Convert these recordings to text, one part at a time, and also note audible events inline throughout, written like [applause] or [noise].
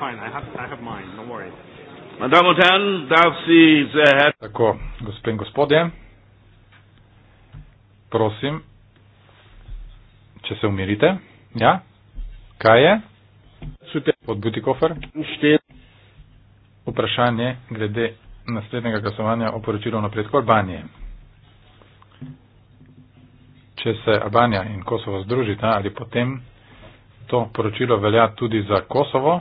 fine, I have, I have mine, don't worry. Madame Ten, Davci, Zehet. Tako, gospe in gospodje, prosim, če se umirite. Ja, kaj je? Podbuti kofer. Vprašanje glede naslednjega glasovanja o poročilu napredku Albanije. Če se Albanija in Kosovo združita ali potem to poročilo velja tudi za Kosovo,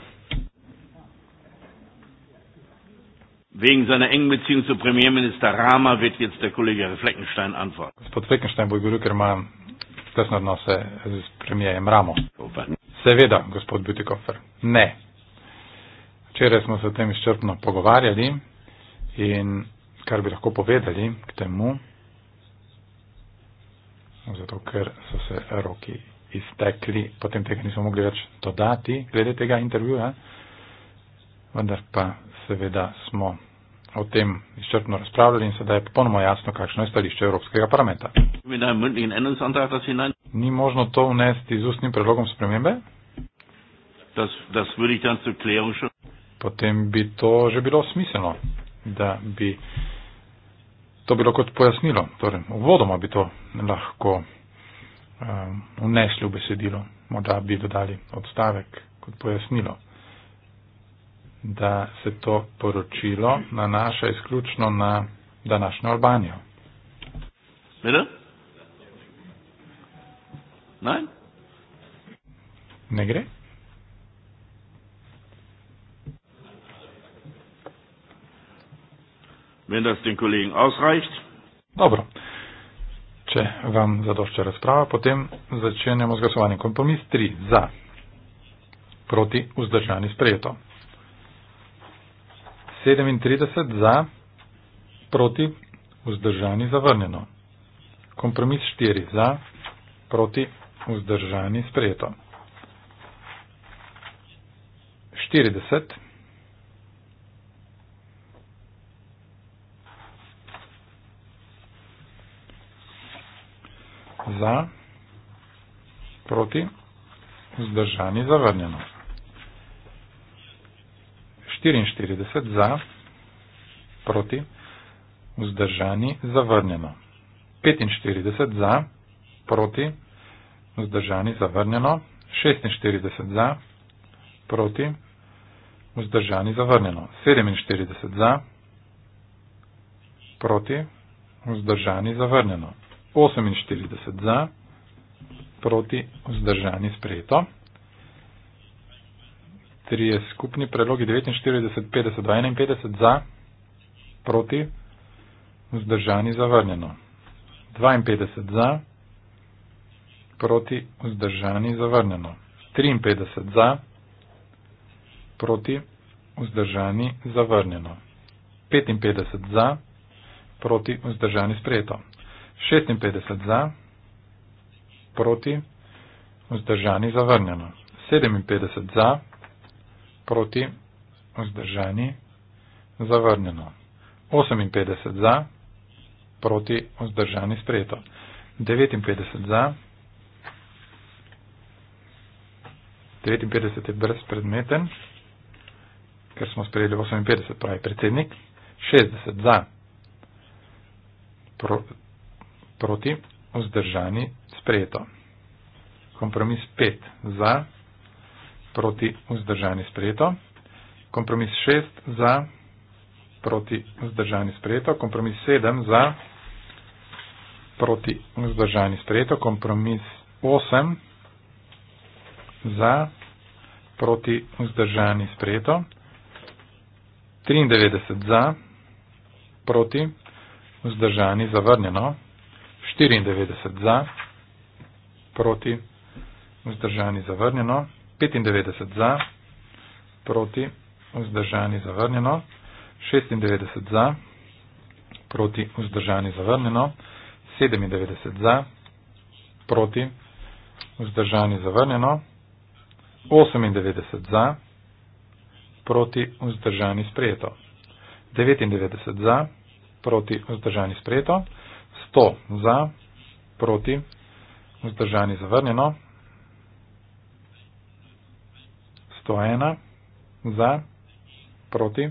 Wegen seiner engen Beziehung zu Premierminister Rama wird jetzt der Kollege Fleckenstein antworten. Gospod Fleckenstein, bojo drugi roman tesno odnose z premijerjem Ramo. Opa. Seveda, gospod Butikofer, ne. Včeraj smo se o tem izčrpno pogovarjali in kar bi lahko povedali k temu, zato ker so se roki iztekli, potem tega nismo mogli več dodati glede tega intervjuja, vendar pa seveda smo o tem izčrpno razpravljali in sedaj je popolnoma jasno, kakšno je stališče Evropskega parlamenta. Ni možno to vnesti z ustnim predlogom spremembe? Potem bi to že bilo smiselno, da bi to bilo kot pojasnilo. Torej, uvodoma bi to lahko um, vnesli v besedilo, morda bi dodali odstavek kot pojasnilo da se to poročilo nanaša izključno na današnjo Albanijo. Mene? Nein? Ne gre? Wenn das den Kollegen ausreicht. Dobro. Če vam zadošča razprava, potem začenjamo z glasovanjem. Kompromis 3 za. Proti vzdržani sprejeto. 37 za, proti, vzdržani, zavrnjeno. Kompromis 4 za, proti, vzdržani, sprejeto. 40. Za, proti, vzdržani, zavrnjeno. 44 za, proti, vzdržani, zavrnjeno. 45 za, proti, vzdržani, zavrnjeno. 46 za, proti, vzdržani, zavrnjeno. 47 za, proti, vzdržani, zavrnjeno. 48 za, proti, vzdržani, sprejeto. 3 skupni predlogi 49, 50, 51 za, proti, vzdržani zavrnjeno. 52 za, proti, vzdržani zavrnjeno. 53 za, proti, vzdržani zavrnjeno. 55 za, proti, vzdržani sprejeto. 56 za, proti, vzdržani zavrnjeno. 57 za, proti, vzdržani zavrnjeno proti, vzdržani, zavrnjeno. 58 za, proti, vzdržani, sprejeto. 59 za, 59 je brezpredmeten, ker smo sprejeli 58, pravi predsednik, 60 za, pro, proti, vzdržani, sprejeto. Kompromis 5 za, proti vzdržani sprejeto. Kompromis 6 za proti vzdržani sprejeto. Kompromis 7 za proti vzdržani sprejeto. Kompromis 8 za proti vzdržani sprejeto. 93 za proti vzdržani zavrnjeno. 94 za proti vzdržani zavrnjeno. 95 za, proti, vzdržani, zavrnjeno, 96 za, proti, vzdržani, zavrnjeno, 97 za, proti, vzdržani, zavrnjeno, 98 za, proti, vzdržani, sprejeto, 99 za, proti, vzdržani, sprejeto, 100 za, proti, vzdržani, zavrnjeno, 101 za, proti.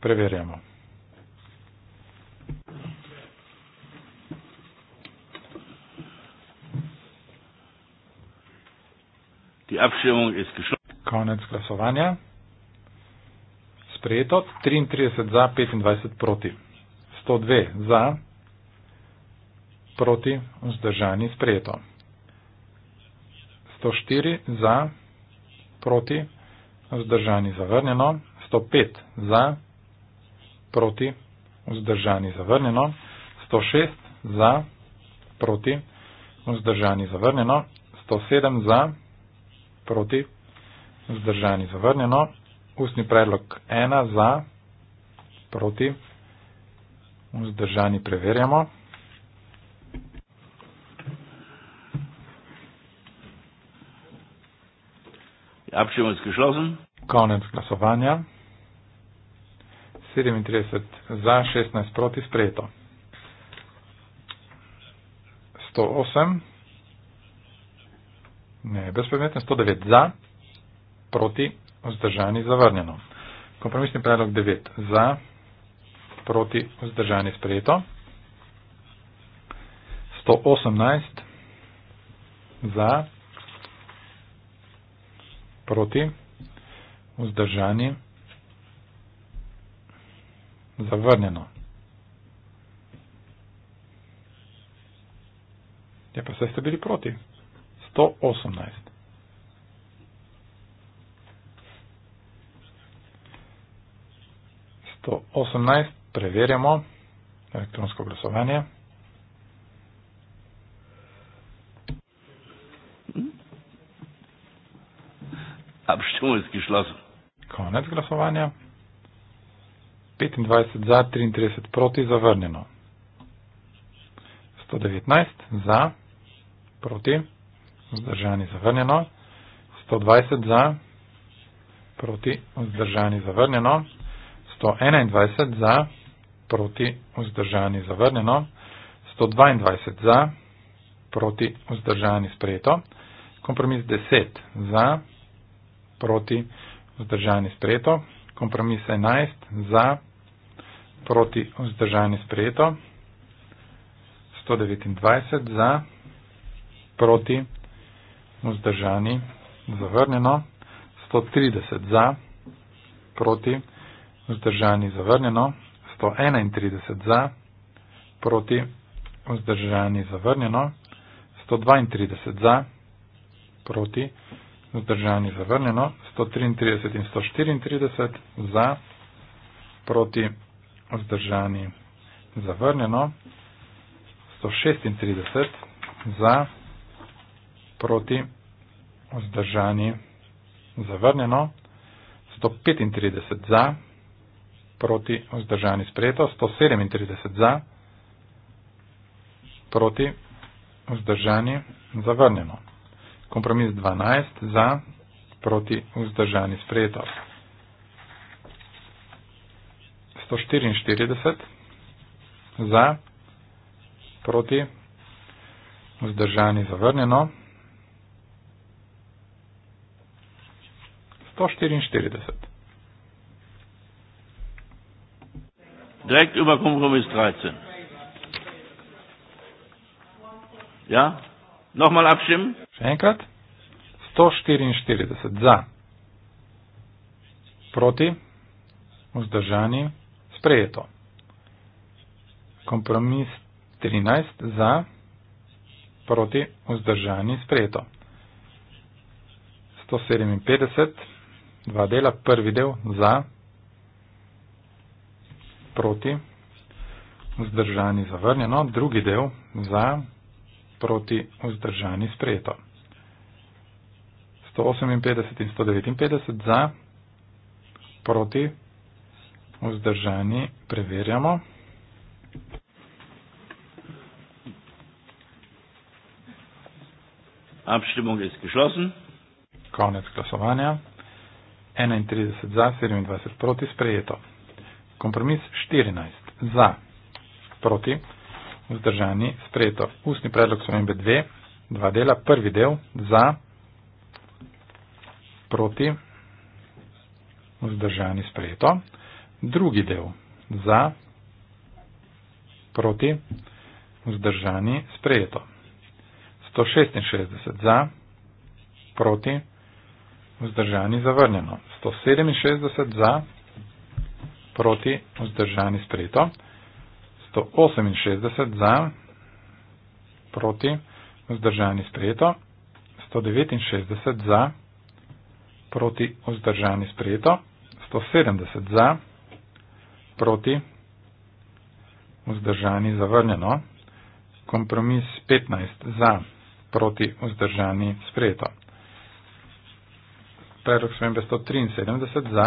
Preverjamo. Konec glasovanja. Sprejeto 33 za, 25 proti. 102 za, proti, vzdržani, sprejeto. 104 za, proti, vzdržani zavrnjeno, 105 za, proti, vzdržani zavrnjeno, 106 za, proti, vzdržani zavrnjeno, 107 za, proti, vzdržani zavrnjeno, ustni predlog 1 za, proti, vzdržani preverjamo. Abstimmung ist geschlossen. Konec glasovanja. 37 za, 16 proti sprejeto. 108. Ne, brezpredmetno 109 za, proti, vzdržani, zavrnjeno. Kompromisni predlog 9 za, proti, vzdržani, sprejeto. 118 za, proti, vzdržanje, zavrnjeno. Ja, pa saj ste bili proti. 118. To 18 preverjamo elektronsko glasovanje. abstimulski šlozen. Konec glasovanja. 25 za, 33 proti, zavrnjeno. 119 za, proti, vzdržani, zavrnjeno. 120 za, proti, vzdržani, zavrnjeno. 121 za, proti, vzdržani, zavrnjeno. 122 za, proti, vzdržani, sprejeto. Kompromis 10 za, proti, proti, vzdržani sprejeto. Kompromis 11, za, proti, vzdržani sprejeto. 129, za, proti, vzdržani, zavrnjeno. 130, za, proti, vzdržani, zavrnjeno. 131, za, proti, vzdržani, zavrnjeno. 132, za, proti, vzdržani, zavrnjeno vzdržani, zavrnjeno, 133 in 134 za, proti vzdržani, zavrnjeno, 136 za, proti vzdržani, zavrnjeno, 135 za, proti vzdržani, sprejeto, 137 za, proti vzdržani, zavrnjeno kompromis 12 za proti vzdržani sprejeto. 144 za proti vzdržani zavrnjeno. 144. Direkt über Kompromiss 13. Ja? Nochmal abstimmen. Še enkrat. 144 za. Proti. Vzdržani. Sprejeto. Kompromis 13 za. Proti. Vzdržani. Sprejeto. 157. Dva dela. Prvi del za. Proti. Vzdržani. Zavrnjeno. Drugi del za. Proti proti vzdržani sprejeto. 158 in 159 za, proti vzdržani preverjamo. Abstimmung ist geschlossen. Konec glasovanja. 31 za, 27 proti, sprejeto. Kompromis 14 za, proti vzdržani, sprejeto. Ustni predlog so MB2, dva dela, prvi del za, proti, vzdržani, sprejeto. Drugi del za, proti, vzdržani, sprejeto. 166 za, proti, vzdržani, zavrnjeno. 167 za, proti, vzdržani, sprejeto. 168 za, proti, vzdržani sprejeto, 169 za, proti, vzdržani sprejeto, 170 za, proti, vzdržani zavrnjeno, kompromis 15 za, proti, vzdržani sprejeto. Predlog spremembe 173 za,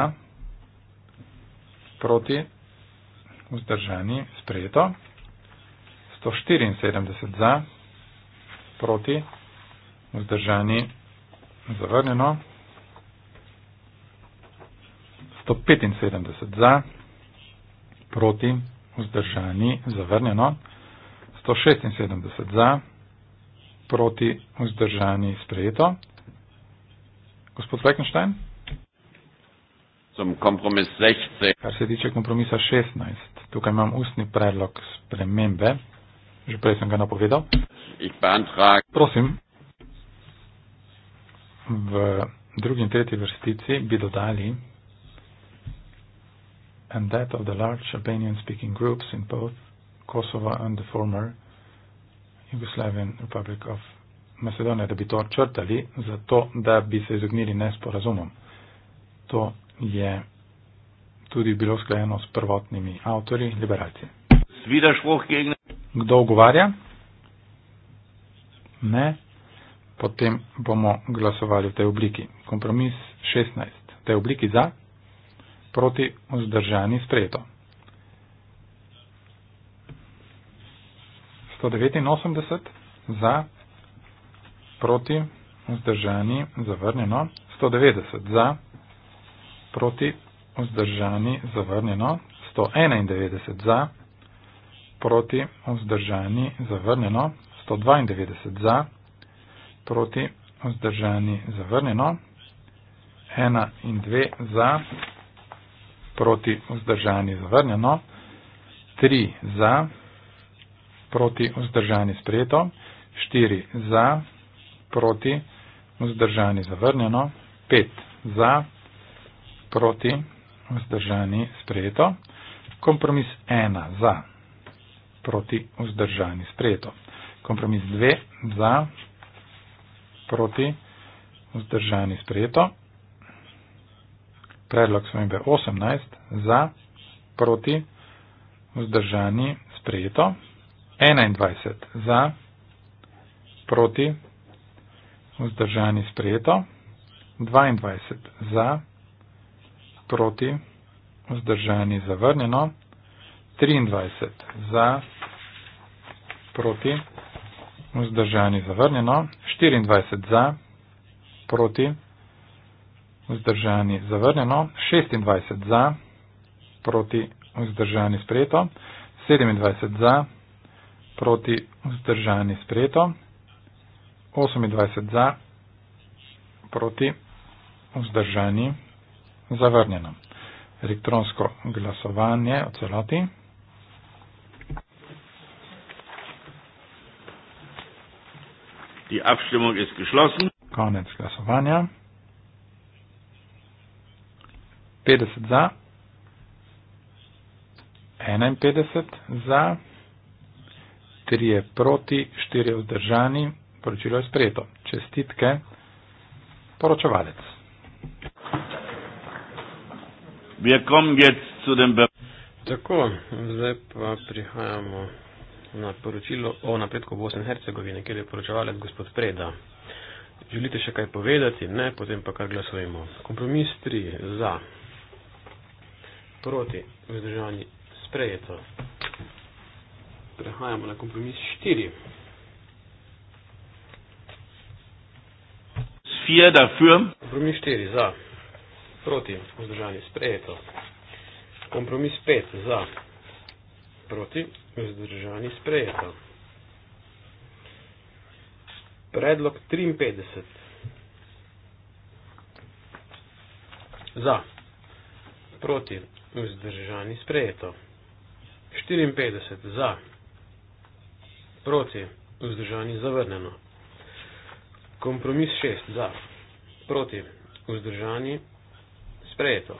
proti, vzdržani, sprejeto. 174 za, proti, vzdržani, zavrnjeno. 175 za, proti, vzdržani, zavrnjeno. 176 za, proti, vzdržani, sprejeto. Gospod Fleckenstein? Kar se tiče kompromisa 16. Tukaj imam ustni predlog spremembe. Že prej sem ga napovedal. Prosim. V drugi in tretji vrstici bi dodali. And that of the large Albanian speaking groups in both Kosovo and the former Yugoslavian Republic of Macedonia, da bi to črtali, zato da bi se izognili nesporazumom. To je tudi bilo sklenjeno s prvotnimi avtori, liberalci. Kdo ogovarja? Ne. Potem bomo glasovali v tej obliki. Kompromis 16. V tej obliki za, proti vzdržani sprejeto. 189 za, proti vzdržani zavrnjeno. 190 za, proti vzdržani, zavrnjeno, 191 za, proti, vzdržani, zavrnjeno, 192 za, proti, vzdržani, zavrnjeno, 1 in 2 za, proti, vzdržani, zavrnjeno, 3 za, proti, vzdržani, sprejeto, 4 za, proti, vzdržani, zavrnjeno, 5 za, proti, vzdržani sprejeto. Kompromis 1 za, proti vzdržani sprejeto. Kompromis 2 za, proti vzdržani sprejeto. Predlog spremembe 18 za, proti vzdržani sprejeto. 21 za, proti vzdržani sprejeto. 22 za, proti vzdržani sprejeto proti, vzdržani, zavrnjeno, 23 za, proti, vzdržani, zavrnjeno, 24 za, proti, vzdržani, zavrnjeno, 26 za, proti, vzdržani, sprejeto, 27 za, proti, vzdržani, sprejeto, 28 za, proti, vzdržani, sprejeto zavrnjeno. Elektronsko glasovanje o celoti. Die Abstimmung ist geschlossen. Konec glasovanja. 50 za, 51 za, 3 proti, 4 vzdržani. Poročilo je sprejeto. Čestitke, poročevalec. Tako, zdaj pa prihajamo na poročilo o napredku Bosne in Hercegovine, kjer je poročevalec gospod Preda. Želite še kaj povedati? Ne, potem pa kar glasujemo. Kompromis 3 za, proti, vzdržani, sprejeto. Prehajamo na kompromis 4. Kompromis 4 za proti, vzdržanje sprejeto. Kompromis 5 za, proti, vzdržanje sprejeto. Predlog 53 za, proti, vzdržanje sprejeto. 54 za, proti, vzdržanje zavrneno. Kompromis 6 za, proti, vzdržanje sprejeto sprejeto.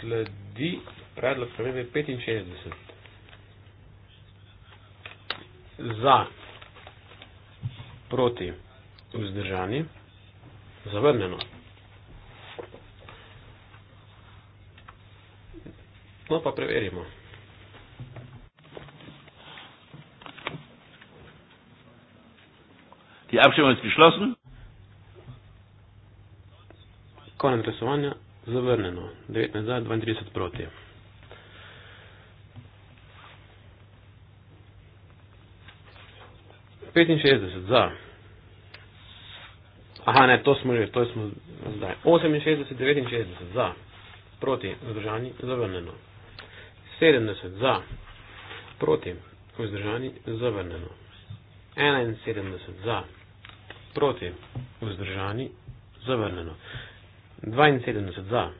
Sledi predlog spremembe 65. Za, proti, vzdržani, zavrnjeno. No pa preverimo. Die Abstimmung ist geschlossen. Konec glasovanja zavrnjeno. 19 za, 32 proti. za. Aha, ne, to smo že, to smo zdaj. 68, 69 za. Proti, vzdržani, zavrneno. 70 za. Proti, vzdržani, zavrneno. 71 za. Proti, vzdržani, zavrneno. 72 za,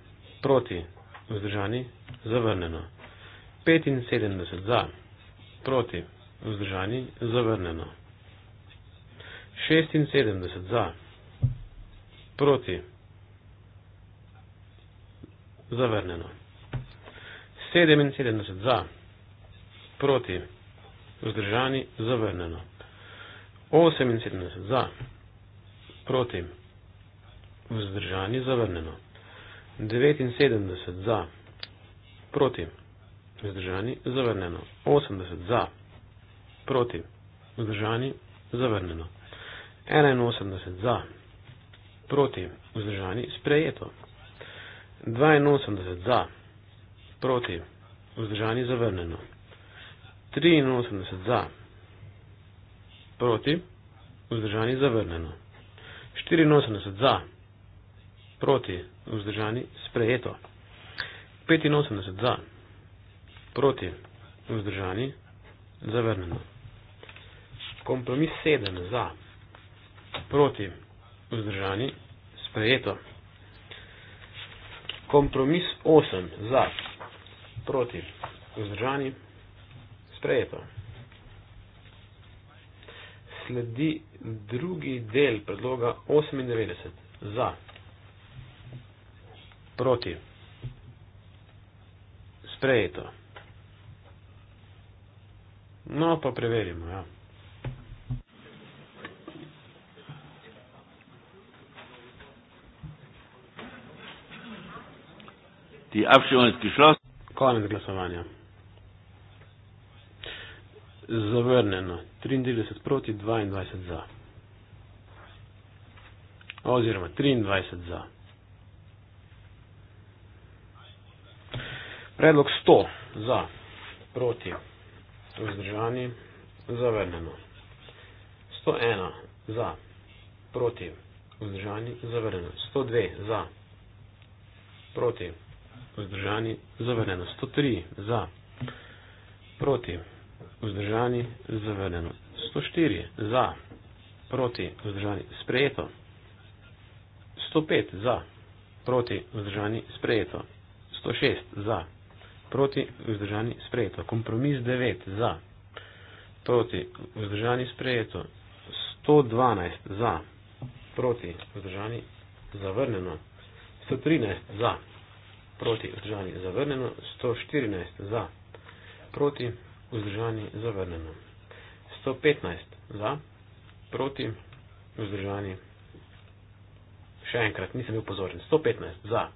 proti, vzdržani, zavrnjeno. 75 za, proti, vzdržani, zavrnjeno. 76 za, proti, zavrnjeno. 77 za, proti, vzdržani, zavrnjeno. 78 za, proti, vzdržani, zavrnjeno vzdržani zavrnjeno. 79 za, proti, vzdržani zavrnjeno. 80 za, proti, vzdržani zavrnjeno. 81 za, proti, vzdržani sprejeto. 82 za, proti, vzdržani zavrnjeno. 83 za, proti, vzdržani zavrnjeno. 84 za, proti, proti, vzdržani, sprejeto. 85 za, proti, vzdržani, zavrnjeno. Kompromis 7 za, proti, vzdržani, sprejeto. Kompromis 8 za, proti, vzdržani, sprejeto. Sledi drugi del predloga 98 za proti. Sprejeto. No, pa preverimo. Ja. Ti apšionski šlost. Konec glasovanja. Zavrneno. 93 proti 22 za. Oziroma 23 za. Predlog 100 za, proti, vzdržani, zavrnemo. 101 za, proti, vzdržani, zavrnemo. 102 za, proti, vzdržani, zavrnemo. 103 za, proti, vzdržani, zavrnemo. 104 za, proti, vzdržani, sprejeto. 105 za, proti, vzdržani, sprejeto. 106 za, proti, vzdržani, sprejeto proti vzdržani sprejeto. Kompromis 9 za, proti vzdržani sprejeto, 112 za, proti vzdržani zavrnjeno, 113 za, proti vzdržani zavrnjeno, 114 za, proti vzdržani zavrnjeno, 115 za, proti vzdržani še enkrat, nisem bil pozoren, 115 za,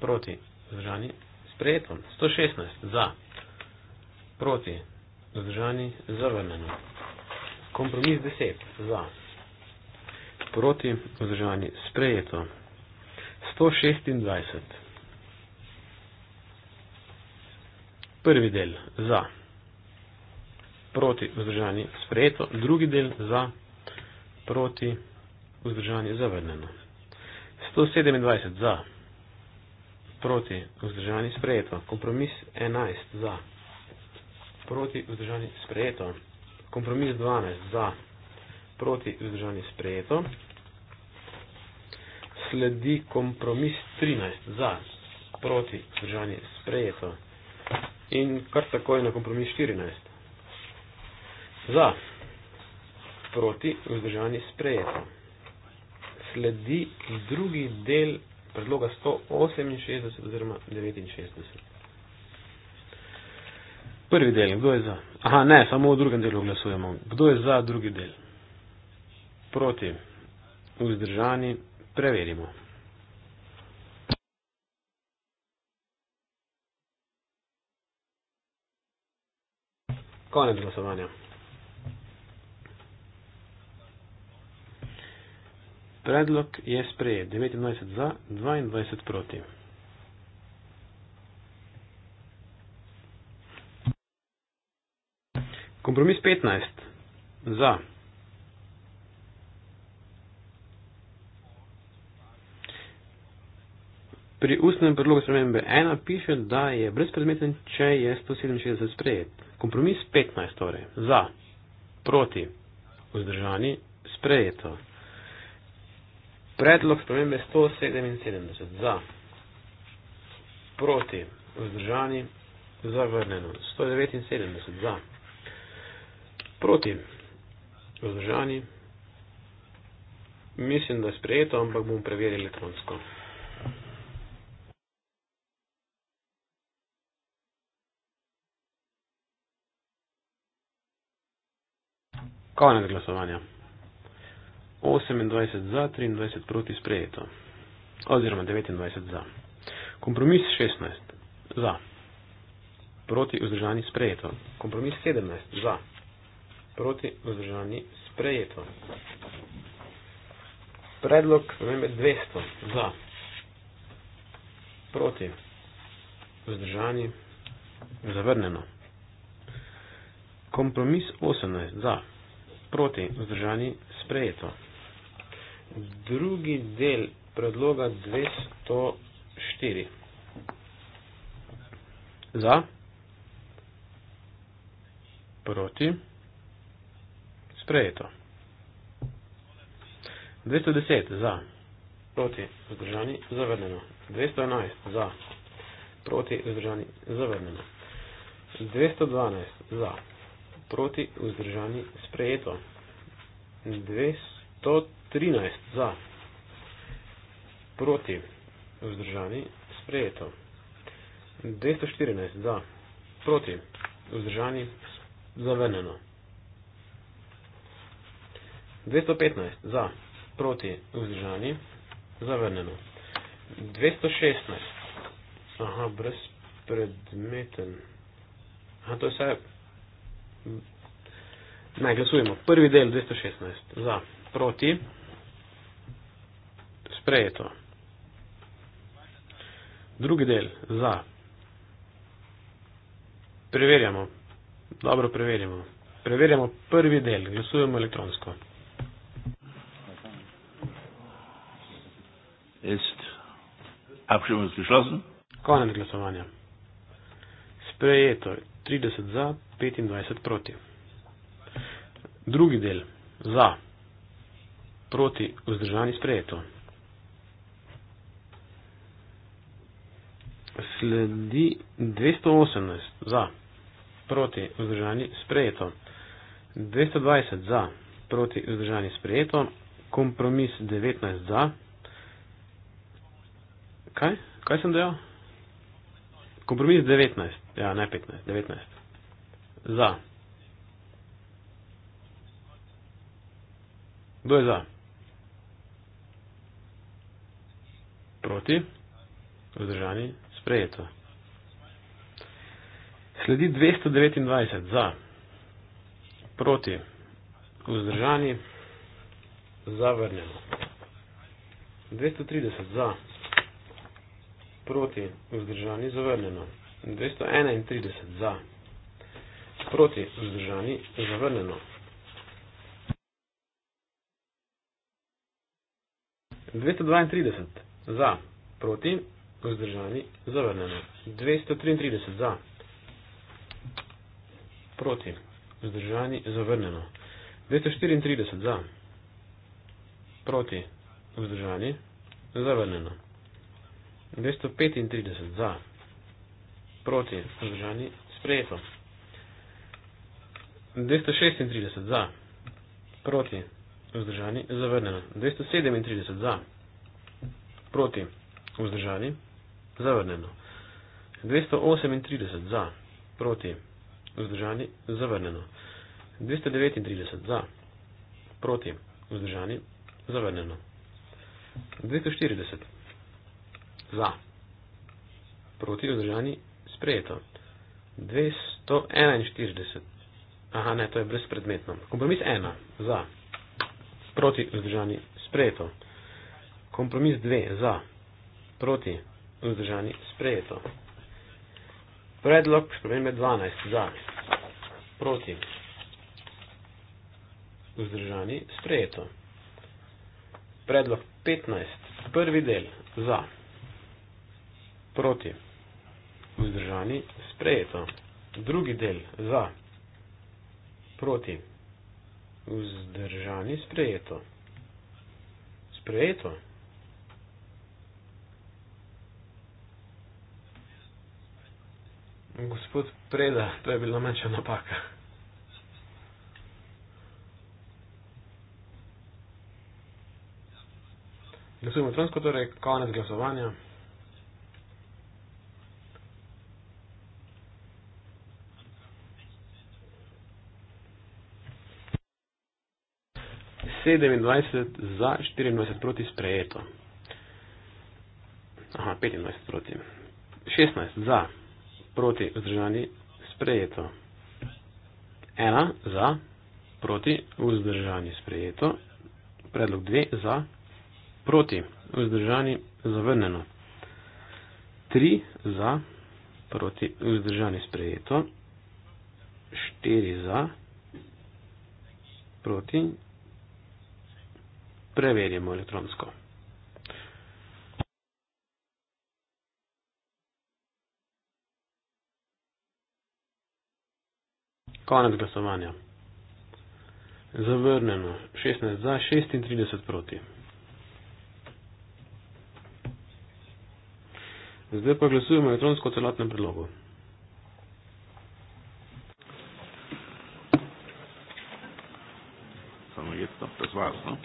proti vzdržani zavrnjeno. Sprejeto. 116. Za. Proti. Zdržani. Zavrneno. Kompromis 10. Za. Proti. Zdržani. Sprejeto. 126. Prvi del. Za. Proti. Zdržani. Sprejeto. Drugi del. Za. Proti. Zdržani. Zavrneno. 127. Za proti vzdržani sprejeto. Kompromis 11 za. Proti vzdržani sprejeto. Kompromis 12 za. Proti vzdržani sprejeto. Sledi kompromis 13 za. Proti vzdržani sprejeto. In kar tako je na kompromis 14. Za. Proti vzdržani sprejeto. Sledi drugi del predloga 168 oziroma 69. Prvi del, kdo je za? Aha, ne, samo v drugem delu glasujemo. Kdo je za drugi del? Proti, vzdržani, preverimo. Konec glasovanja. Predlog je sprejet 29 za, 22 proti. Kompromis 15 za. Pri ustnem predlogu spremembe 1 piše, da je brezpredmeten, če je 167 sprejet. Kompromis 15 torej. Za. Proti. Vzdržani. Sprejeto. Predlog spremembe 177 za, proti, vzdržani, zavrnjeno. 179 za, proti, vzdržani. Mislim, da je sprejeto, ampak bom preveril elektronsko. Konec glasovanja. 28 za, 23 proti sprejeto. Oziroma 29 za. Kompromis 16 za, proti vzdržani sprejeto. Kompromis 17 za, proti vzdržani sprejeto. Predlog spremembe 200 za, proti vzdržani zavrnjeno. Kompromis 18 za, proti vzdržani sprejeto drugi del predloga 204. Za, proti, sprejeto. 210 za, proti, zdržani, zavrneno. 211 za, proti, zdržani, zavrneno. 212 za, proti, vzdržani, sprejeto. 213. 13 za, proti, vzdržani, sprejeto. 214 za, proti, vzdržani, zavrnjeno. 215 za, proti, vzdržani, zavrnjeno. 216, aha, brezpredmeten. Aha, to je vse. Ne, glasujemo. Prvi del 216 za, proti, vzdržani sprejeto. Drugi del za. Preverjamo. Dobro preverjamo. Preverjamo prvi del. Glasujemo elektronsko. Ist abstimmungsgeschlossen? Konec glasovanja. Sprejeto. 30 za, 25 proti. Drugi del. Za. Proti vzdržani sprejeto. sledi 218 za, proti vzdržani sprejeto. 220 za, proti vzdržani sprejeto. Kompromis 19 za. Kaj? Kaj sem dejal? Kompromis 19, ja, ne 15, 19. Za. Kdo je za? Proti? Vzdržani Sprejeto. Sledi 229 za, proti, vzdržani, zavrnjeno. 230 za, proti, vzdržani, zavrnjeno. 231 za, proti, vzdržani, zavrnjeno. 232 za, proti, vzdržani, zavrnjeno. 233 za, proti, vzdržani, zavrnjeno. 234 za, proti, vzdržani, zavrnjeno. 235 za, proti, vzdržani, sprejeto. 236 za, proti, vzdržani, zavrnjeno. 237 za, proti, vzdržani, zavrnjeno zavrnjeno. 238 za, proti, vzdržani, zavrnjeno. 239 za, proti, vzdržani, zavrnjeno. 240 za, proti, vzdržani, sprejeto. 241, aha ne, to je brezpredmetno. Kompromis 1 za, proti, vzdržani, sprejeto. Kompromis 2 za, proti, vzdržani, vzdržani sprejeto. Predlog spremembe 12 za, proti, vzdržani sprejeto. Predlog 15, prvi del za, proti, vzdržani sprejeto. Drugi del za, proti, vzdržani sprejeto. Sprejeto. Gospod Preda, to je bila manjša napaka. Glasujemo tronsko, torej konec glasovanja. sedemindvajset za štiriindvajset proti sprejeto. Aha, petindvajset proti. šestnajst za proti vzdržani sprejeto. Ena za proti vzdržani sprejeto. Predlog dve za proti vzdržani zavrnjeno. Tri za proti vzdržani sprejeto. Štiri za proti. Preverjamo elektronsko. Konec glasovanja. Zavrnjeno. 16 za, 36 proti. Zdaj pa glasujemo elektronsko o celotnem predlogu. Samo je to prezvazno.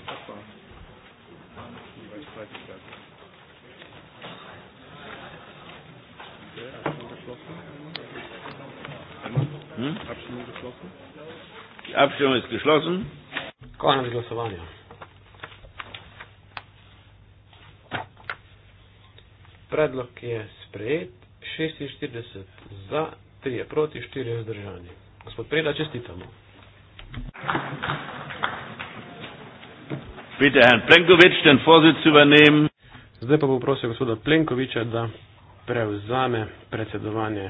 Gracias. Hm? Abstimmung geschlossen. Die Abstimmung ist geschlossen. Keine Glossovania. Predlog je sprejet, 46 za, 3 proti, 4 vzdržani. Gospod Preda, čestitamo. Bitte Herrn Plenković, den Vorsitz übernehmen. Zdaj pa bo prosil gospoda Plenkovića, da prevzame predsedovanje.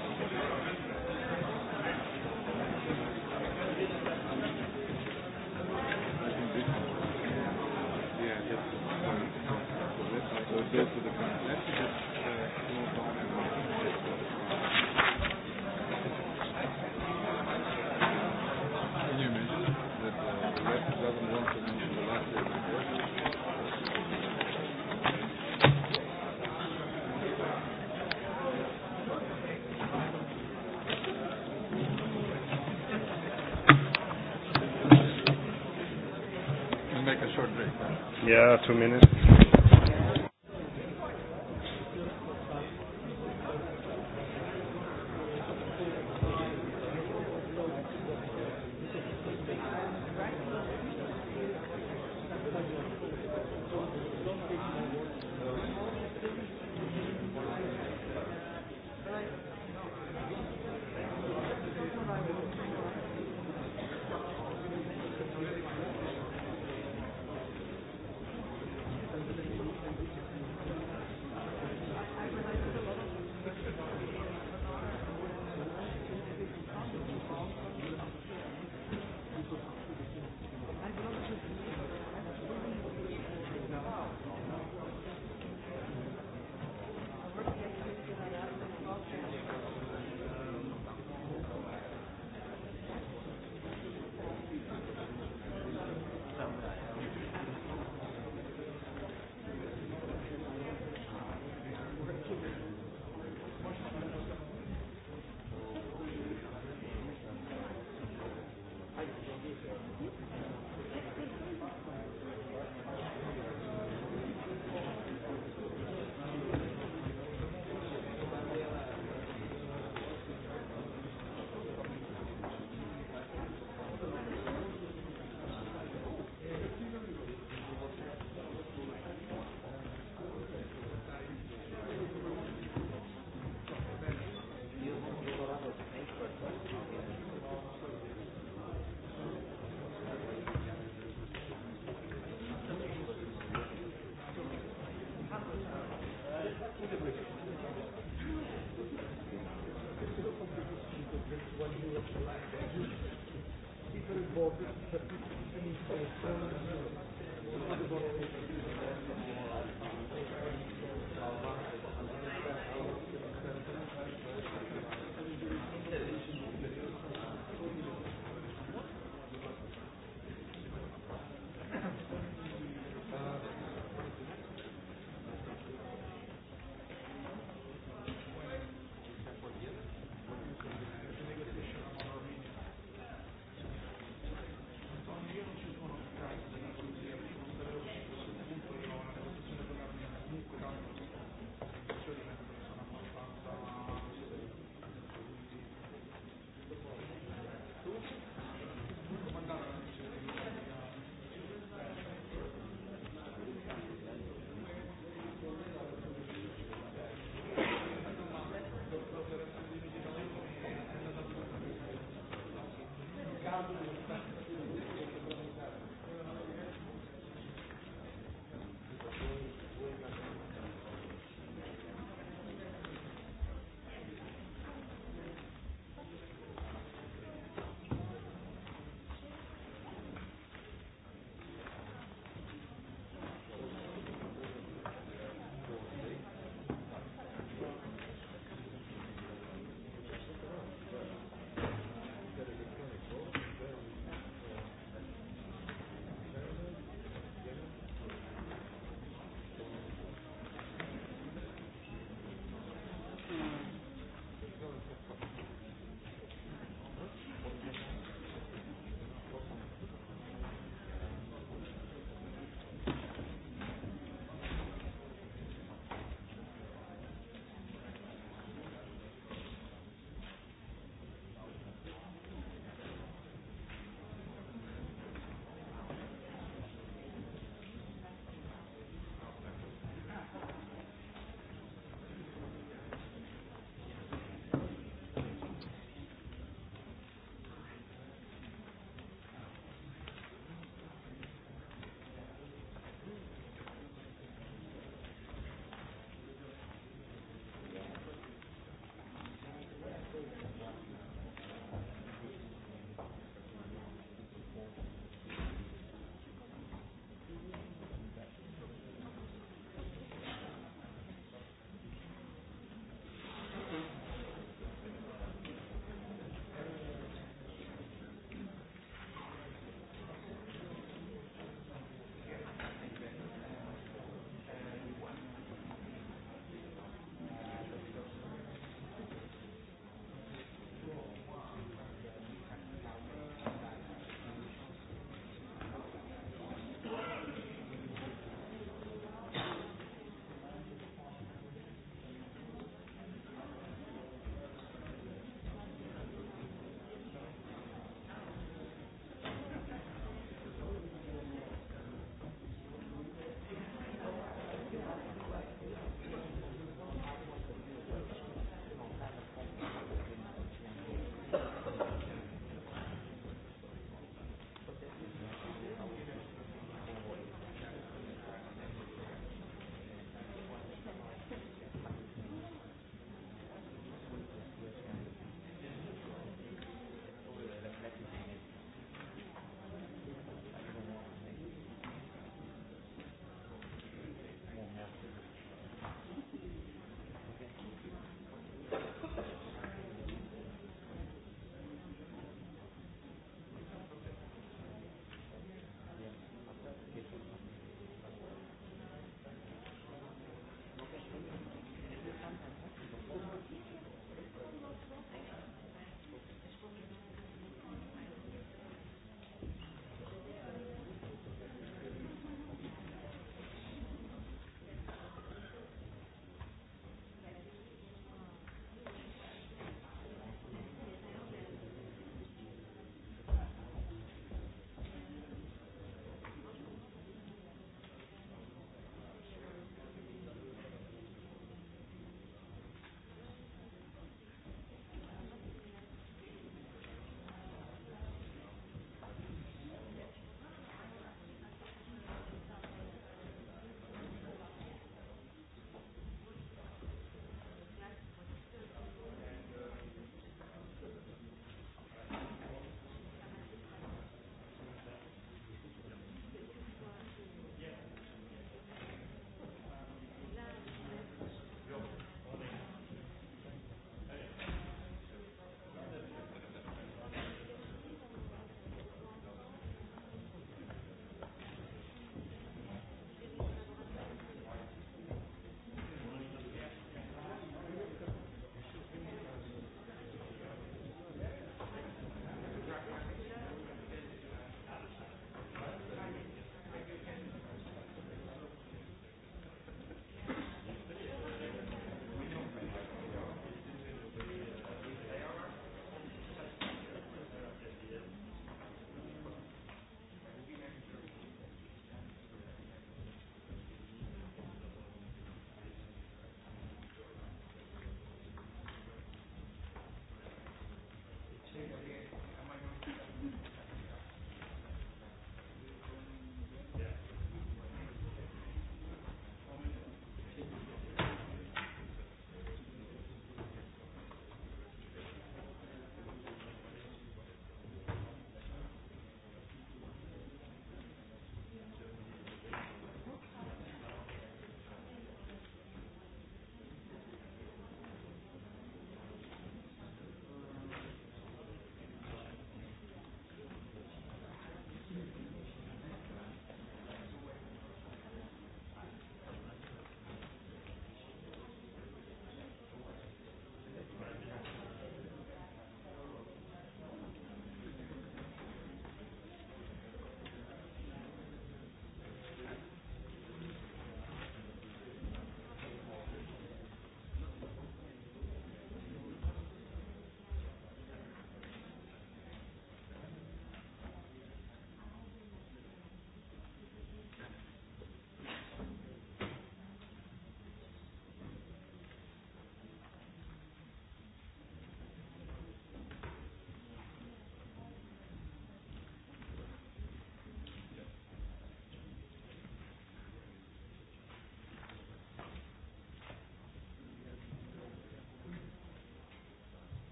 minutes.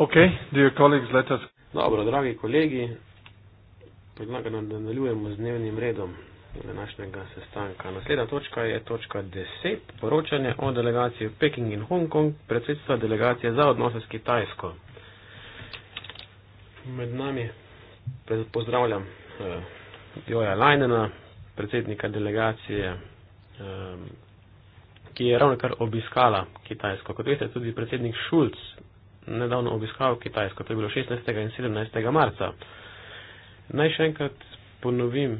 Okay, dear colleagues, let us. Dobro, dragi kolegi, predlagam, da nadaljujemo z dnevnim redom današnjega sestanka. Naslednja točka je točka 10, poročanje o delegaciji v Peking in Hong Kong, predsedstva delegacije za odnose s Kitajsko. Med nami pozdravljam eh, Joja Lajnena, predsednika delegacije, eh, ki je ravno kar obiskala Kitajsko. Kot veste, tudi predsednik Šulc nedavno obiskal Kitajsko, to je bilo 16. in 17. marca. Naj še enkrat ponovim,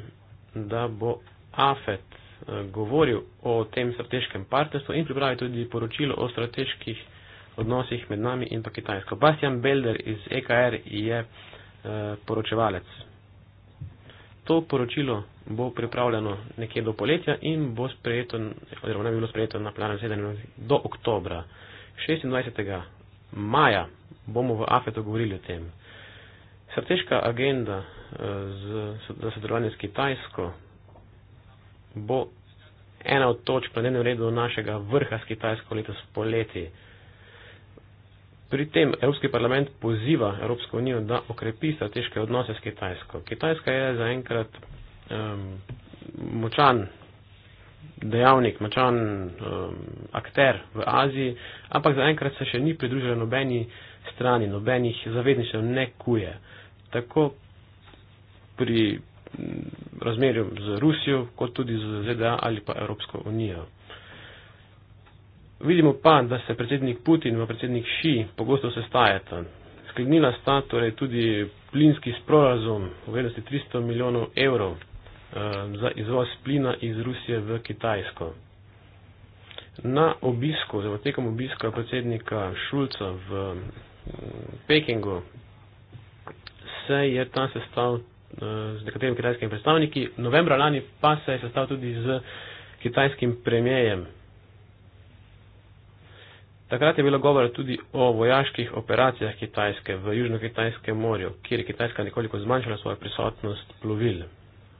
da bo AFET eh, govoril o tem strateškem partnerstvu in pripravi tudi poročilo o strateških odnosih med nami in pa Kitajsko. Bastian Belder iz EKR je eh, poročevalec. To poročilo bo pripravljeno nekje do poletja in bo sprejeto, oziroma ne bi bilo sprejeto na plan zasedanja do oktobra. 26 maja bomo v Afetu govorili o tem. Strateška agenda eh, za sodelovanje s Kitajsko bo ena od točk na dnevnem redu našega vrha s Kitajsko letos poleti. Pri tem Evropski parlament poziva Evropsko unijo, da okrepi strateške odnose s Kitajsko. Kitajska je zaenkrat um, močan dejavnik, močan um, akter v Aziji, ampak zaenkrat se še ni pridružila nobeni strani, nobenih zavedničev ne kuje. Tako pri mm, razmerju z Rusijo, kot tudi z ZDA ali pa Evropsko unijo. Vidimo pa, da se predsednik Putin in predsednik Xi pogosto sestajata. Sklenila sta torej tudi plinski sporazum v vrednosti 300 milijonov evrov. Eh, za izvoz plina iz Rusije v Kitajsko. Na obisku, zelo tekom obiska predsednika Šulca v mm, Pekingu, se je ta sestav eh, z nekaterimi kitajskimi predstavniki, novembra lani pa se je sestav tudi z kitajskim premijejem. Takrat je bilo govora tudi o vojaških operacijah Kitajske v Južno-Kitajskem morju, kjer je Kitajska nekoliko zmanjšala svojo prisotnost plovil.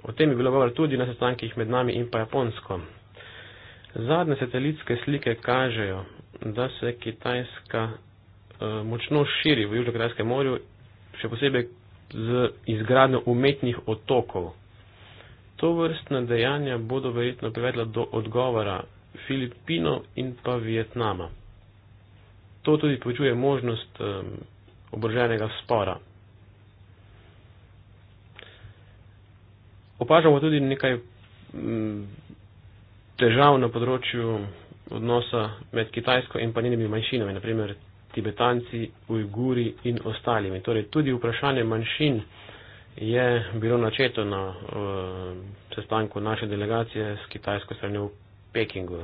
O tem je bilo govor tudi na sestankih med nami in pa Japonsko. Zadnje satelitske slike kažejo, da se Kitajska uh, močno širi v Južno-Kitajskem morju, še posebej z izgradnjo umetnih otokov. To vrstne dejanja bodo verjetno privedla do odgovora Filipino in pa Vietnama. To tudi počuje možnost um, eh, oboženega spora Opažamo tudi nekaj mm, težav na področju odnosa med Kitajsko in pa njenimi manjšinami, naprimer Tibetanci, Ujguri in ostalimi. Torej, tudi vprašanje manjšin je bilo načeto na uh, sestanku naše delegacije s Kitajsko stranjo v Pekingu.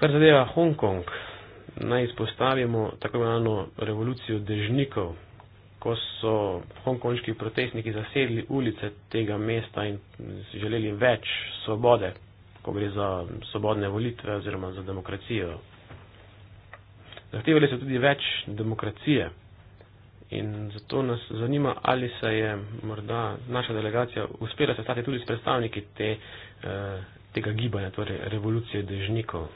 Kar zadeva Hongkong, naj izpostavimo tako imenovano revolucijo dežnikov, ko so hongkonški protestniki zasedli ulice tega mesta in želeli več svobode, ko gre za svobodne volitve oziroma za demokracijo. Zahtevali so tudi več demokracije in zato nas zanima, ali se je morda naša delegacija uspela sestati tudi s predstavniki te, eh, tega gibanja, torej revolucije dežnikov.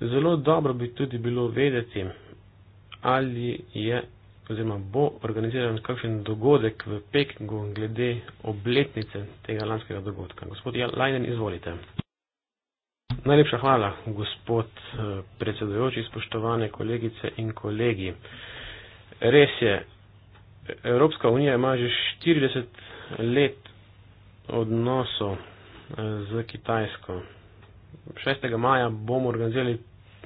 Zelo dobro bi tudi bilo vedeti, ali je oziroma bo organiziran kakšen dogodek v Pekingu glede obletnice tega lanskega dogodka. Gospod ja- Lajden, izvolite. Najlepša hvala, gospod eh, predsedujoči, spoštovane kolegice in kolegi. Res je, Evropska unija ima že 40 let odnosov eh, z Kitajsko. 6. maja bomo organizirali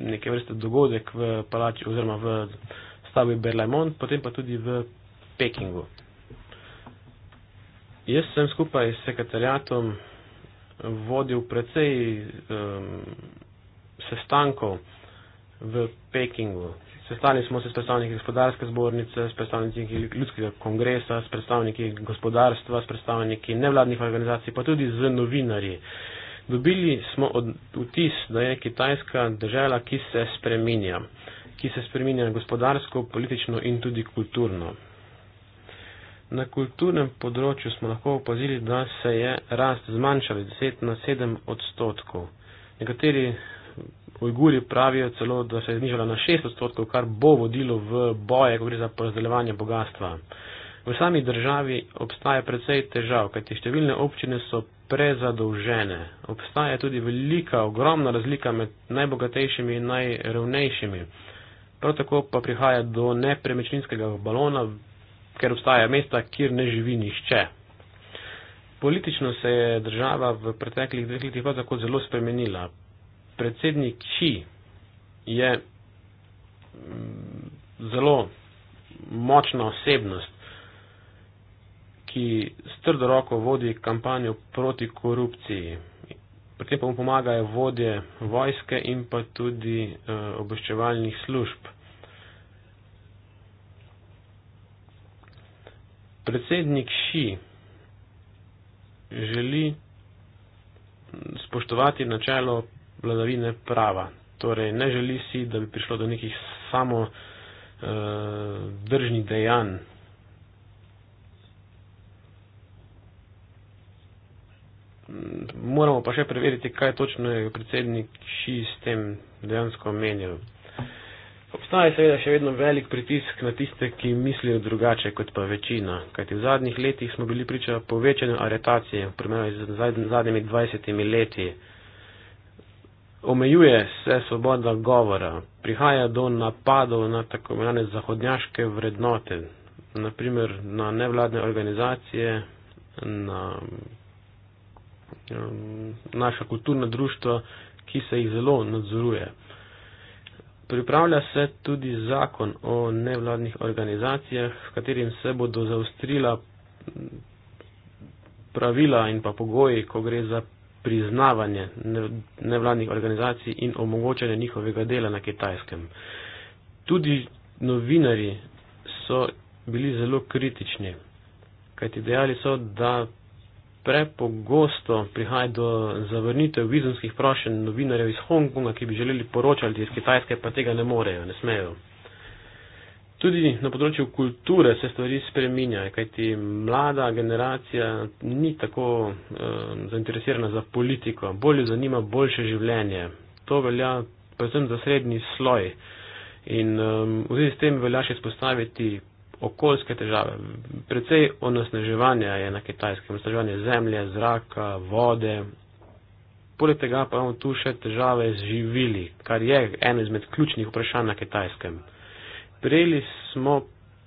neke vrste dogodek v palači oziroma v stavbi Berlajmon, potem pa tudi v Pekingu. Jaz sem skupaj s sekretarjatom vodil precej um, sestankov v Pekingu. Sestali smo se s predstavniki gospodarske zbornice, s predstavniki ljudskega kongresa, s predstavniki gospodarstva, s predstavniki nevladnih organizacij, pa tudi z novinarji. Uh, Dobili smo od, vtis, da je Kitajska država, ki se spreminja, ki se spreminja gospodarsko, politično in tudi kulturno. Na kulturnem področju smo lahko opazili, da se je rast zmanjšal iz 10 na 7 odstotkov. Nekateri ujguri pravijo celo, da se je znižala na 6 odstotkov, kar bo vodilo v boje, ko gre za porazdeljevanje bogatstva. V sami državi obstaja precej težav, kajti številne občine so prezadolžene. Obstaja tudi velika, ogromna razlika med najbogatejšimi in najrevnejšimi. Prav tako pa prihaja do nepremičninskega balona, ker obstaja mesta, kjer ne živi nihče. Politično se je država v preteklih dveh letih pa tako zelo spremenila. Predsednik Xi je mm, zelo močna osebnost ki s trdo roko vodi kampanjo proti korupciji. Pri tem pa mu pomagajo vodje vojske in pa tudi uh, obveščevalnih služb. Predsednik Ši želi spoštovati načelo vladavine prava. Torej, ne želi si, da bi prišlo do nekih samo uh, eh, držnih dejanj Moramo pa še preveriti, kaj točno je predsednik Ši s tem dejansko omenil. Obstaja seveda še vedno velik pritisk na tiste, ki mislijo drugače kot pa večina, kajti v zadnjih letih smo bili priča povečanju aretacije, v primeru z zadnjimi 20 leti. Omejuje se svoboda govora, prihaja do napadov na tako imenovane zahodnjaške vrednote, naprimer na nevladne organizacije, na Ehm, naša kulturna društva, ki se jih zelo nadzoruje. Pripravlja se tudi zakon o nevladnih organizacijah, v katerim se bodo zaustrila pravila in pa pogoji, ko gre za priznavanje nevladnih organizacij in omogočanje njihovega dela na kitajskem. Tudi novinari so bili zelo kritični, kajti dejali so, da prepogosto prihaja do zavrnitev vizumskih prošenj novinarjev iz Hongkonga, ki bi želeli poročati iz Kitajske, pa tega ne morejo, ne smejo. Tudi na področju kulture se stvari spreminjajo, kajti mlada generacija ni tako um, zainteresirana za politiko, bolj jo zanima boljše življenje. To velja predvsem za srednji sloj. In um, v zvezi s tem velja še spostaviti okoljske težave. Predvsej onosneževanja je na kitajskem, onosneževanje zemlje, zraka, vode. Poleg tega pa imamo tu še težave z živili, kar je eno izmed ključnih vprašanj na kitajskem. Prejeli smo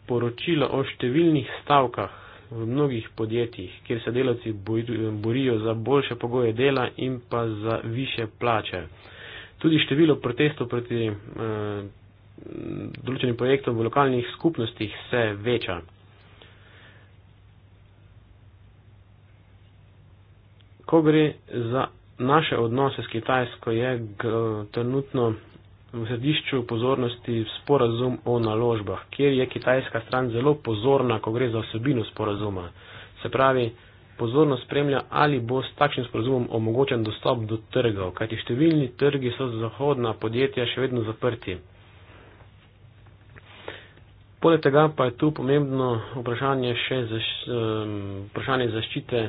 poročilo o številnih stavkah v mnogih podjetjih, kjer se delavci borijo za boljše pogoje dela in pa za više plače. Tudi število protestov proti. Eh, določenih projektov v lokalnih skupnostih se veča. Ko gre za naše odnose s Kitajsko, je trenutno v središču pozornosti sporazum o naložbah, kjer je kitajska stran zelo pozorna, ko gre za osebino sporazuma. Se pravi, pozorno spremlja, ali bo s takšnim sporazumom omogočen dostop do trgov, kajti številni trgi so za zahodna podjetja še vedno zaprti. Poleg tega pa je tu pomembno vprašanje, še zaš, vprašanje zaščite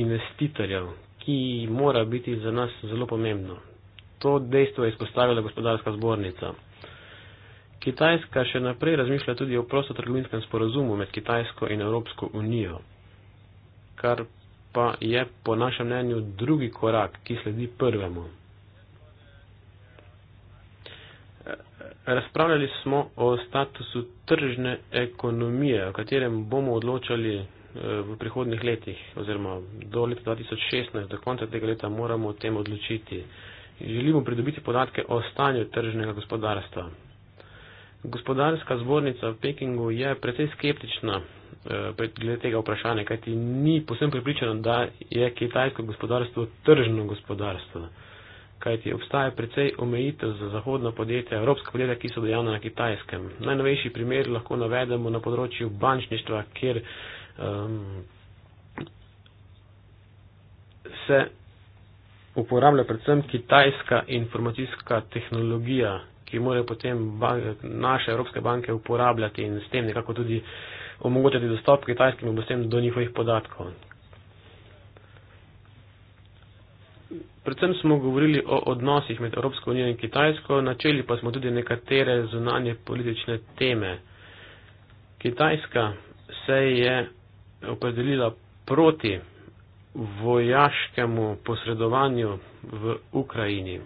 investitorjev, ki mora biti za nas zelo pomembno. To dejstvo je izpostavila gospodarska zbornica. Kitajska še naprej razmišlja tudi o prostotrgovinskem sporazumu med Kitajsko in Evropsko unijo, kar pa je po našem mnenju drugi korak, ki sledi prvemu. Razpravljali smo o statusu tržne ekonomije, o katerem bomo odločali eh, v prihodnih letih, oziroma do leta 2016, do konca tega leta moramo o tem odločiti. Želimo pridobiti podatke o stanju tržnega gospodarstva. Gospodarska zbornica v Pekingu je precej skeptična eh, glede tega vprašanja, kajti ni posebno pripričana, da je kitajsko gospodarstvo tržno gospodarstvo kajti obstaja precej omejitev za zahodna podjetja, evropska podjetja, ki so dejavna na kitajskem. Najnovejši primer lahko navedemo na področju bančništva, kjer um, se uporablja predvsem kitajska informacijska tehnologija, ki morajo potem naše evropske banke uporabljati in s tem nekako tudi omogočati dostop kitajskim oblastem do njihovih podatkov. Predvsem smo govorili o odnosih med Evropsko unijo in Kitajsko, načeli pa smo tudi nekatere zunanje politične teme. Kitajska se je opredelila proti vojaškemu posredovanju v Ukrajini.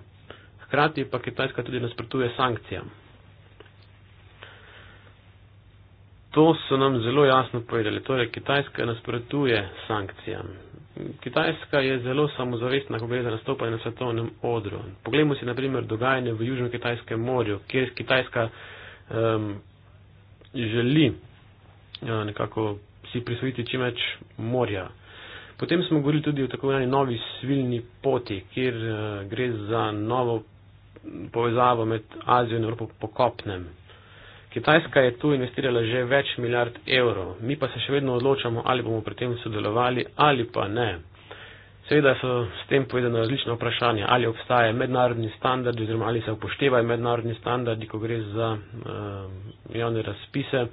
Hkrati pa Kitajska tudi nasprotuje sankcijam. To so nam zelo jasno povedali. Torej, Kitajska nasprotuje sankcijam. Kitajska je zelo samozavestna, ko gre za nastopanje na svetovnem odru. Poglejmo si naprimer dogajanje v Južno-Kitajskem morju, kjer Kitajska um, želi uh, nekako si prisvojiti čim več morja. Potem smo govorili tudi o tako imenovani novi svilni poti, kjer uh, gre za novo povezavo med Azijo in Evropo po kopnem, Kitajska je tu investirala že več milijard evrov, mi pa se še vedno odločamo, ali bomo pri tem sodelovali ali pa ne. Seveda so s tem povedane različne vprašanja, ali obstaja mednarodni standard oziroma ali se upoštevajo mednarodni standardi, ko gre za uh, javne razpise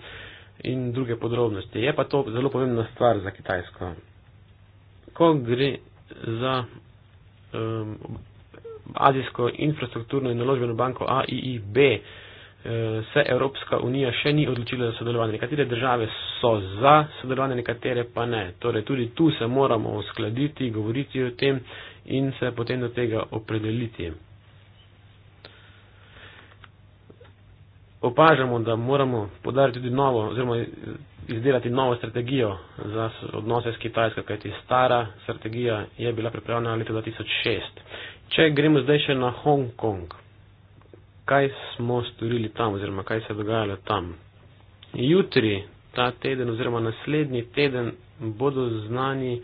in druge podrobnosti. Je pa to zelo pomembna stvar za Kitajsko. Ko gre za um, Azijsko infrastrukturno in naložbeno banko AIIB, uh, Eh, se Evropska unija še ni odločila za sodelovanje. Nekatere države so za sodelovanje, nekatere pa ne. Torej, tudi tu se moramo uskladiti, govoriti o tem in se potem do tega opredeliti. Opažamo, da moramo podariti tudi novo oziroma izdelati novo strategijo za odnose s Kitajsko, kajti stara strategija je bila pripravljena leta 2006. Če gremo zdaj še na Hongkong kaj smo storili tam oziroma kaj se je dogajalo tam. Jutri, ta teden oziroma naslednji teden bodo znani eh,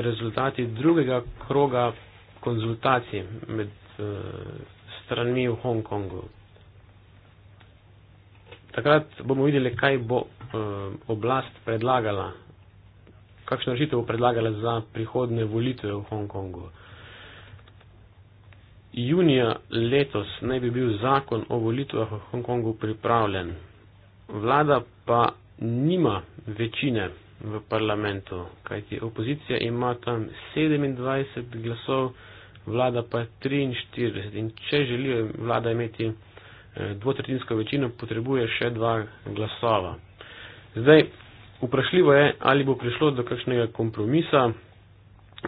rezultati drugega kroga konzultacij med uh, stranmi v Hongkongu. Takrat bomo videli, kaj bo uh, oblast predlagala, kakšno rešitev bo predlagala za prihodne volitve v Hongkongu. Junija letos naj bi bil zakon o volitvah v Hongkongu pripravljen, vlada pa nima večine v parlamentu, kajti opozicija ima tam 27 glasov, vlada pa 43 in če želi vlada imeti eh, dvotretinsko večino, potrebuje še dva glasova. Zdaj, vprašljivo je, ali bo prišlo do kakšnega kompromisa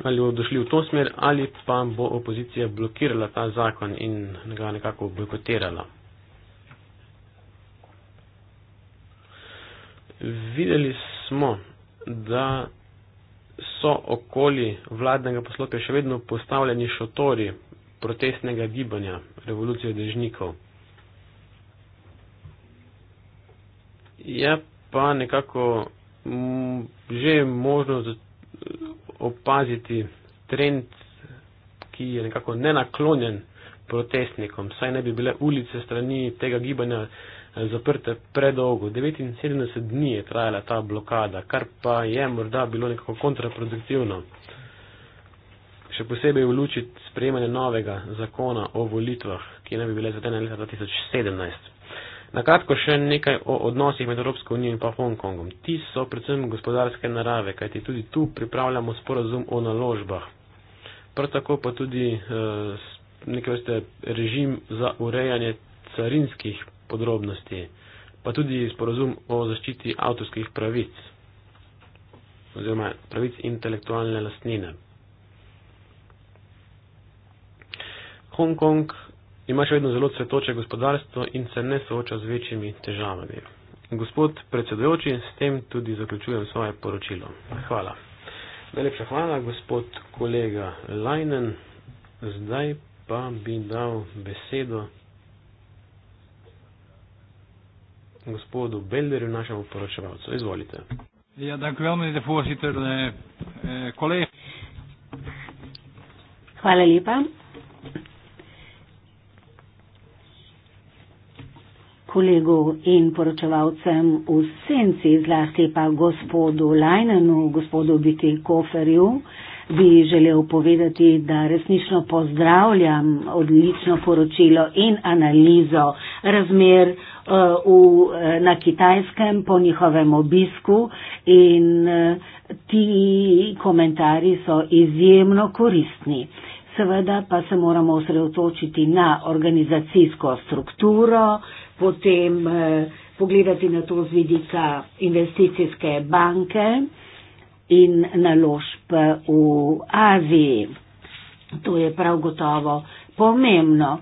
ali bo došli v to smer, ali pa bo opozicija blokirala ta zakon in ga nekako bojkotirala. Videli smo, da so okoli vladnega poslopja še vedno postavljeni šotori protestnega gibanja revolucije dežnikov. Je pa nekako že možno opaziti trend, ki je nekako nenaklonjen protestnikom. Saj ne bi bile ulice strani tega gibanja eh, zaprte predolgo. 79 dni je trajala ta blokada, kar pa je morda bilo nekako kontraproduktivno. Še posebej v luči sprejemanja novega zakona o volitvah, ki ne bi bile zadene leta 2017. Na kratko še nekaj o odnosih med Evropsko unijo in pa Hongkongom. Ti so predvsem gospodarske narave, kajti tudi tu pripravljamo sporazum o naložbah. Prav tako pa tudi eh, nekaj vrste režim za urejanje carinskih podrobnosti, pa tudi sporazum o zaščiti avtorskih pravic oziroma pravic intelektualne lastnine. Hongkong ima še vedno zelo cvetoče gospodarstvo in se ne sooča z večjimi težavami. Gospod predsedujoči, s tem tudi zaključujem svoje poročilo. Hvala. Najlepša hvala, gospod kolega Lajnen. Zdaj pa bi dal besedo gospodu Belderju, našemu poročevalcu. Izvolite. Ja, tako veoma je depozitor, kolega. Eh, eh, hvala lepa. kolegu in poročevalcem v senci, zlasti pa gospodu Lajnenu, gospodu Biti Koferju, bi želel povedati, da resnično pozdravljam odlično poročilo in analizo razmer uh, v, eh, na kitajskem po njihovem obisku in uh, ti komentarji so izjemno koristni. Seveda pa se moramo osredotočiti na organizacijsko strukturo, uh, potem eh, pogledati na to z vidika investicijske banke in naložb eh, v Aziji. To je prav gotovo pomembno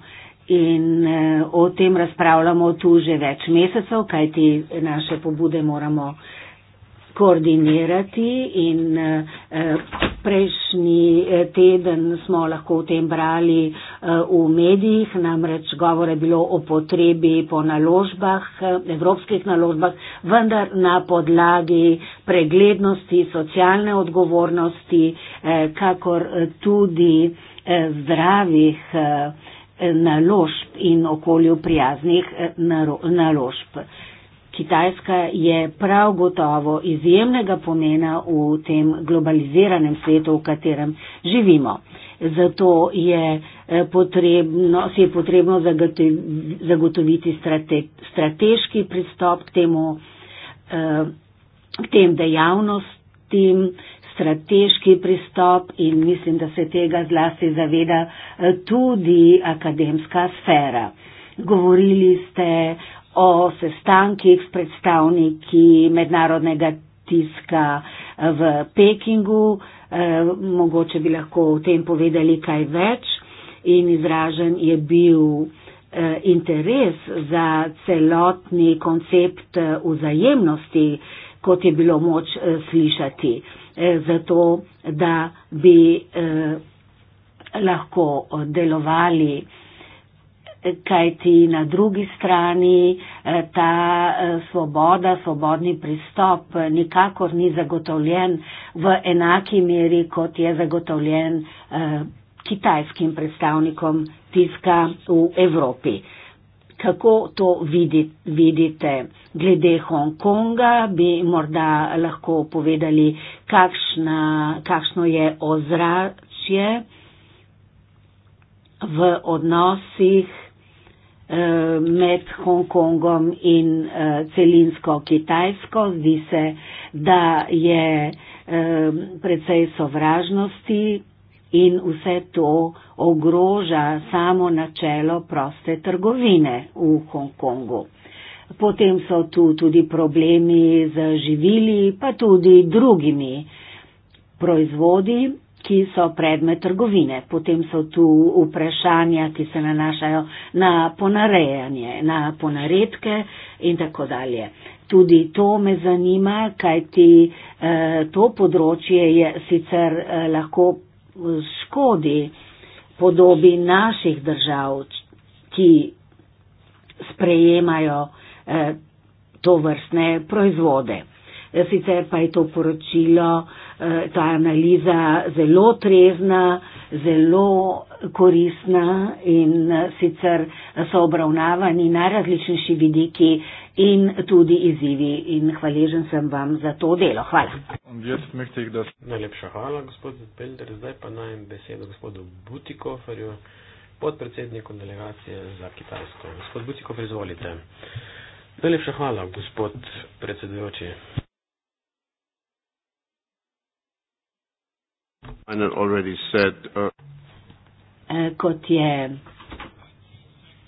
in eh, o tem razpravljamo tu že več mesecev, kajti naše pobude moramo koordinirati in eh, prejšnji eh, teden smo lahko o tem brali eh, v medijih, namreč govore je bilo o potrebi po naložbah, evropskih naložbah, vendar na podlagi preglednosti, socialne odgovornosti, kakor tudi zdravih naložb in okolju prijaznih naložb. Kitajska je prav gotovo izjemnega pomena v tem globaliziranem svetu, v katerem živimo. Zato je eh, potrebno, si je potrebno zagotoviti strate, strateški pristop k, temu, eh, k tem dejavnostim, strateški pristop in mislim, da se tega zlasti zaveda eh, tudi akademska sfera. Govorili ste o sestankih s predstavniki mednarodnega tiska eh, v Pekingu. Eh, mogoče bi lahko o tem povedali kaj več in izražen je bil eh, interes za celotni koncept vzajemnosti, kot je bilo moč slišati, zato da bi lahko delovali eh, kaj ti na drugi strani eh, ta eh, svoboda, svobodni pristop eh, nikakor ni zagotovljen v enaki meri, kot je zagotovljen kitajskim predstavnikom tiska v Evropi. Kako to vidite glede Hongkonga, bi morda lahko povedali, kakšna, kakšno je ozračje v odnosih Eh, med Hongkongom in eh, celinsko Kitajsko. Zdi se, da je eh, precej sovražnosti in vse to ogroža samo načelo proste trgovine v Hongkongu. Potem so tu tudi problemi z živili, pa tudi drugimi proizvodi, ki so predmet trgovine. Potem so tu vprašanja, ki se nanašajo na ponarejanje, na ponaredke in tako dalje. Tudi to me zanima, kaj ti eh, to področje je sicer eh, lahko škodi podobi naših držav, ki sprejemajo eh, to vrstne proizvode. Sicer pa je to poročilo eh, Eh, ta analiza zelo trezna, zelo koristna in eh, sicer so obravnavani najrazličnejši vidiki in tudi izzivi in hvaležen sem vam za to delo. Hvala. Najlepša hvala, gospod Pelder. Zdaj pa najem besedo gospodu Butikoferju, podpredsedniku delegacije za Kitajsko. Gospod Butikofer, izvolite. Najlepša hvala, gospod predsedujoči. Uh, eh, kot je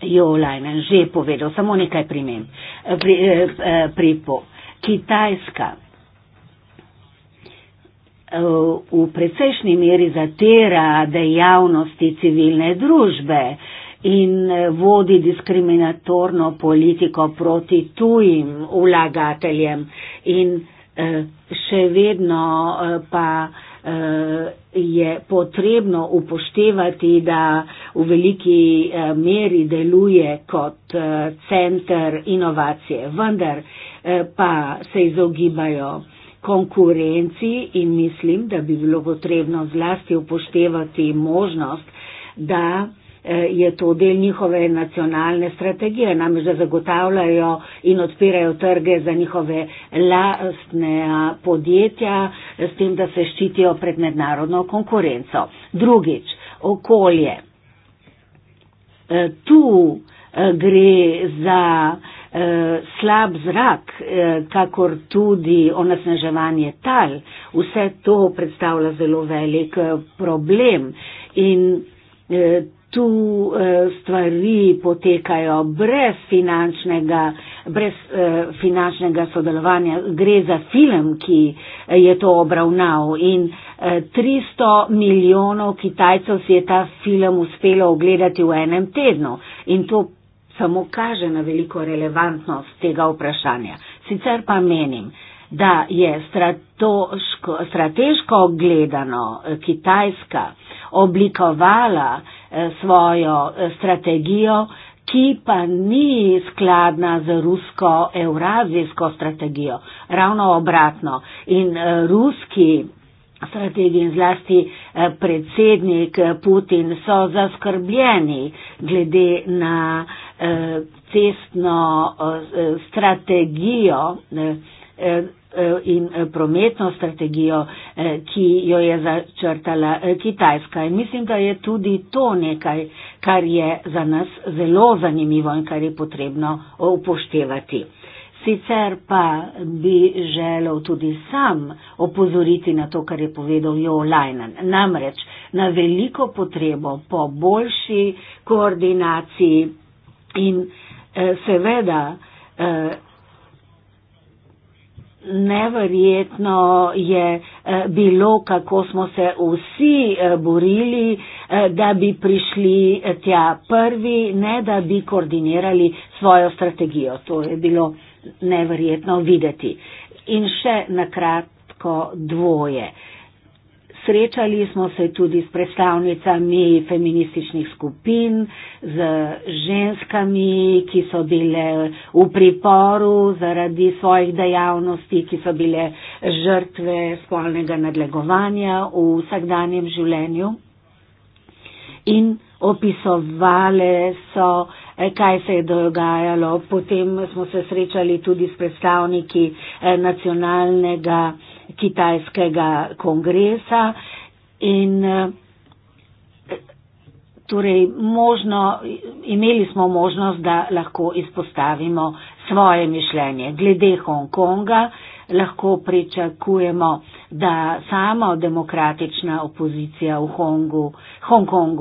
Jolajnen že povedal, samo nekaj primem. Eh, pri, eh, pri po Kitajska v precejšnji meri zatira dejavnosti civilne družbe in vodi diskriminatorno politiko proti tujim vlagateljem in še vedno pa Eh, je potrebno upoštevati, da v veliki eh, meri deluje kot eh, center inovacije, vendar pa se izogibajo konkurenci in mislim, da bi bilo potrebno zlasti upoštevati možnost, da Eh, je to del njihove nacionalne strategije, namreč da zagotavljajo in odpirajo trge za njihove lastne podjetja, s tem, da se ščitijo pred mednarodno konkurenco. Drugič, okolje. Eh, tu eh, gre za slab zrak, kakor tudi onesnaževanje tal. Vse to predstavlja zelo velik problem. In tu eh, stvari potekajo brez finančnega, brez eh, finančnega sodelovanja. Gre za film, ki je to obravnal in 300 eh, milijonov Kitajcev si je ta film uspelo ogledati v enem tednu in to samo kaže na veliko relevantnost tega vprašanja. Sicer pa menim, da je stratoško, strateško gledano Kitajska oblikovala Eh, svojo eh, strategijo, ki pa ni skladna z rusko-eurazijsko strategijo. Ravno obratno. In eh, ruski strategiji in zlasti predsednik Putin so zaskrbljeni glede na cestno strategijo Eh, in eh, prometno strategijo, eh, ki jo je začrtala Kitajska. In mislim, da je tudi to nekaj, kar je za nas zelo zanimivo in kar je potrebno upoštevati. Sicer pa bi želel tudi sam opozoriti na to, kar je povedal Jo Lajnen, namreč na veliko potrebo po boljši koordinaciji in seveda Neverjetno je eh, bilo, kako smo se vsi eh, borili, eh, da bi prišli tja prvi, ne da bi koordinirali svojo strategijo. To je bilo neverjetno videti. In še nakratko dvoje. Srečali smo se tudi s predstavnicami feminističnih skupin, z ženskami, ki so bile v priporu zaradi svojih dejavnosti, ki so bile žrtve spolnega nadlegovanja v vsakdanjem življenju. In opisovali so, kaj se je dogajalo. Potem smo se srečali tudi s predstavniki eh, nacionalnega kitajskega kongresa in eh, torej možno, imeli smo možnost, da lahko izpostavimo svoje mišljenje. Glede Hongkonga lahko pričakujemo, da sama demokratična opozicija v Hongkongu,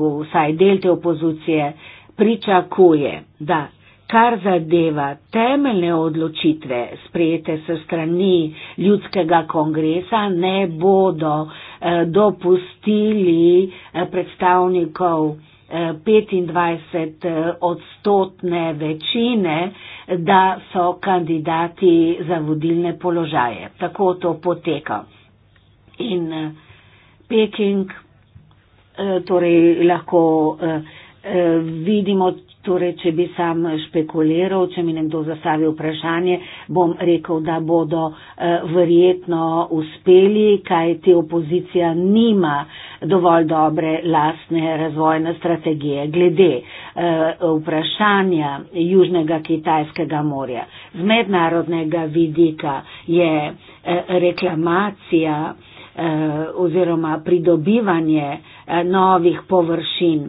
Hong vsaj del te opozicije, pričakuje, da kar zadeva temeljne odločitve sprejete se strani ljudskega kongresa, ne bodo eh, dopustili eh, predstavnikov 25 eh, odstotne večine, da so kandidati za vodilne položaje. Tako to poteka. In Peking, torej lahko vidimo Torej, če bi sam špekuliral, če mi nekdo zastavi vprašanje, bom rekel, da bodo eh, verjetno uspeli, kaj ti opozicija nima dovolj dobre lastne razvojne strategije. Glede eh, vprašanja Južnega Kitajskega morja, z mednarodnega vidika je eh, reklamacija eh, oziroma pridobivanje eh, novih površin.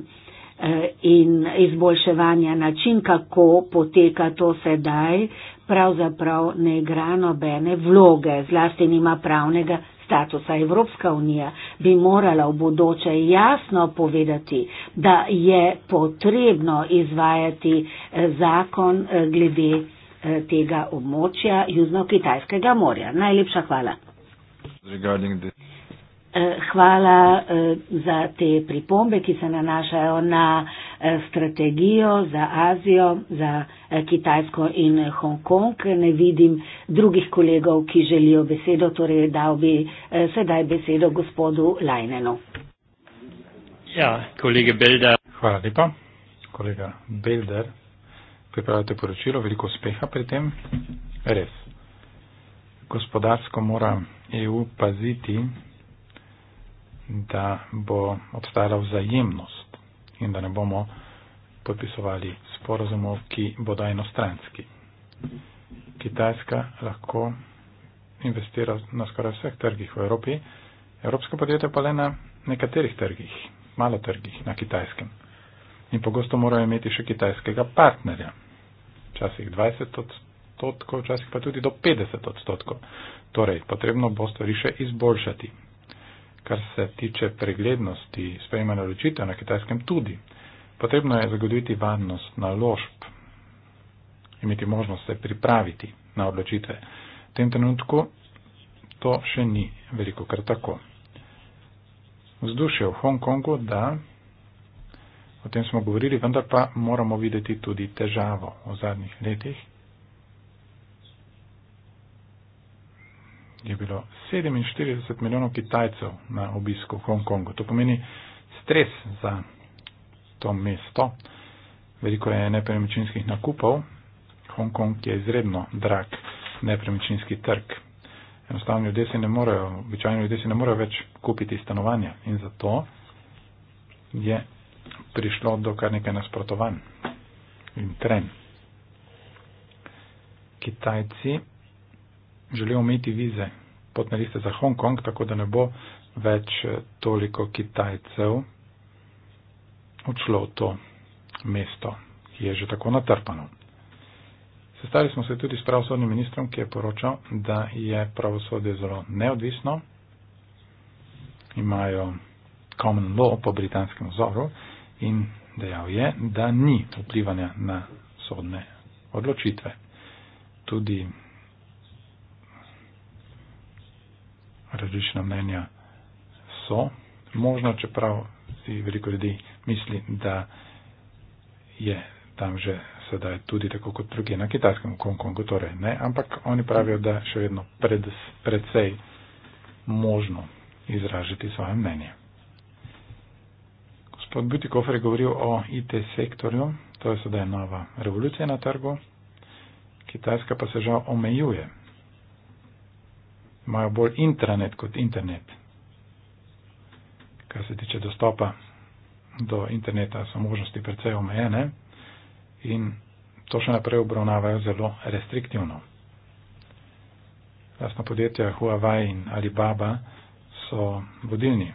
Eh, in izboljševanja način, kako poteka to sedaj, pravzaprav ne igra nobene vloge, zlasti nima pravnega statusa. Evropska unija bi morala v bodoče jasno povedati, da je potrebno izvajati eh, zakon eh, glede tega območja Južno-Kitajskega morja. Najlepša hvala. Regarding the Eh, hvala eh, za te pripombe, ki se nanašajo na eh, strategijo za Azijo, za Kitajsko in Hongkong. Ne vidim drugih kolegov, ki želijo besedo, torej dal bi sedaj besedo gospodu Lajnenu. Ja, kolege Belder. Hvala lepa. Kolega Belder, pripravite poročilo, veliko uspeha pri tem. Res. Gospodarsko mora EU paziti da bo obstajala vzajemnost in da ne bomo podpisovali sporozumov, ki bodo enostranski. Kitajska lahko investira na skoraj vseh trgih v Evropi, evropska podjetja pa le na nekaterih trgih, malo trgih na kitajskem. In pogosto morajo imeti še kitajskega partnerja. Včasih 20 odstotkov, včasih pa tudi do 50 odstotkov. Torej, potrebno bo stvari še izboljšati kar se tiče preglednosti sprejema naročitev na kitajskem tudi. Potrebno je zagotoviti varnost na ložb, imeti možnost se pripraviti na odločitve. V tem trenutku to še ni veliko kar tako. Vzdušje v Hongkongu, da, o tem smo govorili, vendar pa moramo videti tudi težavo v zadnjih letih. je bilo 47 milijonov Kitajcev na obisku v Hongkongu. To pomeni stres za to mesto. Veliko je nepremičninskih nakupov. Hongkong je izredno drag nepremičninski trg. Enostavno ljudje si ne morejo, običajno ljudje si ne morejo več kupiti stanovanja in zato je prišlo do kar nekaj nasprotovanj in tren. Kitajci želel imeti vize, potne liste za Hongkong, tako da ne bo več eh, toliko Kitajcev odšlo v to mesto, ki je že tako natrpano. Sestali smo se tudi s pravosodnim ministrom, ki je poročal, da je pravosodje zelo neodvisno, imajo common law po britanskem vzoru in dejal je, da ni vplivanja na sodne odločitve. Tudi različna mnenja so. Možno, čeprav si veliko ljudi misli, da je tam že sedaj tudi tako kot drugi na kitajskem Hongkongu, torej ne, ampak oni pravijo, da je še vedno pred, predvsej možno izražiti svoje mnenje. Gospod Butikofer je govoril o IT sektorju, to je sedaj nova revolucija na trgu, Kitajska pa se žal omejuje imajo bolj intranet kot internet. Kar se tiče dostopa do interneta, so možnosti precej omejene in to še naprej obravnavajo zelo restriktivno. Lastna podjetja Huawei in Alibaba so vodilni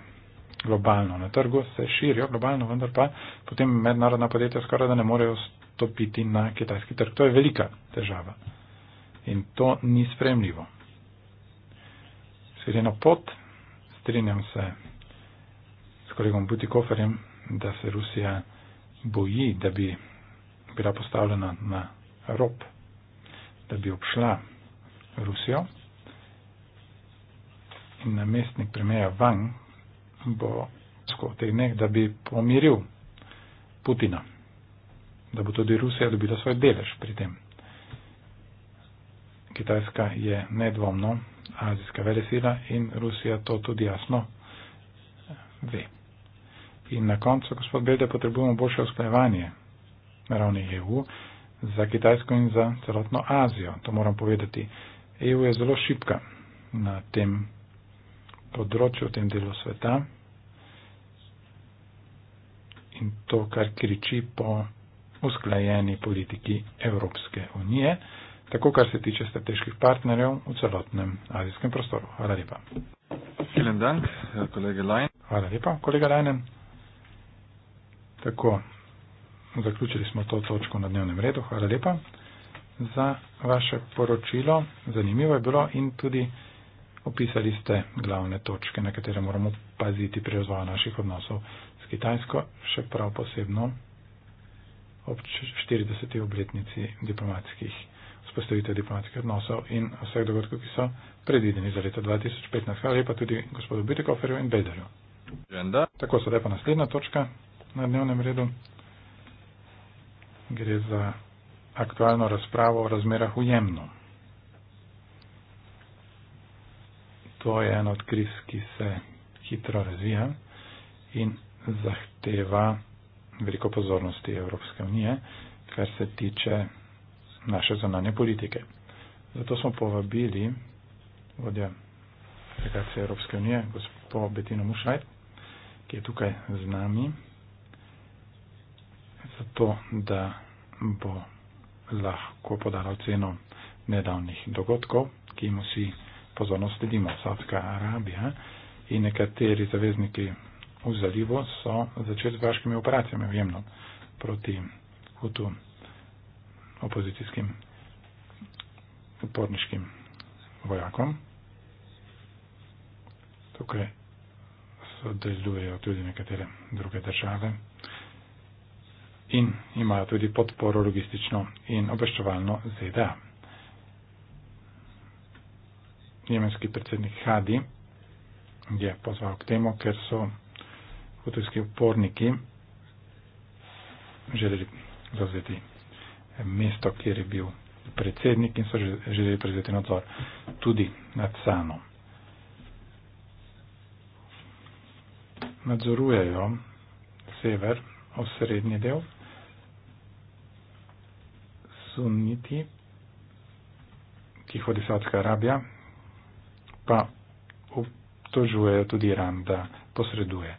globalno na trgu, se širijo globalno, vendar pa potem mednarodna podjetja skoraj da ne morejo stopiti na kitajski trg. To je velika težava in to ni spremljivo. Sveteno pot, strinjam se s kolegom Butikoferjem, da se Rusija boji, da bi bila postavljena na rob, da bi obšla Rusijo. In namestnik premjera Vang bo skozi teh dneh, da bi pomiril Putina, da bo tudi Rusija dobila svoj delež pri tem. Kitajska je nedvomno azijska velesila in Rusija to tudi jasno ve. In na koncu, gospod Belde, potrebujemo boljše usklajevanje na ravni EU za Kitajsko in za celotno Azijo. To moram povedati. EU je zelo šipka na tem področju, v tem delu sveta. In to, kar kriči po usklajeni politiki Evropske unije tako kar se tiče strateških partnerjev v celotnem azijskem prostoru. Hvala lepa. Dank, Hvala lepa, kolega Lajne. Tako, zaključili smo to točko na dnevnem redu. Hvala lepa za vaše poročilo. Zanimivo je bilo in tudi opisali ste glavne točke, na katere moramo paziti pri razvoju naših odnosov s Kitajsko, še prav posebno ob 40. obletnici diplomatskih spostavitev diplomatskih odnosov in vseh dogodkov, ki so predvideni za leto 2015. Hvala lepa tudi gospodu Bitekoferju in Bederju. Tako sedaj pa naslednja točka na dnevnem redu. Gre za aktualno razpravo o razmerah v jemnu. To je en od kriz, ki se hitro razvija in zahteva veliko pozornosti Evropske unije, kar se tiče naše zonanje politike. Zato smo povabili vodja delegacije Evropske unije, gospo Betino Mušajt, ki je tukaj z nami, zato da bo lahko podala oceno nedavnih dogodkov, ki jim vsi pozorno sledimo. Saudska Arabija in nekateri zavezniki v zalivu so začeli z vaškimi operacijami v Jemnu proti Hutu opozicijskim uporniškim vojakom. Tukaj sodelujejo tudi nekatere druge države in imajo tudi podporo logistično in obveščevalno ZDA. Nemenski predsednik Hadi je pozval k temu, ker so hutovski uporniki želeli zavzeti mesto, kjer je bil predsednik in so želeli prevzeti nadzor tudi nad Sanom. Nadzorujejo sever, osrednji del, suniti, ki hodi Saudska Arabija, pa obtožujejo tudi Iran, da posreduje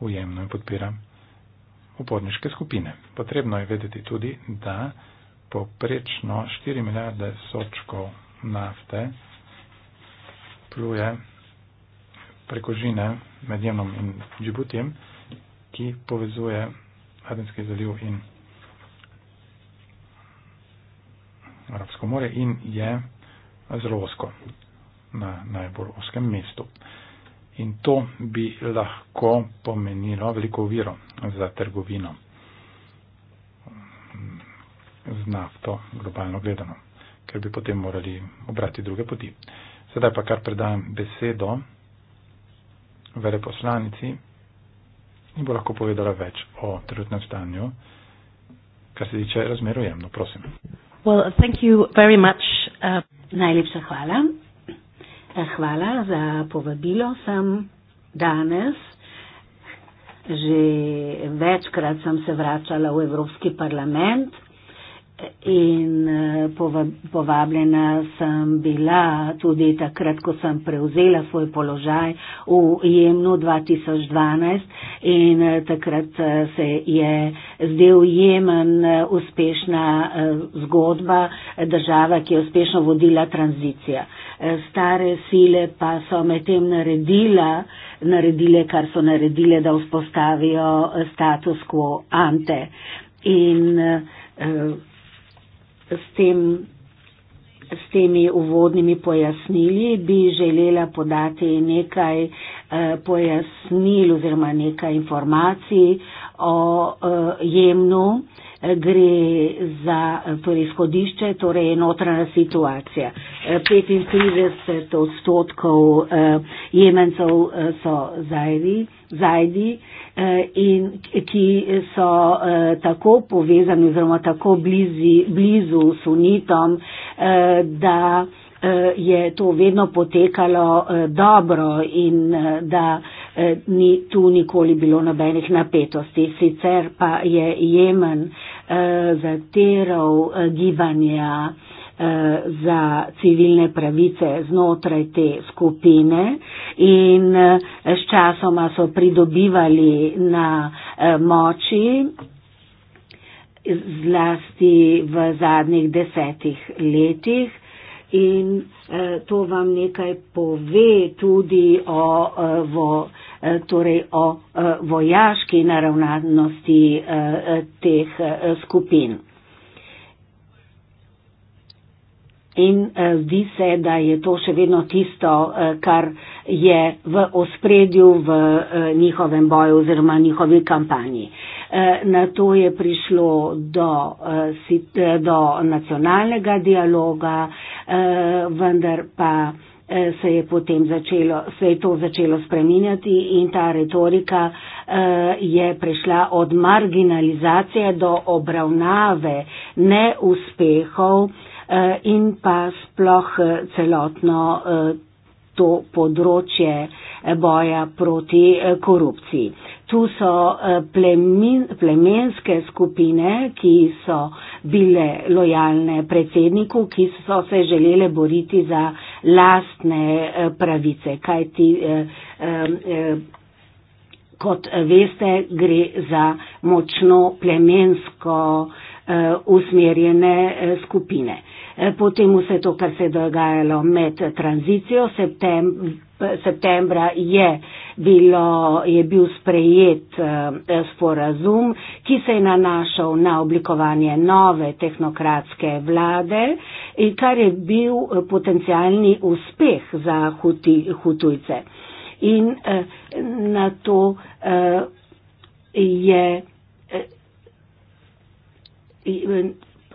ujemno in podpira uporniške skupine. Potrebno je vedeti tudi, da poprečno 4 milijarde sočkov nafte pluje preko žine med Jemnom in Džibutijem, ki povezuje Adenski zaliv in Arabsko more in je zelo osko na najbolj oskem mestu. In to bi lahko pomenilo veliko uviro za trgovino nafto, globalno gledano, ker bi potem morali obrati druge poti. Sedaj pa kar predajam besedo veleposlanici in bo lahko povedala več o trenutnem stanju, kar se tiče razmeru jemno, prosim. Well, thank you very much. Uh, najlepša hvala. Eh, hvala za povabilo sem danes. Že večkrat sem se vračala v Evropski parlament in eh, povabljena sem bila tudi takrat, ko sem prevzela svoj položaj v jemnu 2012 in eh, takrat eh, se je zdel jemen uspešna zgodba država, ki je uspešno vodila tranzicija. Stare sile pa so med tem naredila, naredile, kar so naredile, da vzpostavijo status quo ante. In, s, tem, s temi uvodnimi pojasnili bi želela podati nekaj eh, pojasnil oziroma nekaj informacij o eh, jemnu. Eh, gre za eh, torej izhodišče, torej notranja situacija. 35 eh, odstotkov eh, jemencev so zajdi, zajdi in ki so tako povezani oziroma tako blizi, blizu sunitom, da je to vedno potekalo dobro in da Eh, ni tu nikoli bilo nobenih napetosti. Sicer pa je Jemen eh, zateral eh, gibanja za civilne pravice znotraj te skupine in s časoma so pridobivali na moči zlasti v zadnjih desetih letih in to vam nekaj pove tudi o vojni. Eh, torej o eh, vojaški naravnanosti eh, teh skupin. In zdi se, da je to še vedno tisto, kar je v ospredju v njihovem boju oziroma njihovi kampanji. Na to je prišlo do, do nacionalnega dialoga, vendar pa Eh, se je potem začelo, se je to začelo spreminjati in ta retorika eh, je prišla od marginalizacije do obravnave neuspehov eh, in pa sploh celotno to področje boja proti korupciji. Tu so plemin, plemenske skupine, ki so bile lojalne predsedniku, ki so se želele boriti za lastne eh, pravice, kajti eh, eh, kot veste, gre za močno plemensko usmerjene skupine. Potem vse to, kar se je dogajalo med tranzicijo, septembr, septembra je, bilo, je bil sprejet eh, sporazum, ki se je nanašal na oblikovanje nove tehnokratske vlade, eh, kar je bil eh, potencijalni uspeh za huti, hutujce. In na to je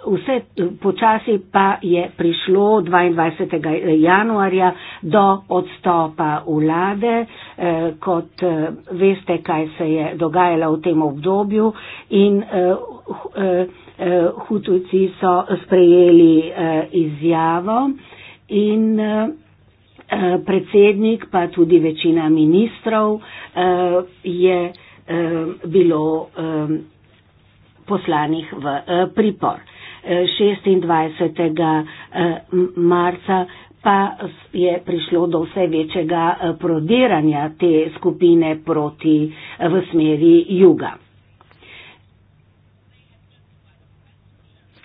vse počasi pa je prišlo 22. januarja do odstopa vlade, eh, kot eh, veste, kaj se je dogajalo v tem obdobju in eh, hutujci so sprejeli izjavo in predsednik pa tudi večina ministrov je bilo poslanih v pripor. 26. Eh, marca pa je prišlo do vse večjega eh, prodiranja te skupine proti eh, v smeri juga.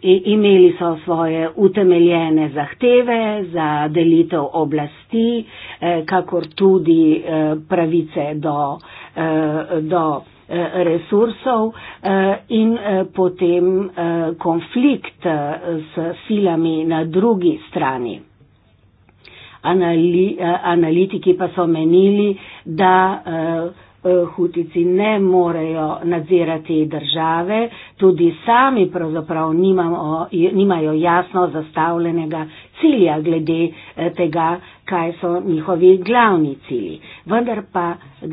Imeli so svoje utemeljene zahteve za delitev oblasti, kakor tudi pravice do, do resursov eh, in eh, potem eh, konflikt s silami na drugi strani. Analitiki pa so menili, da hutici ne morejo nadzirati države, tudi sami pravzaprav nimamo, nimajo jasno zastavljenega cilja glede tega, kaj so njihovi glavni cilji. Vendar pa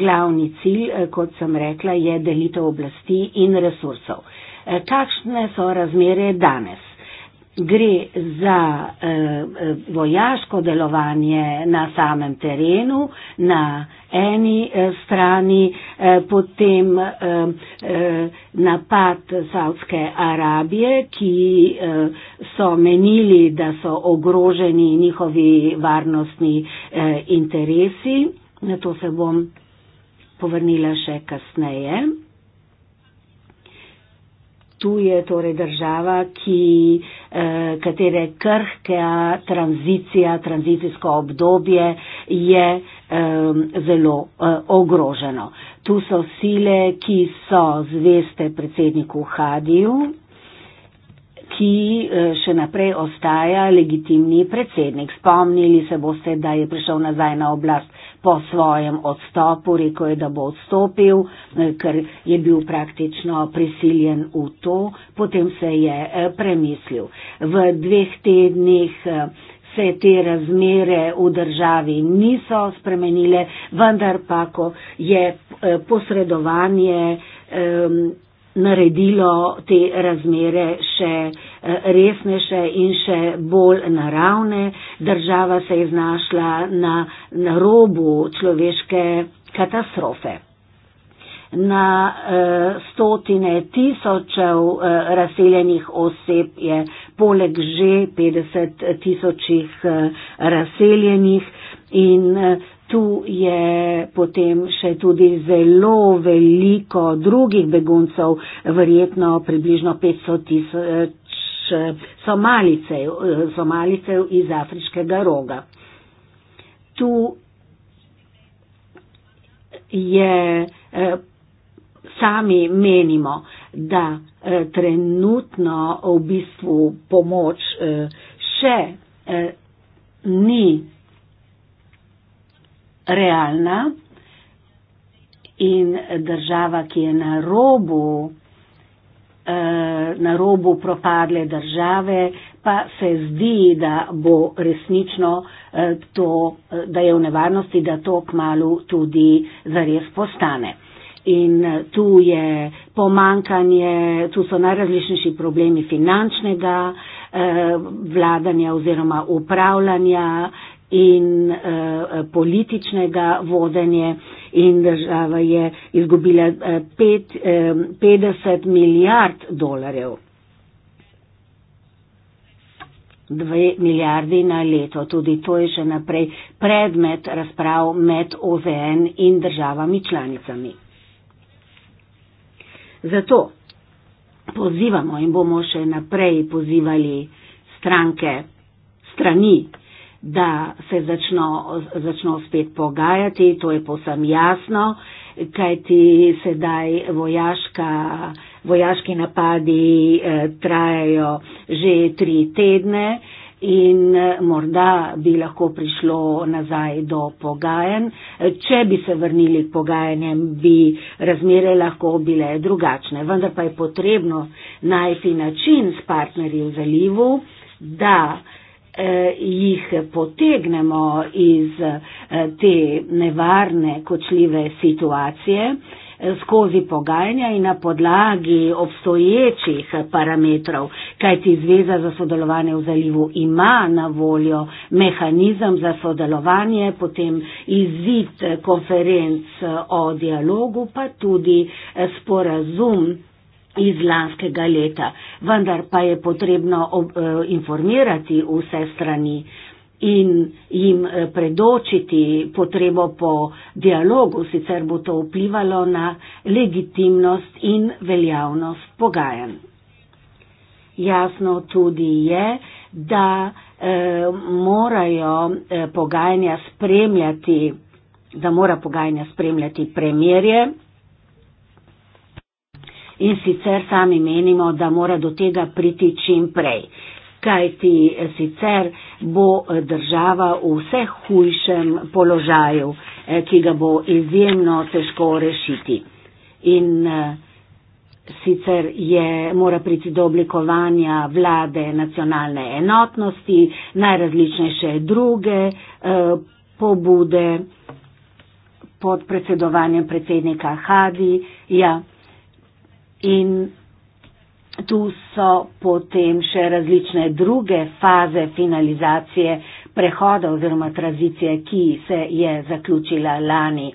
glavni cilj, eh, kot sem rekla, je delitev oblasti in resursov. Eh, Kakšne so razmere danes? gre za eh, eh, vojaško delovanje na samem terenu, na eni eh, strani, eh, potem eh, eh, napad Saudske Arabije, ki eh, so menili, da so ogroženi njihovi varnostni eh, interesi. Na to se bom povrnila še kasneje svetuje torej država, ki, eh, katere krhke tranzicija, tranzicijsko obdobje je zelo eh, ogroženo. Tu so sile, ki so zveste predsedniku Hadiju, ki eh, še naprej ostaja legitimni predsednik. Spomnili se boste, da je prišel nazaj na oblast po svojem odstopu, rekel je, da bo odstopil, eh, ker je bil praktično prisiljen v to, potem se je eh, premislil. V dveh tednih eh, se te razmere v državi niso spremenile, vendar pa, ko je posredovanje naredilo te razmere še resnejše in še bolj naravne. Država se je znašla na, na robu človeške katastrofe. Na eh, stotine tisočev eh, razseljenih oseb je poleg že 50 tisočih eh, razseljenih in eh, tu je potem še tudi zelo veliko drugih beguncev, verjetno približno 500 tisoč. Eh, Eh, somalicev, eh, somalicev iz afriškega roga. Tu je, eh, sami menimo, da trenutno v bistvu pomoč še ni realna in država, ki je na robu Eh, na robu propadle države, pa se zdi, da bo resnično eh, to, eh, da je v nevarnosti, da to kmalo tudi zares postane. In tu je pomankanje, tu so najrazličnejši problemi finančnega vladanja oziroma upravljanja in političnega vodenja in država je izgubila 50 eh, eh, milijard dolarjev. Dve milijardi na leto, tudi to je še naprej predmet razprav med OZN in državami članicami. Zato pozivamo in bomo še naprej pozivali stranke, strani da se začno, začno spet pogajati, to je posem jasno, kajti sedaj vojaška, vojaški napadi eh, trajajo že tri tedne in eh, morda bi lahko prišlo nazaj do pogajanj. Eh, če bi se vrnili k pogajanjem, bi razmere lahko bile drugačne, vendar pa je potrebno najti način s partnerji v zalivu, da Eh, jih potegnemo iz eh, te nevarne, kočljive situacije eh, skozi pogajanja in na podlagi obstoječih parametrov, kajti Zveza za sodelovanje v zalivu ima na voljo mehanizem za sodelovanje, potem izid konferenc o dialogu, pa tudi sporazum iz lanskega leta, vendar pa je potrebno ob, eh, informirati vse strani in jim eh, predočiti potrebo po dialogu, sicer bo to vplivalo na legitimnost in veljavnost pogajanj. Jasno tudi je, da eh, morajo eh, pogajanja spremljati, da mora pogajanja spremljati premjerje, in sicer sami menimo, da mora do tega priti čim prej. Kaj ti sicer bo eh, država v vse hujšem položaju, eh, ki ga bo izjemno težko rešiti. In eh, sicer je, mora priti do oblikovanja vlade nacionalne enotnosti, najrazličnejše druge pobude pod predsedovanjem predsednika Hadi. Ja. In tu so potem še različne druge faze finalizacije prehoda oziroma tranzicije, ki se je zaključila lani.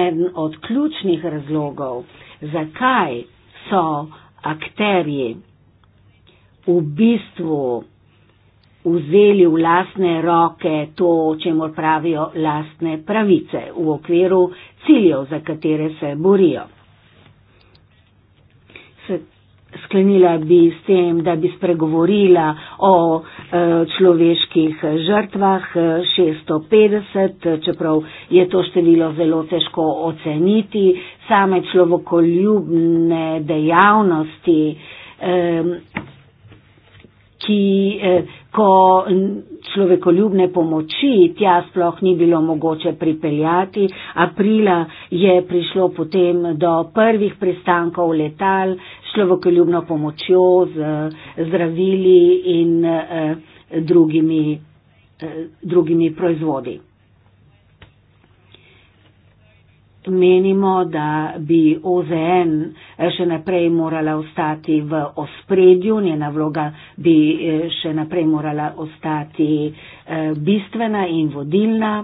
En od ključnih razlogov, zakaj so akterji v bistvu vzeli v lastne roke to, o čemu pravijo lastne pravice v okviru ciljev, za katere se borijo sklenila bi s tem, da bi spregovorila o e, človeških žrtvah 650, e, čeprav je to število zelo težko oceniti, same človekoljubne dejavnosti, e, ki e, ko človekoljubne pomoči tja sploh ni bilo mogoče pripeljati. Aprila je prišlo potem do prvih pristankov letal, človekoljubno pomočjo, z zdravili in eh, drugimi, eh, drugimi proizvodi. Menimo, da bi OZN eh, še naprej morala ostati v ospredju, njena vloga bi eh, še naprej morala ostati eh, bistvena in vodilna.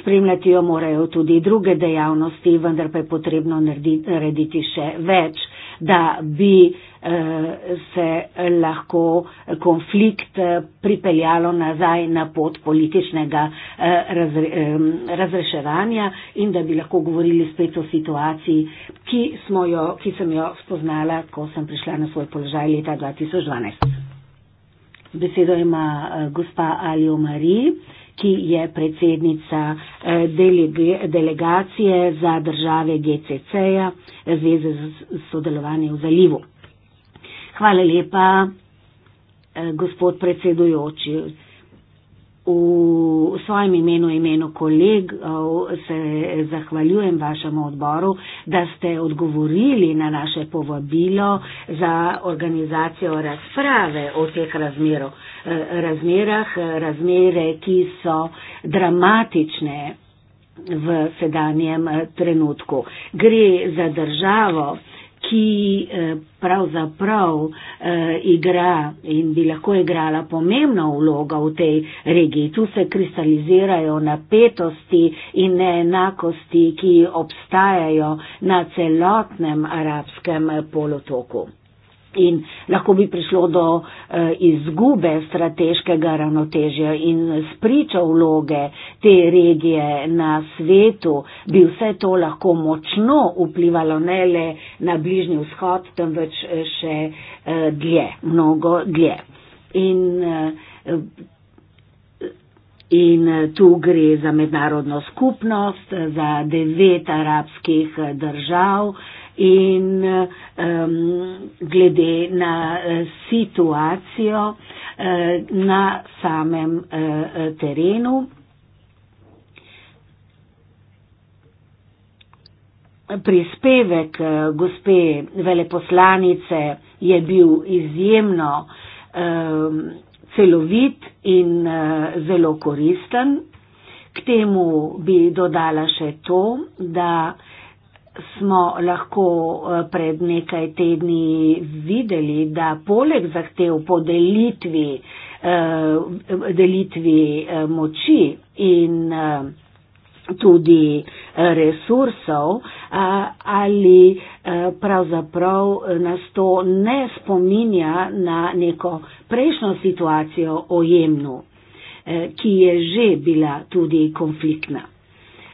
Spremljati jo morajo tudi druge dejavnosti, vendar pa je potrebno narediti še več, da bi eh, se lahko konflikt eh, pripeljalo nazaj na pot političnega eh, razreševanja in da bi lahko govorili spet o situaciji, ki, jo, ki sem jo spoznala, ko sem prišla na svoj položaj leta 2012. Besedo ima gospa Alijo Marij ki je predsednica eh, delegacije za države GCC-ja, Zveze za sodelovanje v zalivu. Hvala lepa, eh, gospod predsedujoči. V svojem imenu, imenu kolegov, se zahvaljujem vašemu odboru, da ste odgovorili na naše povabilo za organizacijo razprave o teh razmerah. Eh, razmerah, eh, razmere, ki so dramatične v sedanjem eh, trenutku. Gre za državo, ki pravzaprav igra in bi lahko igrala pomembno vlogo v tej regiji. Tu se kristalizirajo napetosti in neenakosti, ki obstajajo na celotnem arabskem polotoku in lahko bi prišlo do eh, izgube strateškega ravnotežja in spriča vloge te regije na svetu, bi vse to lahko močno vplivalo ne le na bližnji vzhod, temveč eh, še eh, dlje, mnogo dlje. In, In tu gre za mednarodno skupnost, za devet arabskih držav, in um, glede na e, situacijo uh, na samem uh, terenu. Prispevek uh, gospe veleposlanice je bil izjemno um, celovit in uh, zelo koristen. K temu bi dodala še to, da uh, smo lahko eh, pred nekaj tedni videli, da poleg zahtev po delitvi, eh, delitvi eh, moči in tudi resursov, ali pravzaprav nas to ne spominja na neko prejšnjo situacijo o jemnu, ki je že bila tudi konfliktna.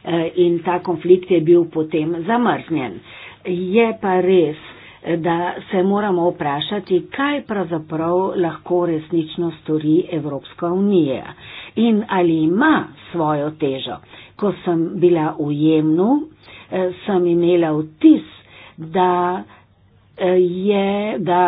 Eh, in ta konflikt je bil potem zamrznjen. Je pa res da se moramo vprašati, kaj pravzaprav lahko resnično stori Evropska unija in ali ima svojo težo. Ko sem bila v Jemnu, eh, sem imela vtis, da, eh, je, da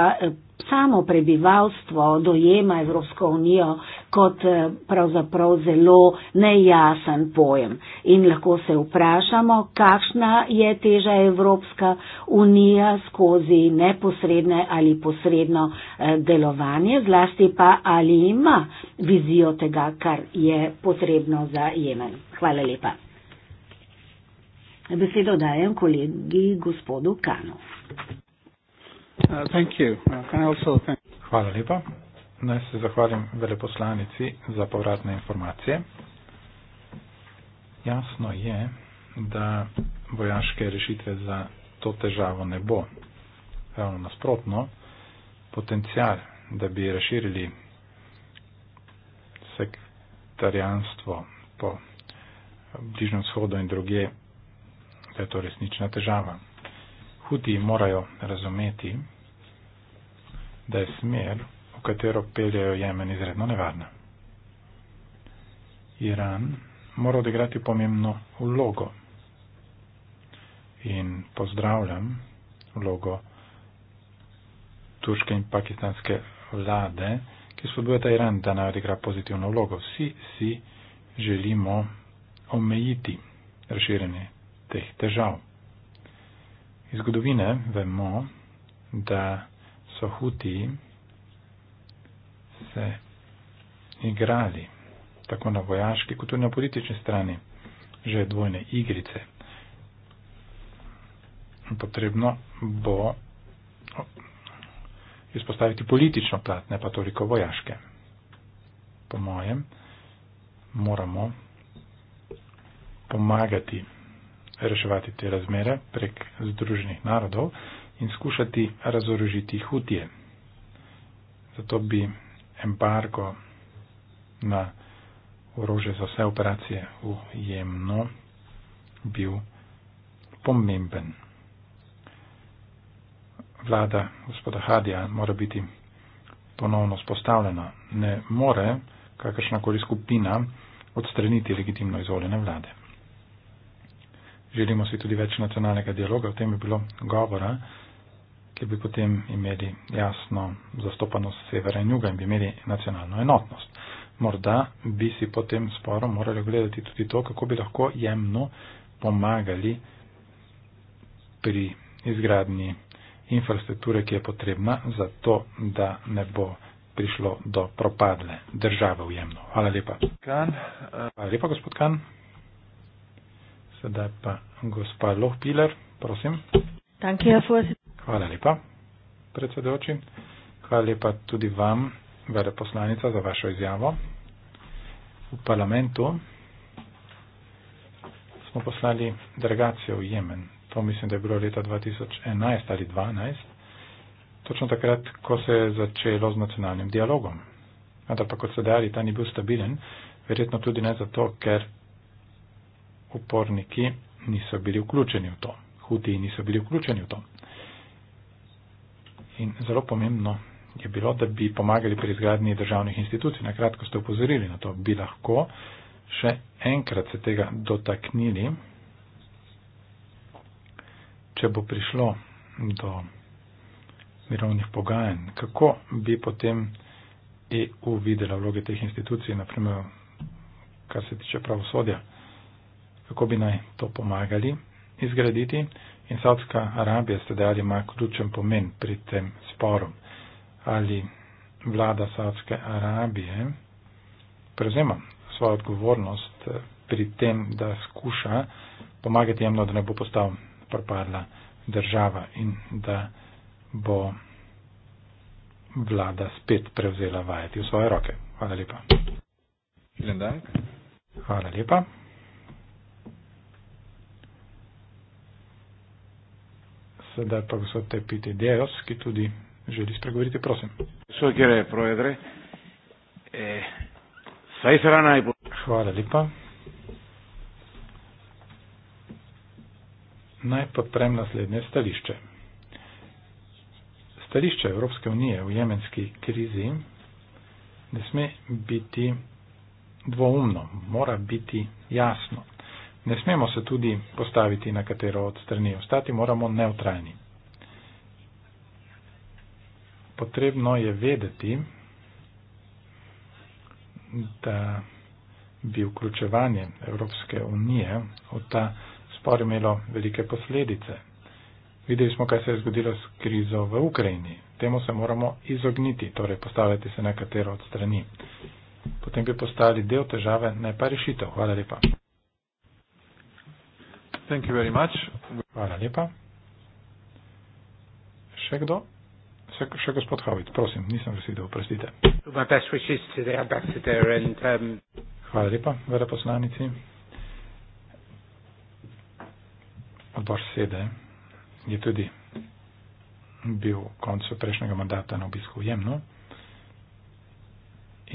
samo prebivalstvo dojema Evropsko unijo eh, kot eh, pravzaprav zelo nejasen pojem. In lahko se vprašamo, kakšna je teža Evropska unija skozi neposredne ali posredno eh, delovanje, zlasti pa ali ima vizijo tega, kar je potrebno za Jemen. Hvala lepa. Besedo dajem kolegi gospodu Kanu. Uh, thank you. Uh, can I also thank... Hvala lepa. Naj se zahvalim veleposlanici za povratne informacije. Jasno je, da vojaške rešitve za to težavo ne bo. Ravno nasprotno, potencial, da bi razširili sektarjanstvo po Bližnjem vzhodu in druge, da je to resnična težava. Huti morajo razumeti, da je smer katero peljejo Jemen, izredno nevarna. Iran mora odigrati pomembno vlogo in pozdravljam vlogo turške in pakistanske vlade, ki spodbujata Iran, da naj odigra pozitivno vlogo. Vsi si želimo omejiti razširjenje teh težav. Iz zgodovine vemo, da so hutiji se igrali, tako na vojaški, kot tudi na politični strani, že dvojne igrice. Potrebno bo izpostaviti politično plat, ne pa toliko vojaške. Po mojem, moramo pomagati reševati te razmere prek Združenih narodov in skušati razorožiti hutije. Zato bi embargo na orožje za vse operacije v Jemnu bil pomemben. Vlada gospoda Hadija mora biti ponovno spostavljena. Ne more kakršnakoli skupina odstraniti legitimno izvoljene vlade. Želimo si tudi več nacionalnega dialoga, o tem je bilo govora ker bi potem imeli jasno zastopanost severa in juga in bi imeli nacionalno enotnost. Morda bi si potem sporo morali gledati tudi to, kako bi lahko jemno pomagali pri izgradnji infrastrukture, ki je potrebna za to, da ne bo prišlo do propadle države v jemno. Hvala lepa. Kan, uh... Hvala lepa, gospod Kan. Sedaj pa gospa Lohpiler, prosim. Danke, Hvala lepa, predsedoči. Hvala lepa tudi vam, veleposlanica, za vašo izjavo. V parlamentu smo poslali delegacijo v Jemen. To mislim, da je bilo leta 2011 ali 2012, točno takrat, ko se je začelo z nacionalnim dialogom. Ampak pa kot se dali, ta ni bil stabilen, verjetno tudi ne zato, ker uporniki niso bili vključeni v to. Huti niso bili vključeni v to. In zelo pomembno je bilo, da bi pomagali pri izgradnji državnih institucij. Na kratko ste upozorili na to, bi lahko še enkrat se tega dotaknili, če bo prišlo do mirovnih pogajanj. Kako bi potem EU videla vloge teh institucij, naprimer, kar se tiče pravosodja, kako bi naj to pomagali izgraditi. In Saudska Arabija sedaj ima ključen pomen pri tem sporu. Ali vlada Saudske Arabije prevzema svojo odgovornost eh, pri tem, da skuša pomagati jemno, da ne bo postal propadla država in da bo vlada spet prevzela vajeti v svoje roke. Hvala lepa. Hvala lepa. Sedaj pa gospod Tepiti Dejos, ki tudi želi spregovoriti, prosim. E, Hvala lepa. Naj podprem naslednje stališče. Stališče Evropske unije v jemenski krizi ne sme biti dvoumno, mora biti jasno Ne smemo se tudi postaviti na katero od strani, ostati moramo neutralni. Potrebno je vedeti, da bi vključevanje Evropske unije v ta spor imelo velike posledice. Videli smo, kaj se je zgodilo s krizo v Ukrajini. Temu se moramo izogniti, torej postaviti se na katero od strani. Potem bi postali del težave, ne pa rešitev. Hvala lepa. Thank you very much. Hvala lepa. Še kdo? Še, še gospod Havit, prosim, nisem videl, prostite. Um... Hvala lepa, veleposlanici. Odbor sede je tudi bil koncu prejšnjega mandata na obisku v Jemnu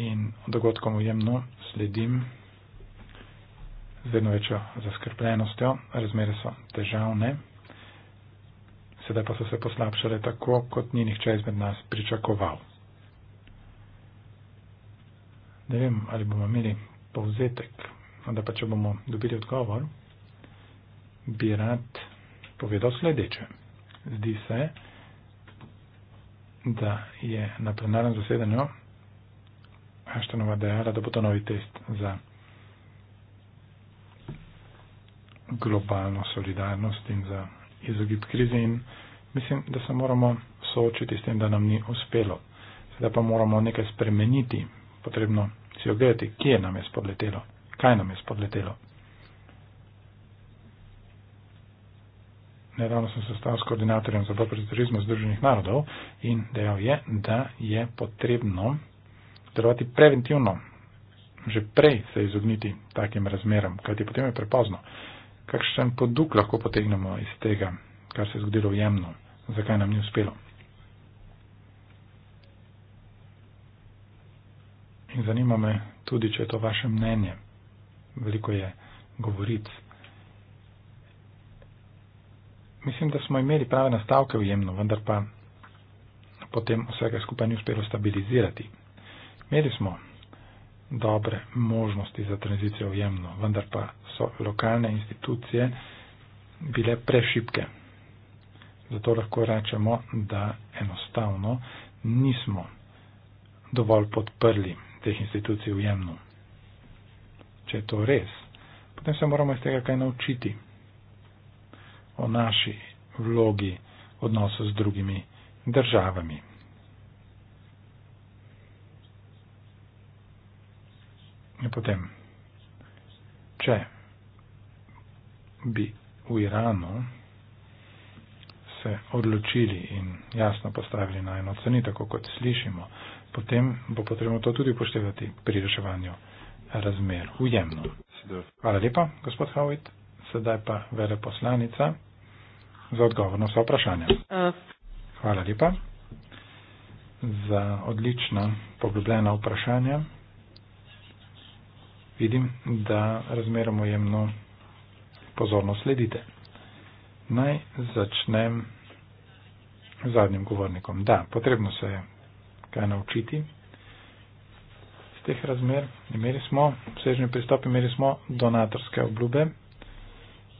in dogodkom v Jemnu sledim z vedno večjo zaskrbljenostjo. Razmere so težavne. Sedaj pa so se poslabšale tako, kot ni nihče izmed nas pričakoval. Ne vem, ali bomo imeli povzetek, da pa če bomo dobili odgovor, bi rad povedal sledeče. Zdi se, da je na plenarnem zasedanju Aštanova dejala, da bo to novi test za globalno solidarnost in za izogib krizi in mislim, da se moramo soočiti s tem, da nam ni uspelo. Sedaj pa moramo nekaj spremeniti, potrebno si ogledati, kje nam je spodletelo, kaj nam je spodletelo. Nedavno sem se stal s koordinatorjem za dobro turizmo Združenih narodov in dejal je, da je potrebno delovati preventivno, že prej se izogniti takim razmeram, kajti potem je prepozno kakšen poduk lahko potegnemo iz tega, kar se je zgodilo v jemnu, zakaj nam ni uspelo. In zanima me tudi, če je to vaše mnenje. Veliko je govoric. Mislim, da smo imeli prave nastavke v jemnu, vendar pa potem vsega skupaj ni uspelo stabilizirati. Imeli smo dobre možnosti za tranzicijo v jemno, vendar pa so lokalne institucije bile prešipke. Zato lahko rečemo, da enostavno nismo dovolj podprli teh institucij v jemnu. Če je to res, potem se moramo iz tega kaj naučiti o naši vlogi odnosu z drugimi državami. In potem, če bi v Iranu se odločili in jasno postavili na eno ceni, tako kot slišimo, potem bo potrebno to tudi upoštevati pri reševanju razmer v Jemnu. Hvala lepa, gospod Howitt. Sedaj pa veleposlanica za odgovor na vse vprašanja. Hvala lepa za odlična, poglobljena vprašanja vidim, da razmeroma jemno pozorno sledite. Naj začnem z zadnjim govornikom. Da, potrebno se je kaj naučiti iz teh razmer. Imeli smo obsežni pristop, imeli smo donatorske obljube,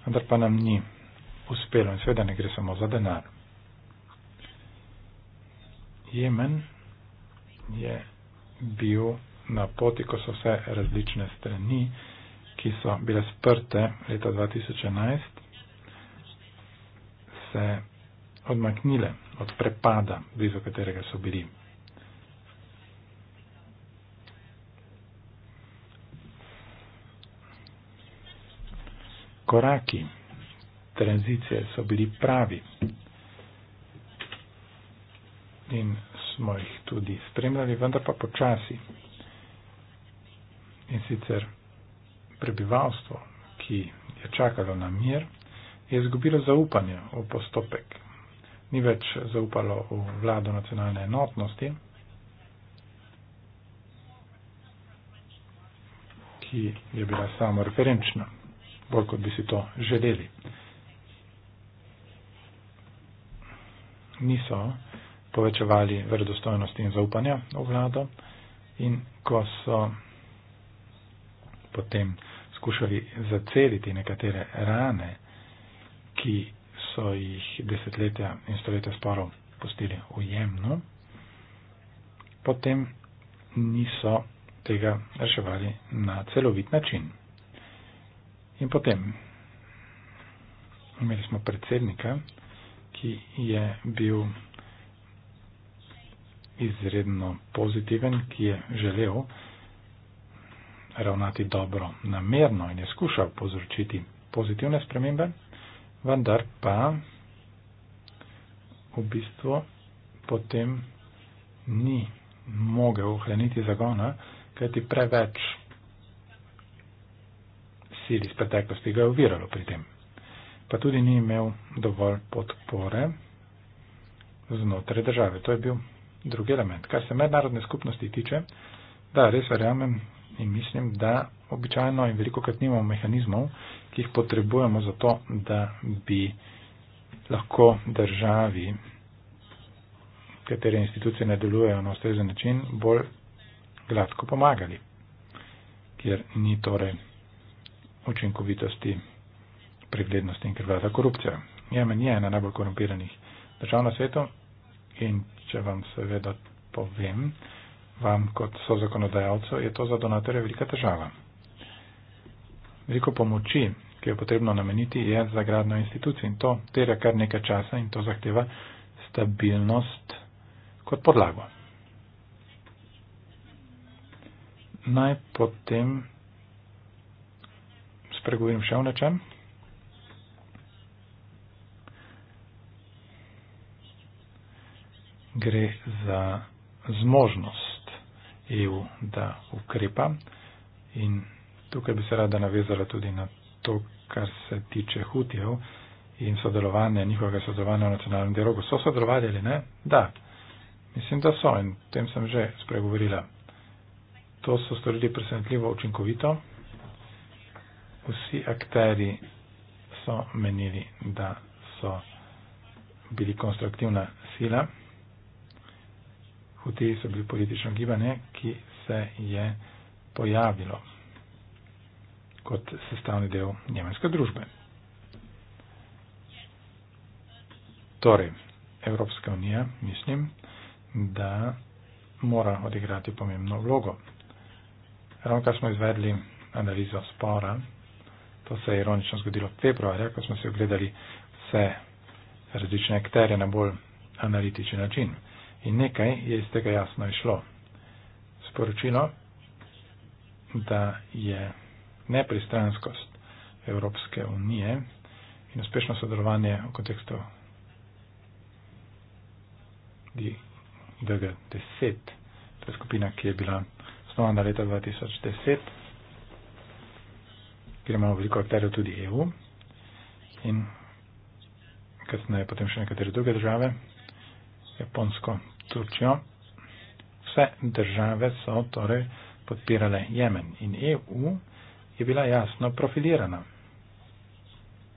vendar pa nam ni uspelo in seveda ne gre samo za denar. Jemen je bil na poti, ko so vse različne strani, ki so bile sprte leta 2011, se odmaknile od prepada, blizu katerega so bili. Koraki tranzicije so bili pravi in smo jih tudi spremljali, vendar pa počasi. In sicer prebivalstvo, ki je čakalo na mir, je izgubilo zaupanje v postopek. Ni več zaupalo v vlado nacionalne enotnosti, ki je bila samo referenčna, bolj kot bi si to želeli. Niso povečevali verodostojnosti in zaupanja v vlado in ko so potem skušali zaceliti nekatere rane, ki so jih desetletja in stoletja sporov postili ujemno, potem niso tega reševali na celovit način. In potem imeli smo predsednika, ki je bil izredno pozitiven, ki je želel, ravnati dobro, namerno in je skušal povzročiti pozitivne spremembe, vendar pa v bistvu potem ni mogel ohraniti zagona, kajti preveč sil iz preteklosti ga je uviralo pri tem. Pa tudi ni imel dovolj podpore znotraj države. To je bil drugi element. Kar se mednarodne skupnosti tiče, da res verjamem, in mislim, da običajno in veliko krat nimamo mehanizmov, ki jih potrebujemo za to, da bi lahko državi, katere institucije ne delujejo na ustrezen način, bolj gladko pomagali, ker ni torej učinkovitosti, preglednosti in krvata korupcija. Jemen je ena najbolj korumpiranih držav na svetu in če vam seveda povem, vam kot so zakonodajalcu, je to za donatorje velika težava. Veliko pomoči, ki je potrebno nameniti, je za gradno institucijo in to terja kar nekaj časa in to zahteva stabilnost kot podlago. Naj potem spregovorim še o nečem. Gre za zmožnost EU, da ukrepa. In tukaj bi se rada navezala tudi na to, kar se tiče hutijev in sodelovanja, njihovega sodelovanja v nacionalnem dialogu. So sodelovali ali ne? Da. Mislim, da so in o tem sem že spregovorila. To so storili presenetljivo učinkovito. Vsi akteri so menili, da so bili konstruktivna sila. Huti so bili politično gibanje, ki se je pojavilo kot sestavni del njemenske družbe. Torej, Evropska unija, mislim, da mora odigrati pomembno vlogo. Ravno kar smo izvedli analizo spora, to se je ironično zgodilo v februarju, ko smo si ogledali vse različne akterje na bolj analitičen način in nekaj je iz tega jasno išlo. Sporočilo, da je nepristranskost Evropske unije in uspešno sodelovanje v kontekstu DG10, to je skupina, ki je bila osnovana leta 2010, kjer imamo veliko akterjev tudi EU in kasneje potem še nekatere druge države. Japonsko, Turčijo. Vse države so torej podpirale Jemen in EU je bila jasno profilirana.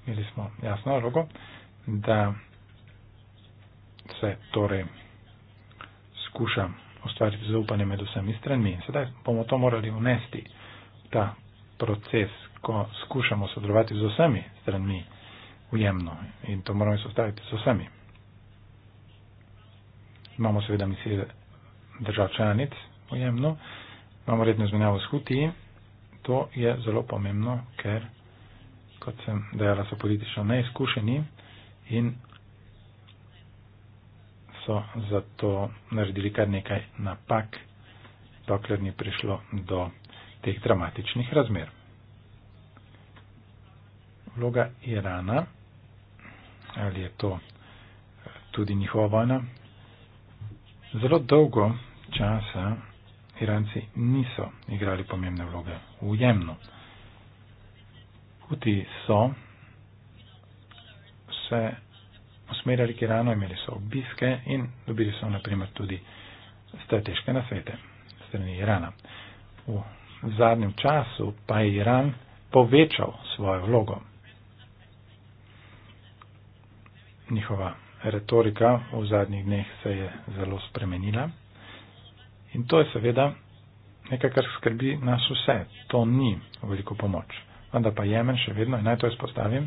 Imeli smo jasno rogo, da se torej skuša ustvariti zaupanje med vsemi stranmi. Sedaj bomo to morali unesti, ta proces, ko skušamo sodelovati z vsemi stranmi v Jemnu in to moramo izostaviti z vsemi imamo seveda misije držav članic pojemno, imamo redno izmenjavo s huti. To je zelo pomembno, ker, kot sem dejala, so politično neizkušeni in so zato naredili kar nekaj napak, dokler ni prišlo do teh dramatičnih razmer. Vloga Irana, ali je to tudi njihova vojna, Zelo dolgo časa Iranci niso igrali pomembne vloge v Jemnu. Huti so se usmerjali k Iranu, imeli so obiske in dobili so naprimer tudi strateške nasvete strani Irana. V zadnjem času pa je Iran povečal svojo vlogo. Njihova retorika v zadnjih dneh se je zelo spremenila. In to je seveda nekaj, kar skrbi nas vse. To ni veliko pomoč. Vendar pa Jemen še vedno, in naj to izpostavim,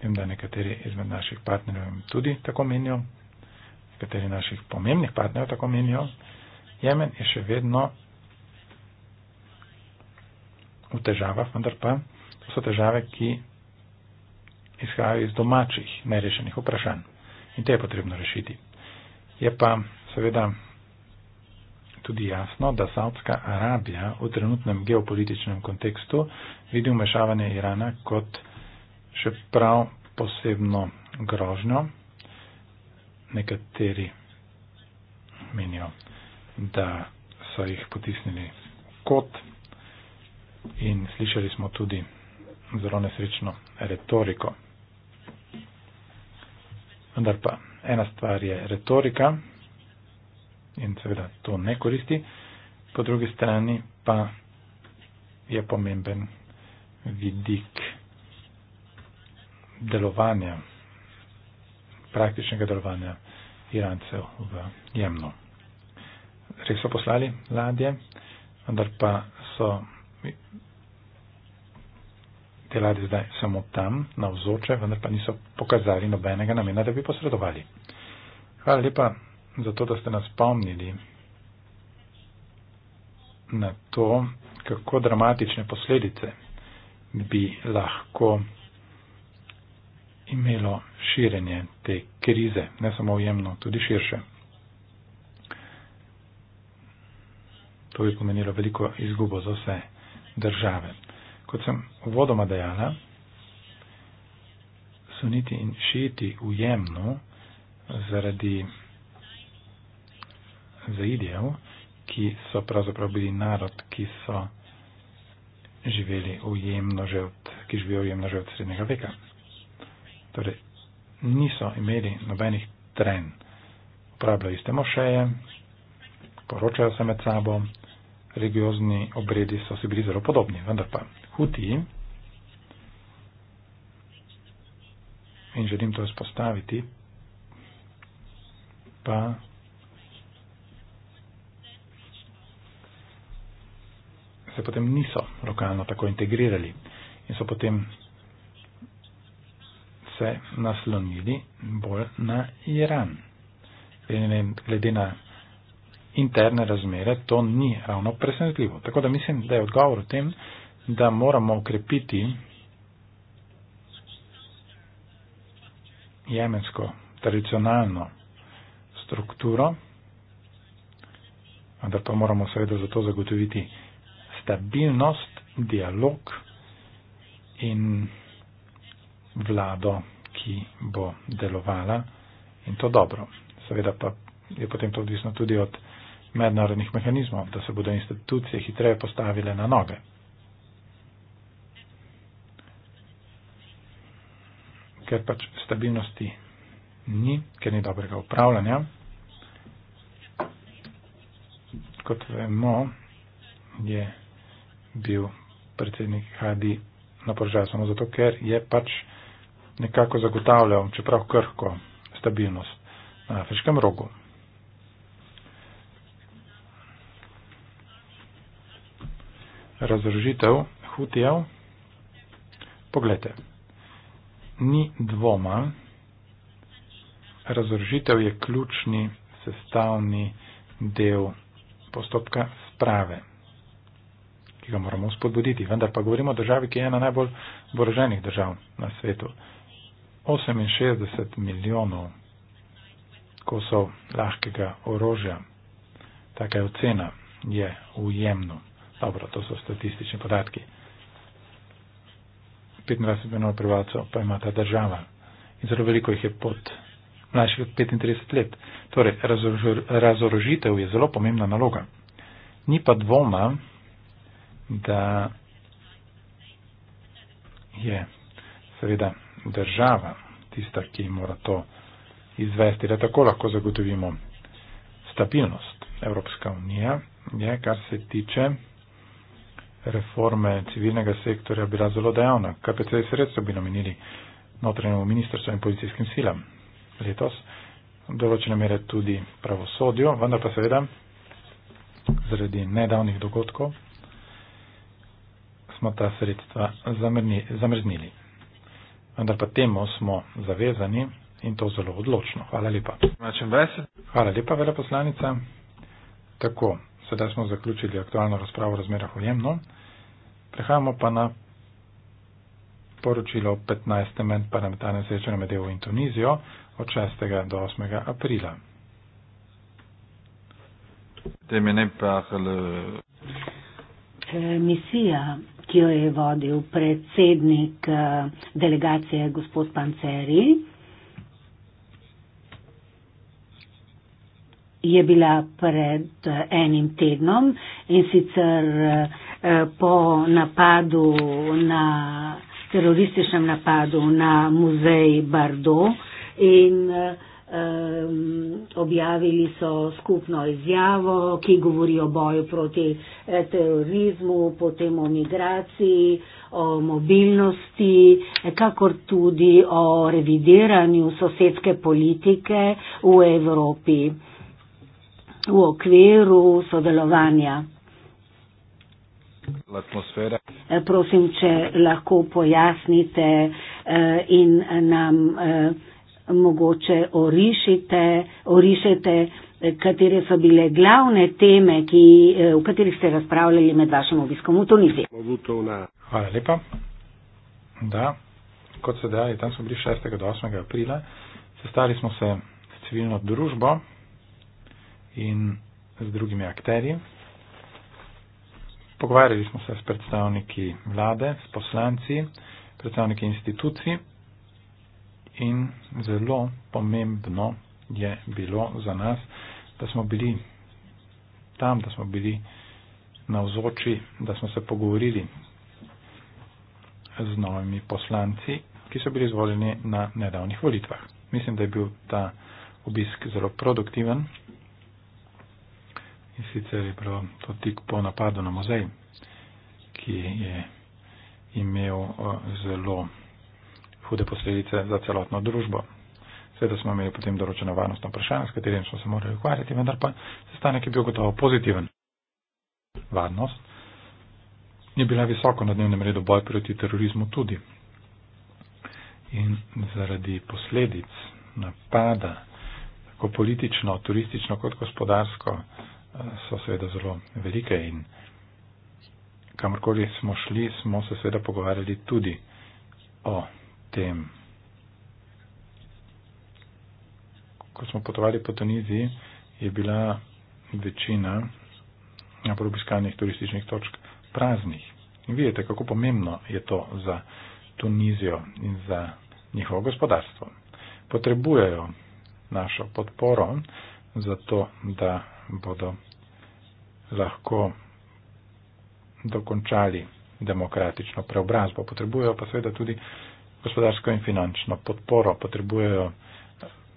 vem, da nekateri izmed naših partnerjev tudi tako menijo, nekateri naših pomembnih partnerjev tako menijo, Jemen je še vedno v težavah, vendar pa so težave, ki izhajajo iz domačih nerešenih vprašanj in te je potrebno rešiti. Je pa seveda tudi jasno, da Saudska Arabija v trenutnem geopolitičnem kontekstu vidi umešavanje Irana kot še prav posebno grožnjo. Nekateri menijo, da so jih potisnili kot in slišali smo tudi zelo nesrečno retoriko Vendar pa ena stvar je retorika in seveda to ne koristi, po drugi strani pa je pomemben vidik delovanja, praktičnega delovanja Irancev v Jemnu. Res so poslali ladje, vendar pa so delali zdaj samo tam, na vzoče, vendar pa niso pokazali nobenega namena, da bi posredovali. Hvala lepa za to, da ste nas spomnili na to, kako dramatične posledice bi lahko imelo širenje te krize, ne samo vjemno, tudi širše. To bi pomenilo veliko izgubo za vse države kot sem uvodoma dejala, suniti in šiti v jemnu zaradi zaidijev, ki so pravzaprav bili narod, ki so živeli v jemno že od, ki živijo v jemno že od srednjega veka. Torej, niso imeli nobenih tren. Uporabljajo iste mošeje, poročajo se med sabo, religiozni obredi so si bili zelo podobni, vendar pa huti in želim to izpostaviti, pa se potem niso lokalno tako integrirali in so potem se naslonili bolj na Iran. Glede na interne razmere, to ni ravno presenetljivo. Tako da mislim, da je odgovor v tem, da moramo ukrepiti jemensko tradicionalno strukturo, vendar to moramo seveda zato zagotoviti stabilnost, dialog in vlado, ki bo delovala in to dobro. Seveda pa je potem to odvisno tudi od mednarodnih mehanizmov, da se bodo institucije hitreje postavile na noge. Ker pač stabilnosti ni, ker ni dobrega upravljanja. Kot vemo, je bil predsednik Hadi na položaju samo zato, ker je pač nekako zagotavljal, čeprav krhko, stabilnost na afriškem rogu. razrožitev hutijev, poglejte, ni dvoma, razrožitev je ključni sestavni del postopka sprave, ki ga moramo spodbuditi. Vendar pa govorimo o državi, ki je ena najbolj boroženih držav na svetu. 68 milijonov kosov lahkega orožja, taka je ocena, je v jemnu. Dobro, to so statistični podatki. 25 milijonov prebivalcev pa ima ta država in zelo veliko jih je pod mlajših od 35 let. Torej, razorožitev je zelo pomembna naloga. Ni pa dvoma, da je seveda država tista, ki mora to izvesti, da tako lahko zagotovimo stabilnost. Evropska unija je, kar se tiče reforme civilnega sektorja bila zelo dejavna. KPC sredstvo bi namenili notranjemu ministrstvu in policijskim silam letos, določene mere tudi pravosodju, vendar pa seveda zaradi nedavnih dogodkov smo ta sredstva zamrznili. Vendar pa temu smo zavezani in to zelo odločno. Hvala lepa. Hvala lepa, veleposlanica. Tako, Sedaj smo zaključili aktualno razpravo o razmerah v Jemnu. Prehajamo pa na poročilo 15. med parlamentarnem srečanjem med EU in Tunizijo od 6. do 8. aprila. Eh, misija, ki jo je vodil predsednik eh, delegacije gospod Panceri, je bila pred eh, enim tednom in sicer eh, po napadu na terorističnem napadu na muzej Bardo in um, objavili so skupno izjavo, ki govori o boju proti terorizmu, potem o migraciji, o mobilnosti, kakor tudi o revideranju sosedske politike v Evropi v okviru sodelovanja. Atmosfera. Eh, prosim, če lahko pojasnite eh, in nam eh, mogoče orišite, orišete, katere so bile glavne teme, ki, v katerih ste razpravljali med vašim obiskom v Tuniziji. Hvala lepa. Da, kot se da, tam smo bili 6. do 8. aprila, sestali smo se s civilno družbo, in z drugimi akterji. Pogovarjali smo se s predstavniki vlade, s poslanci, predstavniki institucij in zelo pomembno je bilo za nas, da smo bili tam, da smo bili navzoči, da smo se pogovorili z novimi poslanci, ki so bili izvoljeni na nedavnih volitvah. Mislim, da je bil ta obisk zelo produktiven. In sicer je bilo to tik po napadu na muzej, ki je imel eh, zelo hude posledice za celotno družbo. Seveda smo imeli potem doročeno varnostno vprašanje, s katerim smo se morali ukvarjati, vendar pa sestanek je bil gotovo pozitiven. Varnost je bila visoko na dnevnem redu boj proti terorizmu tudi. In zaradi posledic napada, tako politično, turistično kot gospodarsko, so seveda zelo velike in kamorkoli smo šli, smo se seveda pogovarjali tudi o tem. Ko smo potovali po Tuniziji, je bila večina najbolj obiskanih turističnih točk praznih. In vidite, kako pomembno je to za Tunizijo in za njihovo gospodarstvo. Potrebujejo našo podporo, zato da bodo lahko dokončali demokratično preobrazbo. Potrebujejo pa seveda tudi gospodarsko in finančno podporo, potrebujejo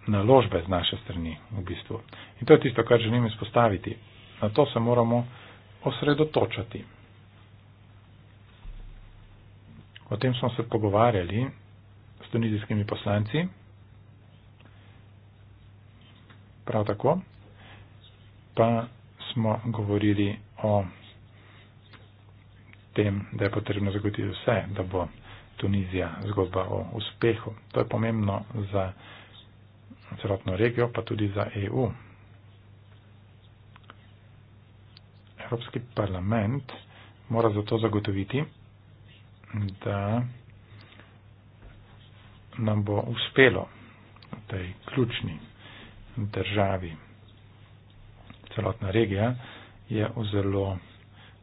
naložbe z naše strani v bistvu. In to je tisto, kar želim izpostaviti. Na to se moramo osredotočati. O tem smo se pogovarjali s tunizijskimi poslanci prav tako, pa smo govorili o tem, da je potrebno zagotoviti vse, da bo Tunizija zgodba o uspehu. To je pomembno za celotno regijo, pa tudi za EU. Evropski parlament mora zato zagotoviti, da nam bo uspelo v tej ključni državi. Celotna regija je v zelo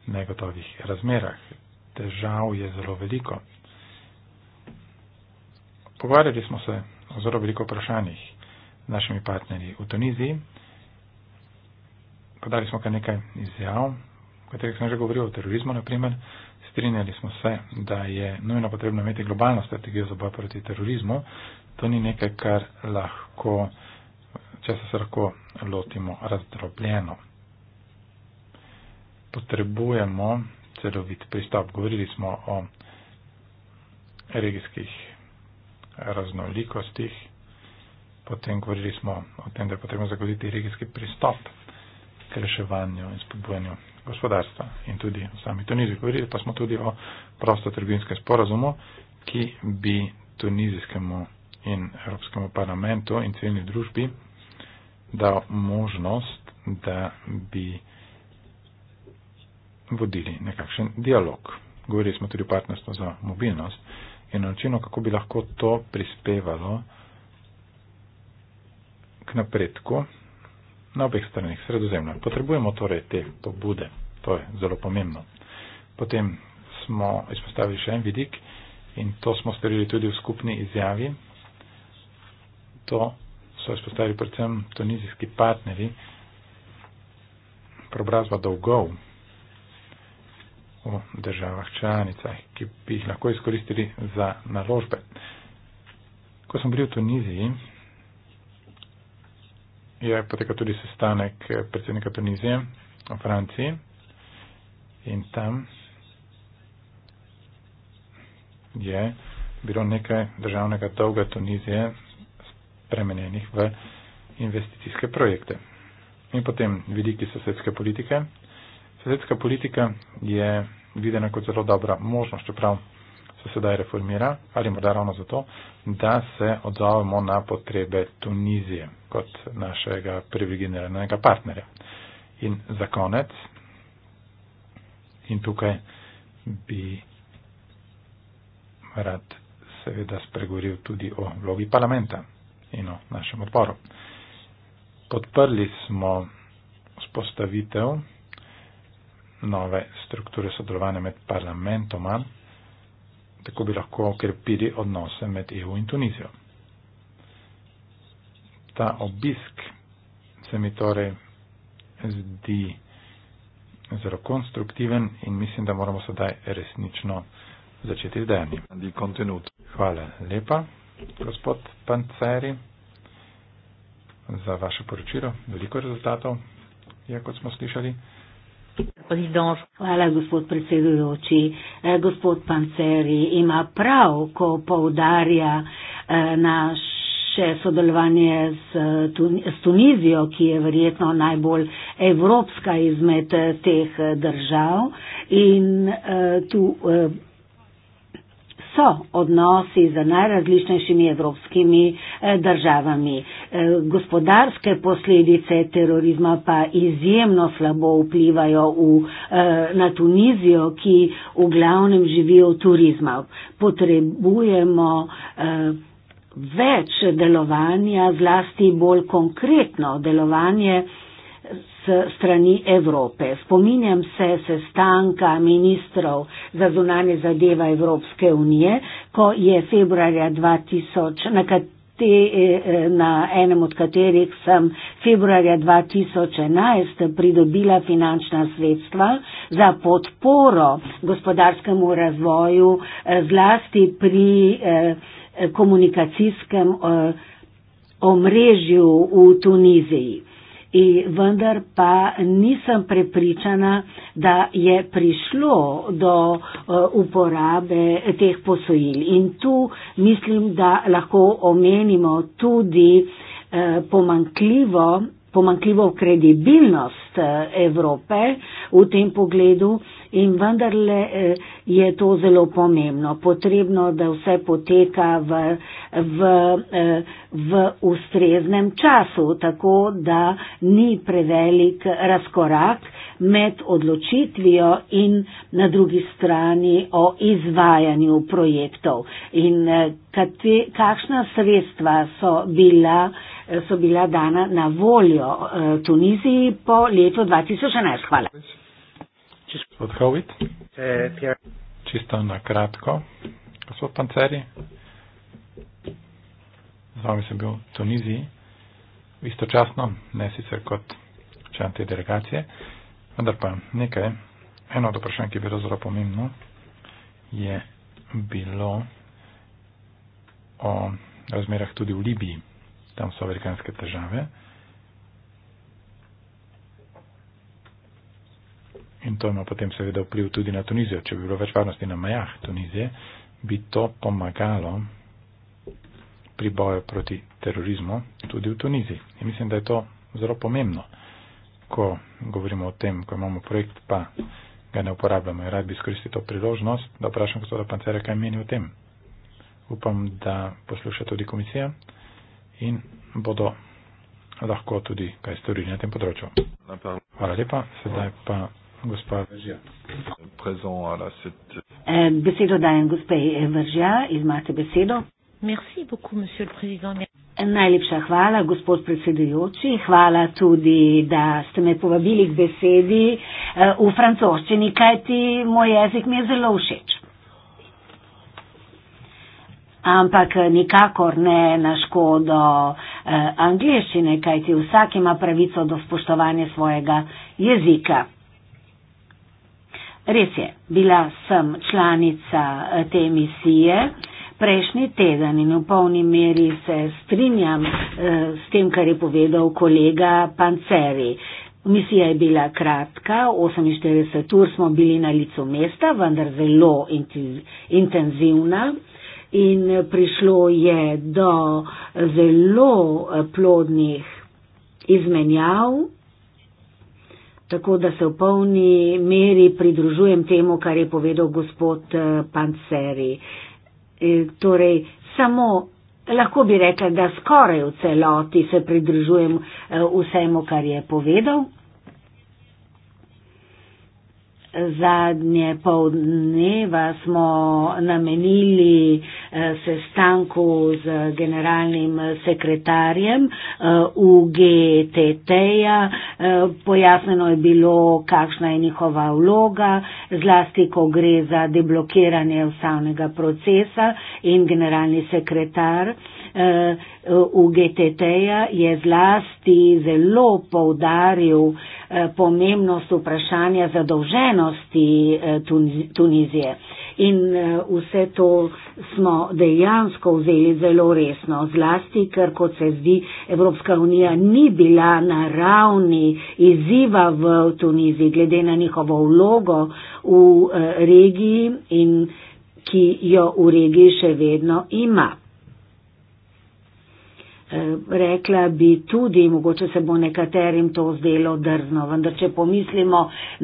negotovih razmerah. Težav je zelo veliko. Pogovarjali smo se o zelo veliko vprašanjih z našimi partnerji v Tuniziji. Podali smo kar nekaj izjav, o katerih sem že govoril, o terorizmu naprimer. Strinjali smo se, da je nujno potrebno imeti globalno strategijo za boj proti terorizmu. To ni nekaj, kar lahko česa se lahko lotimo razdrobljeno. Potrebujemo celovit pristop. Govorili smo o regijskih raznolikostih, potem govorili smo o tem, da je potrebno zagotoviti regijski pristop k reševanju in spodbujanju gospodarstva in tudi v sami Tunizi. Govorili pa smo tudi o prostotrgovinskem sporazumu, ki bi tunizijskemu in Evropskemu parlamentu in civilni družbi dal možnost, da bi vodili nekakšen dialog. Govorili smo tudi o partnerstvu za mobilnost in na načinu, kako bi lahko to prispevalo k napredku na obeh stranih sredozemlja. Potrebujemo torej te pobude, to je zelo pomembno. Potem smo izpostavili še en vidik in to smo storili tudi v skupni izjavi. To so izpostavili predvsem tunizijski partneri, preobrazba dolgov v državah članicah, ki bi jih lahko izkoristili za naložbe. Ko sem bil v Tuniziji, je potekal tudi sestanek predsednika Tunizije v Franciji in tam je bilo nekaj državnega dolga Tunizije spremenjenih v investicijske projekte. In potem vidiki sosedske politike. Sosedska politika je videna kot zelo dobra možnost, čeprav se sedaj reformira ali morda ravno zato, da se odzovemo na potrebe Tunizije kot našega privilegiranega partnerja. In za konec, in tukaj bi rad seveda spregovoril tudi o vlogi parlamenta in o našem odporu. Podprli smo spostavitev nove strukture sodelovanja med parlamentoma, tako bi lahko okrepili odnose med EU in Tunizijo. Ta obisk se mi torej zdi zelo konstruktiven in mislim, da moramo sedaj resnično začeti z dejanjem. Hvala lepa gospod Panceri, za vaše poročilo. Veliko rezultatov je, kot smo slišali. Hvala, gospod predsedujoči. Eh, gospod Panceri ima prav, ko poudarja eh, naš še sodelovanje s Tunizijo, ki je verjetno najbolj evropska izmed eh, teh držav. In tu so odnosi z najrazličnejšimi evropskimi eh, državami. Eh, gospodarske posledice terorizma pa izjemno slabo vplivajo v, eh, na Tunizijo, ki v glavnem živi od turizma. Potrebujemo več delovanja, zlasti bolj konkretno delovanje s strani Evrope. Spominjam se sestanka ministrov za zunanje zadeva Evropske unije, ko je februarja 2000, na, kate, eh, na enem od katerih sem februarja 2011 pridobila finančna sredstva za podporo gospodarskemu razvoju eh, zlasti pri eh, komunikacijskem omrežju v Tuniziji. In vendar pa nisem prepričana, da je prišlo do eh, uporabe teh posojil. In tu mislim, da lahko omenimo tudi eh, pomankljivo pomankljivo kredibilnost eh, Evrope v tem pogledu in vendarle eh, je to zelo pomembno. Potrebno, da vse poteka v, v, eh, v ustreznem času, tako da ni prevelik razkorak med odločitvijo in na drugi strani o izvajanju projektov. In kate, kakšna sredstva so bila Eh, so bila dana na voljo eh, Tuniziji po letu 2011. Hvala. Gospod Hovit, eh, čisto na kratko, gospod Panceri, z vami sem bil v Tuniziji, istočasno, ne sicer kot član te delegacije, vendar pa nekaj, eno od vprašanj, ki je bilo zelo pomembno, je bilo o razmerah tudi v Libiji tam so velikanske težave. In to ima potem seveda vpliv tudi na Tunizijo. Če bi bilo več varnosti na majah Tunizije, bi to pomagalo pri boju proti terorizmu tudi v Tuniziji. In mislim, da je to zelo pomembno, ko govorimo o tem, ko imamo projekt, pa ga ne uporabljamo. In rad bi izkoristil to priložnost, da vprašam gospoda Pancera, kaj meni o tem. Upam, da posluša tudi komisija in bodo lahko tudi kaj storili na tem področju. Hvala lepa. Sedaj pa gospa Vržja. Eh, besedo dajem gospe Vržja. Imate besedo. Merci beaucoup, monsieur le président. Eh, najlepša hvala, gospod predsedujoči. Hvala tudi, da ste me povabili k besedi eh, v francoščini, kajti moj jezik mi je zelo všeč ampak eh, nikakor ne na škodo eh, angliščine, kajti vsak ima pravico do spoštovanja svojega jezika. Res je, bila sem članica eh, te misije prejšnji teden in v polni meri se strinjam eh, s tem, kar je povedal kolega Panceri. Misija je bila kratka, 48 ur smo bili na licu mesta, vendar zelo intenzivna in prišlo je do zelo plodnih izmenjav, tako da se v polni meri pridružujem temu, kar je povedal gospod eh, Panceri. E, torej, samo lahko bi rekla, da skoraj v celoti se pridružujem eh, vsemu, kar je povedal zadnje pol dneva smo namenili eh, sestanku z generalnim sekretarjem UGTT-ja. Eh, eh, Pojasneno je bilo, kakšna je njihova vloga, zlasti, ko gre za deblokiranje ustavnega procesa in generalni sekretar. UGTT-ja eh, je zlasti zelo povdaril eh, pomembnost vprašanja zadolženosti eh, Tunizije. In vse to smo dejansko vzeli zelo resno, zlasti, ker kot se zdi, Evropska unija ni bila na ravni izziva v Tuniziji, glede na njihovo vlogo v regiji in ki jo v regiji še vedno ima. Eh, rekla bi tudi, mogoče se bo nekaterim to zdelo drzno, vendar če pomislimo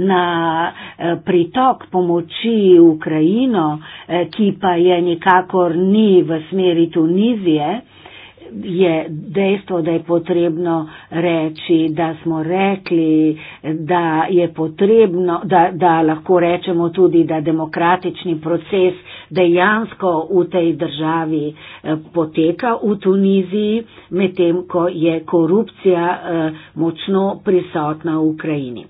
na eh, pritok pomoči v Ukrajino, eh, ki pa je nekakor ni v smeri Tunizije, je dejstvo, da je potrebno reči, da smo rekli, da je potrebno, da, da lahko rečemo tudi, da demokratični proces dejansko v tej državi eh, poteka v Tuniziji, medtem ko je korupcija eh, močno prisotna v Ukrajini.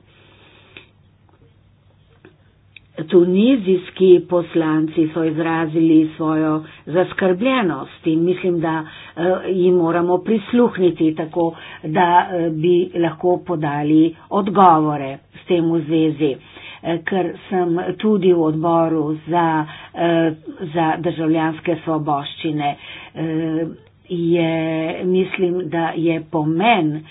Tunizijski poslanci so izrazili svojo zaskrbljenost in mislim, da eh, jim moramo prisluhniti tako, da eh, bi lahko podali odgovore s tem v zvezi. Eh, ker sem tudi v odboru za, za državljanske svoboščine, je, mislim, da je pomen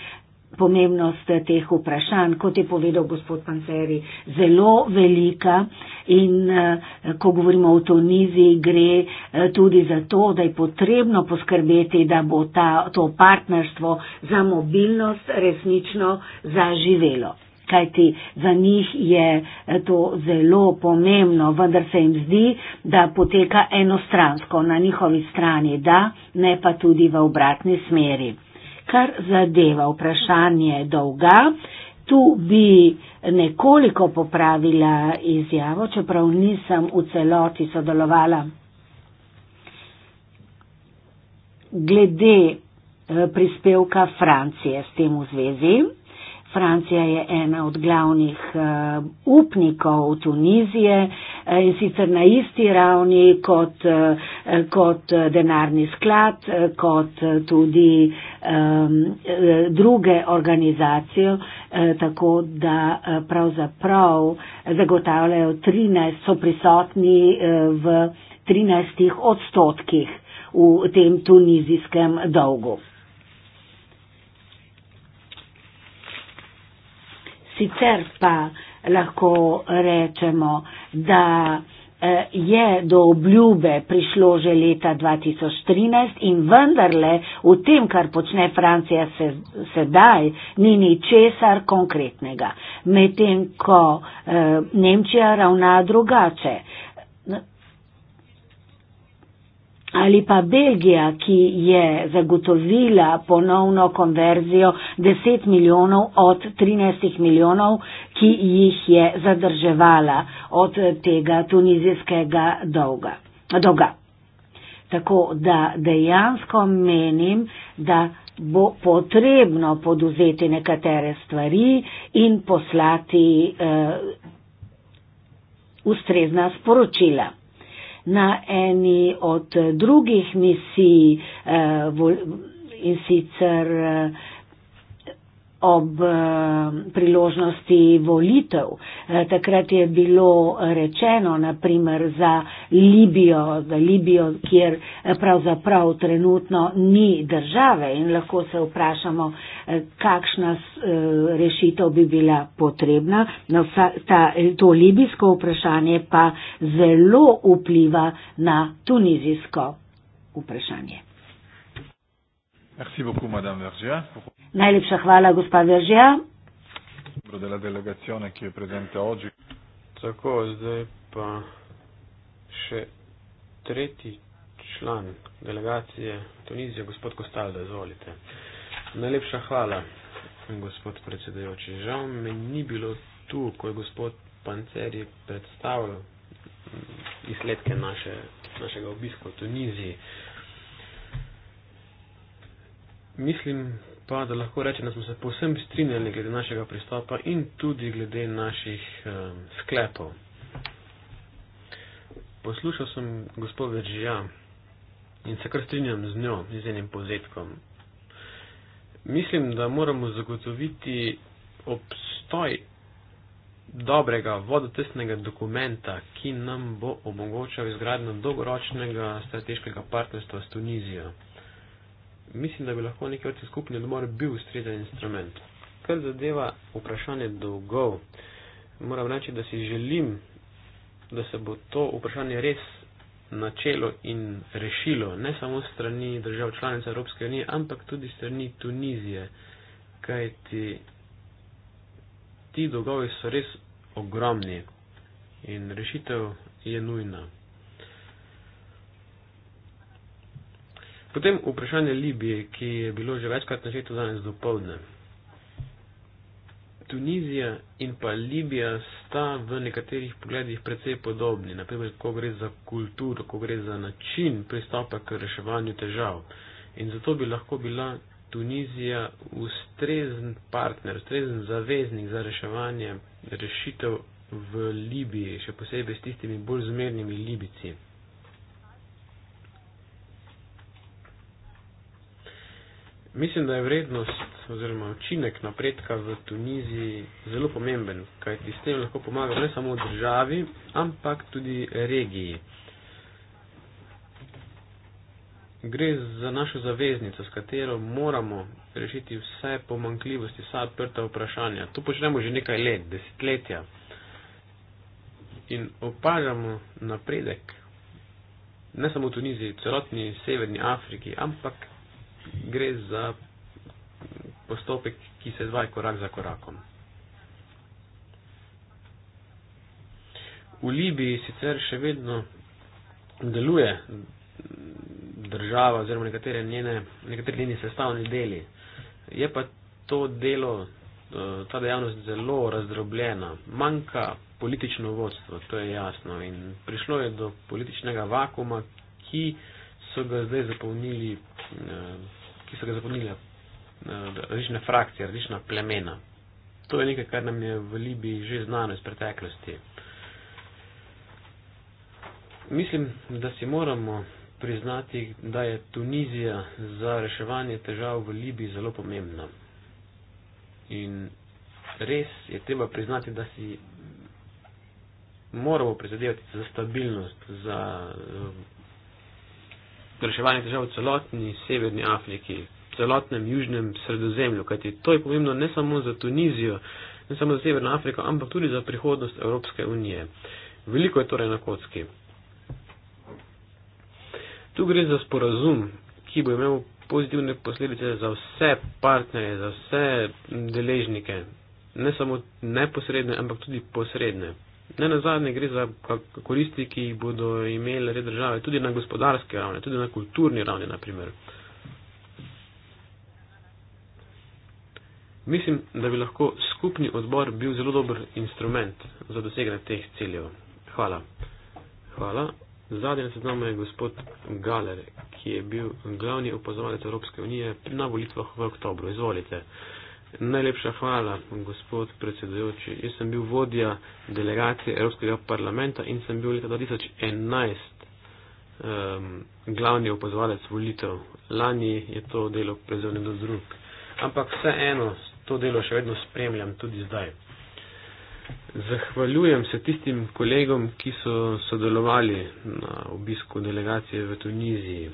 pomembnost teh vprašanj, kot je povedal gospod Panceri, zelo velika in eh, ko govorimo o Tuniziji, gre eh, tudi za to, da je potrebno poskrbeti, da bo ta, to partnerstvo za mobilnost resnično zaživelo. Kajti za njih je eh, to zelo pomembno, vendar se jim zdi, da poteka enostransko na njihovi strani, da ne pa tudi v obratni smeri kar zadeva vprašanje dolga. Tu bi nekoliko popravila izjavo, čeprav nisem v celoti sodelovala. Glede eh, prispevka Francije s tem v zvezi, Francija je ena od glavnih uh, upnikov Tunizije uh, in sicer na isti ravni kot, uh, kot denarni sklad, uh, kot tudi um, druge organizacije, uh, tako da uh, pravzaprav zagotavljajo 13, so prisotni uh, v 13 odstotkih v tem tunizijskem dolgu. Sicer pa lahko rečemo, da eh, je do obljube prišlo že leta 2013 in vendarle v tem, kar počne Francija se, sedaj, ni ničesar konkretnega. Medtem ko eh, Nemčija ravna drugače. Eh, ali pa Belgija, ki je zagotovila ponovno konverzijo 10 milijonov od 13 milijonov, ki jih je zadrževala od tega tunizijskega dolga. dolga. Tako da dejansko menim, da bo potrebno poduzeti nekatere stvari in poslati eh, ustrezna sporočila na eni od drugih misij eh, in sicer eh, ob eh, priložnosti volitev. Eh, takrat je bilo rečeno, naprimer za Libijo, za Libijo, kjer eh, pravzaprav trenutno ni države in lahko se vprašamo, kakšna rešitev bi bila potrebna. No, ta, to libijsko vprašanje pa zelo vpliva na tunizijsko vprašanje. Merci beaucoup, madame Vergia. Najlepša hvala, gospa Veržija. Dobrodela delegacijone, ki je prezente oči. Tako, zdaj pa še tretji član delegacije Tunizije, gospod Kostalda, izvolite. Najlepša hvala, gospod predsedajoči. Žal me ni bilo tu, ko je gospod Panceri predstavil izsledke naše, našega obiska v Tuniziji. Mislim, pa da lahko rečem, da smo se povsem strinjali glede našega pristopa in tudi glede naših um, sklepov. Poslušal sem gospod Veržija in se kar strinjam z njo, z enim povzetkom. Mislim, da moramo zagotoviti obstoj dobrega vodotesnega dokumenta, ki nam bo omogočal izgradno dolgoročnega strateškega partnerstva s Tunizijo mislim, da bi lahko neki vrsti skupni odmor bil ustrezen instrument. Kar zadeva vprašanje dolgov, moram reči, da si želim, da se bo to vprašanje res načelo in rešilo, ne samo strani držav članic Evropske unije, ampak tudi strani Tunizije, kajti ti dolgovi so res ogromni in rešitev je nujna. Potem vprašanje Libije, ki je bilo že večkrat našeto danes do povdne. Tunizija in pa Libija sta v nekaterih pogledih precej podobni, naprimer, ko gre za kulturo, ko gre za način pristopa k reševanju težav. In zato bi lahko bila Tunizija ustrezen partner, ustrezen zaveznik za reševanje rešitev v Libiji, še posebej s tistimi bolj zmernimi Libici. Mislim, da je vrednost oziroma učinek napredka v Tuniziji zelo pomemben, kajti s tem lahko pomaga ne samo državi, ampak tudi regiji. Gre za našo zaveznico, s katero moramo rešiti vse pomankljivosti, vsa odprta vprašanja. To počnemo že nekaj let, desetletja. In opažamo napredek ne samo v Tuniziji, celotni severni Afriki, ampak gre za postopek, ki se izvaja korak za korakom. V Libiji sicer še vedno deluje država oziroma nekatere njene, nekatere njene sestavne deli. Je pa to delo, eh, ta dejavnost zelo razdrobljena. Manjka politično vodstvo, to je jasno. In prišlo je do političnega vakuma, ki so ga zdaj zapolnili eh, ki so ga zapolnile eh, različne frakcije, različna plemena. To je nekaj, kar nam je v Libiji že znano iz preteklosti. Mislim, da si moramo priznati, da je Tunizija za reševanje težav v Libiji zelo pomembna. In res je treba priznati, da si moramo prizadevati za stabilnost, za reševanje težav v celotni severni Afriki, v celotnem južnem sredozemlju, kajti to je pomembno ne samo za Tunizijo, ne samo za Severno Afriko, ampak tudi za prihodnost Evropske unije. Veliko je torej na kocki. Tu gre za sporazum, ki bo imel pozitivne posledice za vse partnerje, za vse deležnike, ne samo neposredne, ampak tudi posredne. Ne na zadnje gre za koristi, ki jih bodo imele red države tudi na gospodarske ravni, tudi na kulturni ravni, naprimer. Mislim, da bi lahko skupni odbor bil zelo dober instrument za doseganje teh ciljev. Hvala. Hvala. Zadnje na seznamu je gospod Galer, ki je bil glavni opazovalec Evropske unije na volitvah v oktobru. Izvolite. Najlepša hvala, gospod predsedujoči. Jaz sem bil vodja delegacije Evropskega parlamenta in sem bil leta 2011 um, glavni opozvalec volitev. Lani je to delo prevzel nekdo drug. Ampak vseeno to delo še vedno spremljam tudi zdaj. Zahvaljujem se tistim kolegom, ki so sodelovali na obisku delegacije v Tuniziji.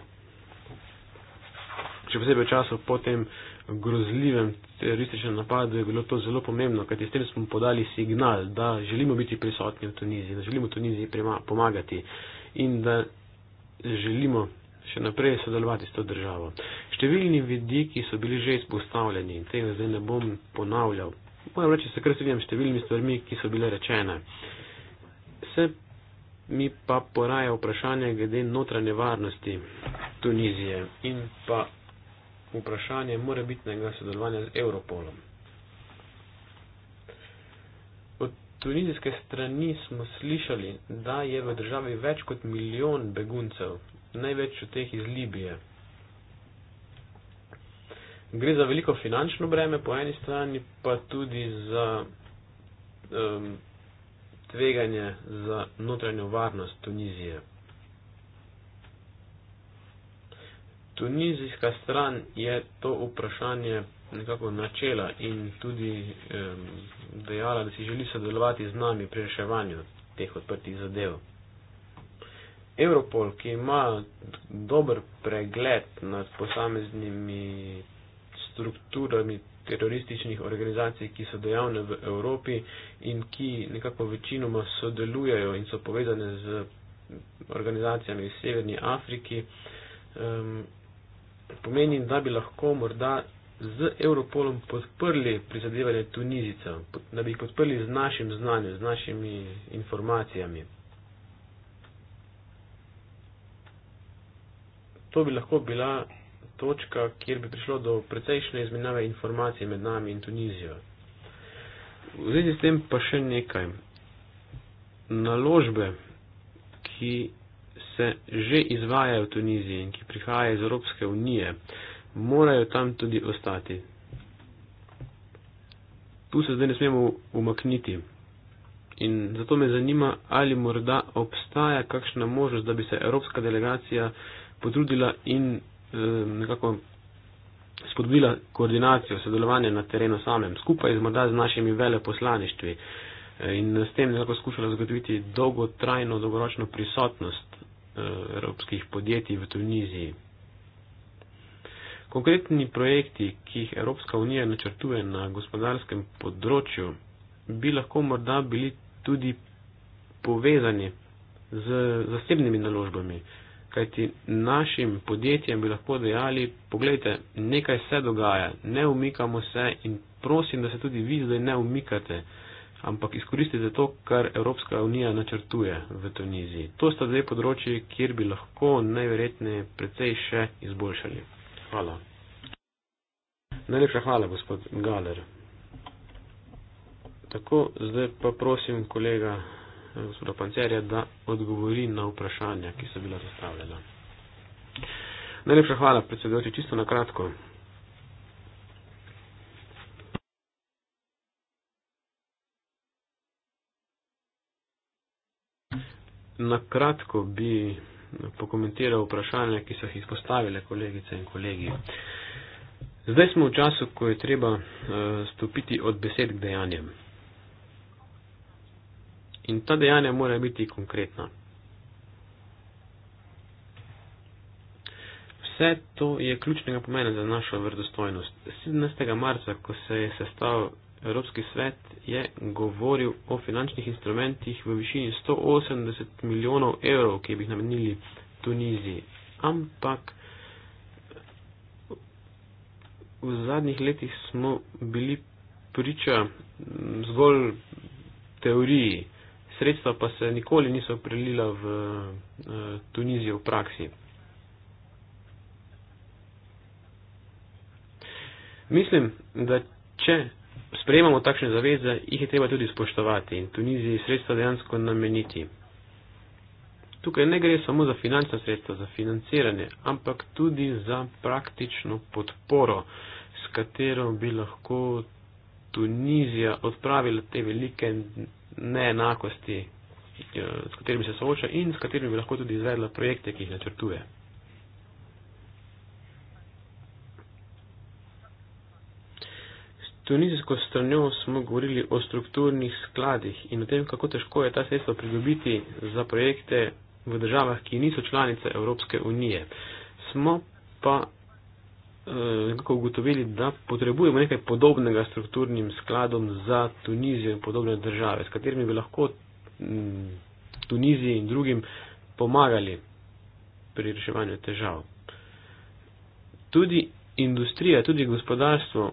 Še posebej v času potem grozljivem terorističnem napadu je bilo to zelo pomembno, kajti s tem smo podali signal, da želimo biti prisotni v Tuniziji, da želimo Tuniziji prema, pomagati in da želimo še naprej sodelovati s to državo. Številni vidiki so bili že izpostavljeni in tega zdaj ne bom ponavljal. Moram reči, se kar strinjam številnimi stvarmi, ki so bile rečene. Se mi pa poraja vprašanje glede notranje varnosti Tunizije in pa vprašanje morebitnega sodelovanja z Europolom. Od tunizijske strani smo slišali, da je v državi več kot milijon beguncev, največ od teh iz Libije. Gre za veliko finančno breme po eni strani, pa tudi za um, tveganje za notranjo varnost Tunizije. tunizijska stran je to vprašanje nekako načela in tudi um, dejala, da si želi sodelovati z nami pri reševanju teh odprtih zadev. Evropol, ki ima dober pregled nad posameznimi strukturami terorističnih organizacij, ki so dejavne v Evropi in ki nekako večinoma sodelujejo in so povezane z organizacijami iz Severni Afriki, um, To pomeni, da bi lahko morda z Europolom podprli prizadevanje Tunizicev, da bi jih podprli z našim znanjem, z našimi informacijami. To bi lahko bila točka, kjer bi prišlo do precejšnje izmenjave informacij med nami in Tunizijo. V zvezi s tem pa še nekaj. Naložbe, ki se že izvajajo v Tuniziji in ki prihajajo iz Evropske unije, morajo tam tudi ostati. Tu se zdaj ne smemo umakniti. In zato me zanima, ali morda obstaja kakšna možnost, da bi se Evropska delegacija potrudila in e, nekako spodbila koordinacijo, sodelovanje na terenu samem, skupaj z morda z našimi veleposlaništvi eh, in s tem nekako skušala zagotoviti dolgotrajno, dolgoročno prisotnost evropskih podjetij v Tuniziji. Konkretni projekti, ki jih Evropska unija načrtuje na gospodarskem področju, bi lahko morda bili tudi povezani z zasebnimi naložbami, kajti našim podjetjem bi lahko dejali, pogledajte, nekaj se dogaja, ne umikamo se in prosim, da se tudi vi zdaj ne umikate ampak izkoristite to, kar Evropska unija načrtuje v Tuniziji. To sta dve področji, kjer bi lahko najverjetneje precej še izboljšali. Hvala. Najlepša hvala, gospod Galer. Tako, zdaj pa prosim kolega eh, gospoda Pancerja, da odgovori na vprašanja, ki so bila zastavljena. Najlepša hvala, predsedujoči, čisto na kratko. na kratko bi pokomentiral vprašanja, ki so jih izpostavile kolegice in kolegi. Zdaj smo v času, ko je treba eh, stopiti od besed k dejanjem. In ta dejanja morajo biti konkretna. Vse to je ključnega pomena za našo vrdostojnost. 17. marca, ko se je sestal Evropski svet je govoril o finančnih instrumentih v višini 180 milijonov evrov, ki bi jih namenili Tuniziji. Ampak v zadnjih letih smo bili priča zgolj teoriji, sredstva pa se nikoli niso prelila v eh, Tunizijo v praksi. Mislim, da če sprejemamo takšne zaveze, jih je treba tudi spoštovati in Tuniziji sredstva dejansko nameniti. Tukaj ne gre samo za finančna sredstva, za financiranje, ampak tudi za praktično podporo, s katero bi lahko Tunizija odpravila te velike neenakosti, eh, s katerimi se sooča in s katerimi bi lahko tudi izvedla projekte, ki jih načrtuje. tunizijsko stranjo smo govorili o strukturnih skladih in o tem, kako težko je ta sredstva pridobiti za projekte v državah, ki niso članice Evropske unije. Smo pa eh, nekako ugotovili, da potrebujemo nekaj podobnega strukturnim skladom za Tunizijo in podobne države, s katerimi bi lahko mm, Tuniziji in drugim pomagali pri reševanju težav. Tudi industrija, tudi gospodarstvo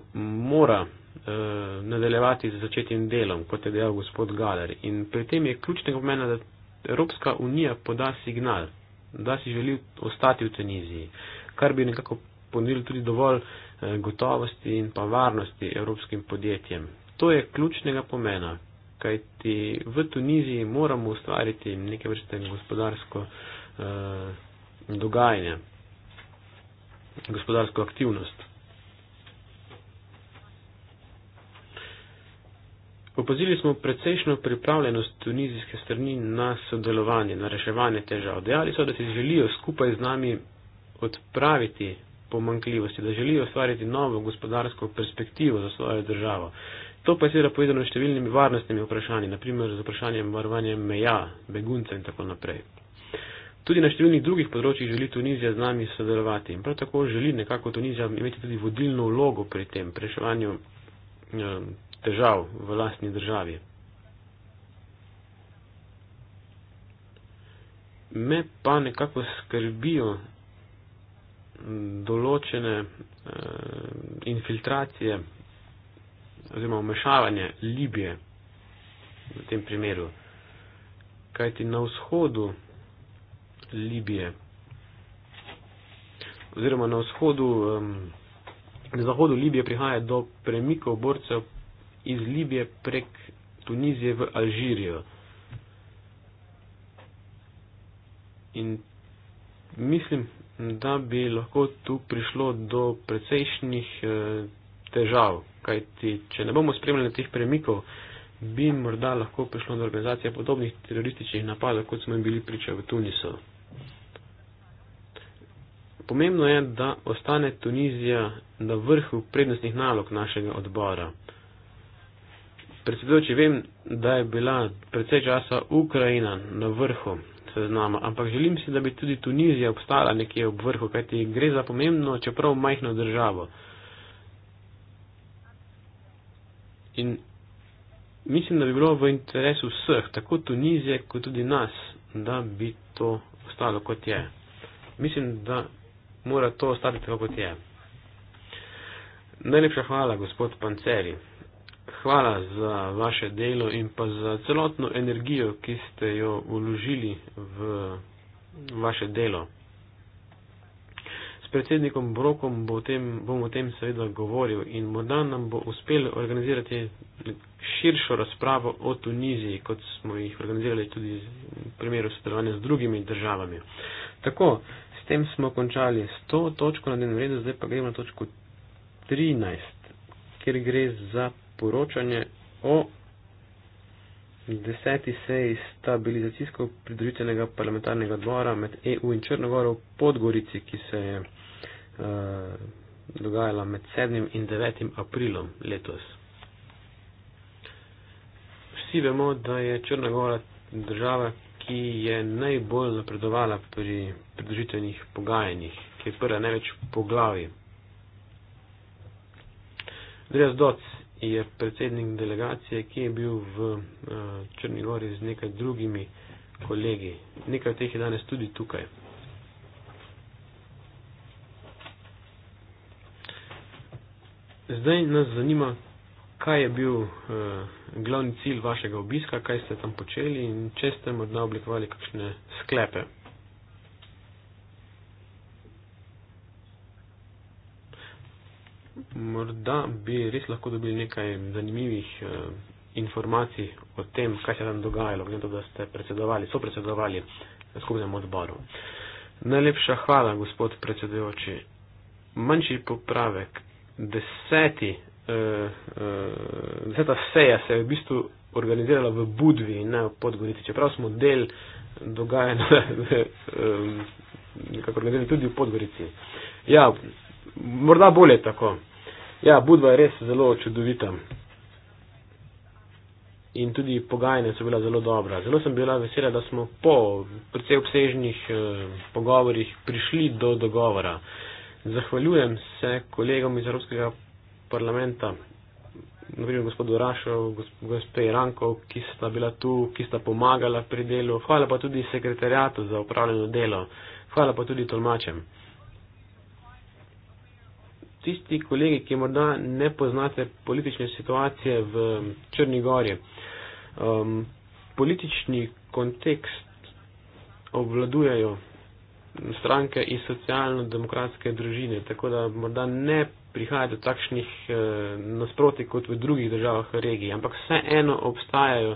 mora Eh, nadaljevati z začetim delom, kot je dejal gospod Galer. In pri tem je ključnega pomena, da Evropska unija poda signal, da si želi ostati v Tuniziji, kar bi nekako ponudilo tudi dovolj eh, gotovosti in pa varnosti evropskim podjetjem. To je ključnega pomena, kajti v Tuniziji moramo ustvariti neke vrste gospodarsko eh, dogajanje, gospodarsko aktivnost. Opazili smo precejšno pripravljenost tunizijske strani na sodelovanje, na reševanje težav. Dejali so, da si želijo skupaj z nami odpraviti pomankljivosti, da želijo ustvariti novo gospodarsko perspektivo za svojo državo. To pa je seveda povedano številnimi varnostnimi vprašanji, naprimer z vprašanjem varovanja meja, begunca in tako naprej. Tudi na številnih drugih področjih želi Tunizija z nami sodelovati in prav tako želi nekako Tunizija imeti tudi vodilno vlogo pri tem, pri reševanju. Um, težav v lastni državi. Me pa nekako skrbijo določene eh, infiltracije oziroma vmešavanje Libije v tem primeru. Kajti na vzhodu Libije oziroma na vzhodu, eh, na zahodu Libije prihaja do premikov borcev iz Libije prek Tunizije v Alžirijo. In mislim, da bi lahko tu prišlo do precejšnjih eh, težav, kajti če ne bomo spremljali teh premikov, bi morda lahko prišlo do organizacije podobnih terorističnih napadov, kot smo jim bili priča v Tunisu. Pomembno je, da ostane Tunizija na vrhu prednostnih nalog našega odbora. Predsedujoči, vem, da je bila predvsej časa Ukrajina na vrhu seznama, ampak želim si, da bi tudi Tunizija obstala nekje ob vrhu, kajti gre za pomembno, čeprav majhno državo. In mislim, da bi bilo v interesu vseh, tako Tunizije, kot tudi nas, da bi to ostalo kot je. Mislim, da mora to ostati tako kot je. Najlepša hvala, gospod Panceri hvala za vaše delo in pa za celotno energijo, ki ste jo vložili v vaše delo. S predsednikom Brokom bo tem, bom o tem seveda govoril in morda nam bo uspelo organizirati širšo razpravo o Tuniziji, kot smo jih organizirali tudi v primeru sodelovanja z drugimi državami. Tako, s tem smo končali 100 točko na dnevnem redu, zdaj pa gremo na točko 13, kjer gre za poročanje o deseti seji stabilizacijsko-pridružitvenega parlamentarnega odbora med EU in Črnogorov v Podgorici, ki se je uh, dogajala med 7. in 9. aprilom letos. Vsi vemo, da je Črnogora država, ki je najbolj napredovala pri pridružitvenih pogajanjih, ki je prva največ po glavi. Drez Doc je predsednik delegacije, ki je bil v eh, Črnigori z nekaj drugimi kolegi. Nekaj teh je danes tudi tukaj. Zdaj nas zanima, kaj je bil eh, glavni cilj vašega obiska, kaj ste tam počeli in če ste morda oblikovali kakšne sklepe. morda bi res lahko dobili nekaj zanimivih eh, informacij o tem, kaj se tam dogajalo, glede na to, da ste predsedovali, so predsedovali skupnemu odboru. Najlepša hvala, gospod predsedujoči. Manjši popravek, deseti, eh, eh, deseta seja se je v bistvu organizirala v Budvi in ne v Podgorici. Čeprav smo del dogajanja [laughs] eh, eh, nekako organizirali tudi v Podgorici. Ja, morda bolje tako. Ja, Budva je res zelo čudovita. In tudi pogajanja so bila zelo dobra. Zelo sem bila vesela, da smo po precej obsežnih eh, pogovorjih prišli do dogovora. Zahvaljujem se kolegom iz Evropskega parlamenta, naprimer gospodu Rašov, gospe Rankov, ki sta bila tu, ki sta pomagala pri delu. Hvala pa tudi sekretarjatu za upravljeno delo. Hvala pa tudi tolmačem tisti kolegi, ki morda ne poznate politične situacije v Črni Gori. Um, politični kontekst obvladujejo stranke iz socialno-demokratske družine, tako da morda ne prihaja do takšnih e, eh, nasproti kot v drugih državah v regiji, ampak vseeno obstajajo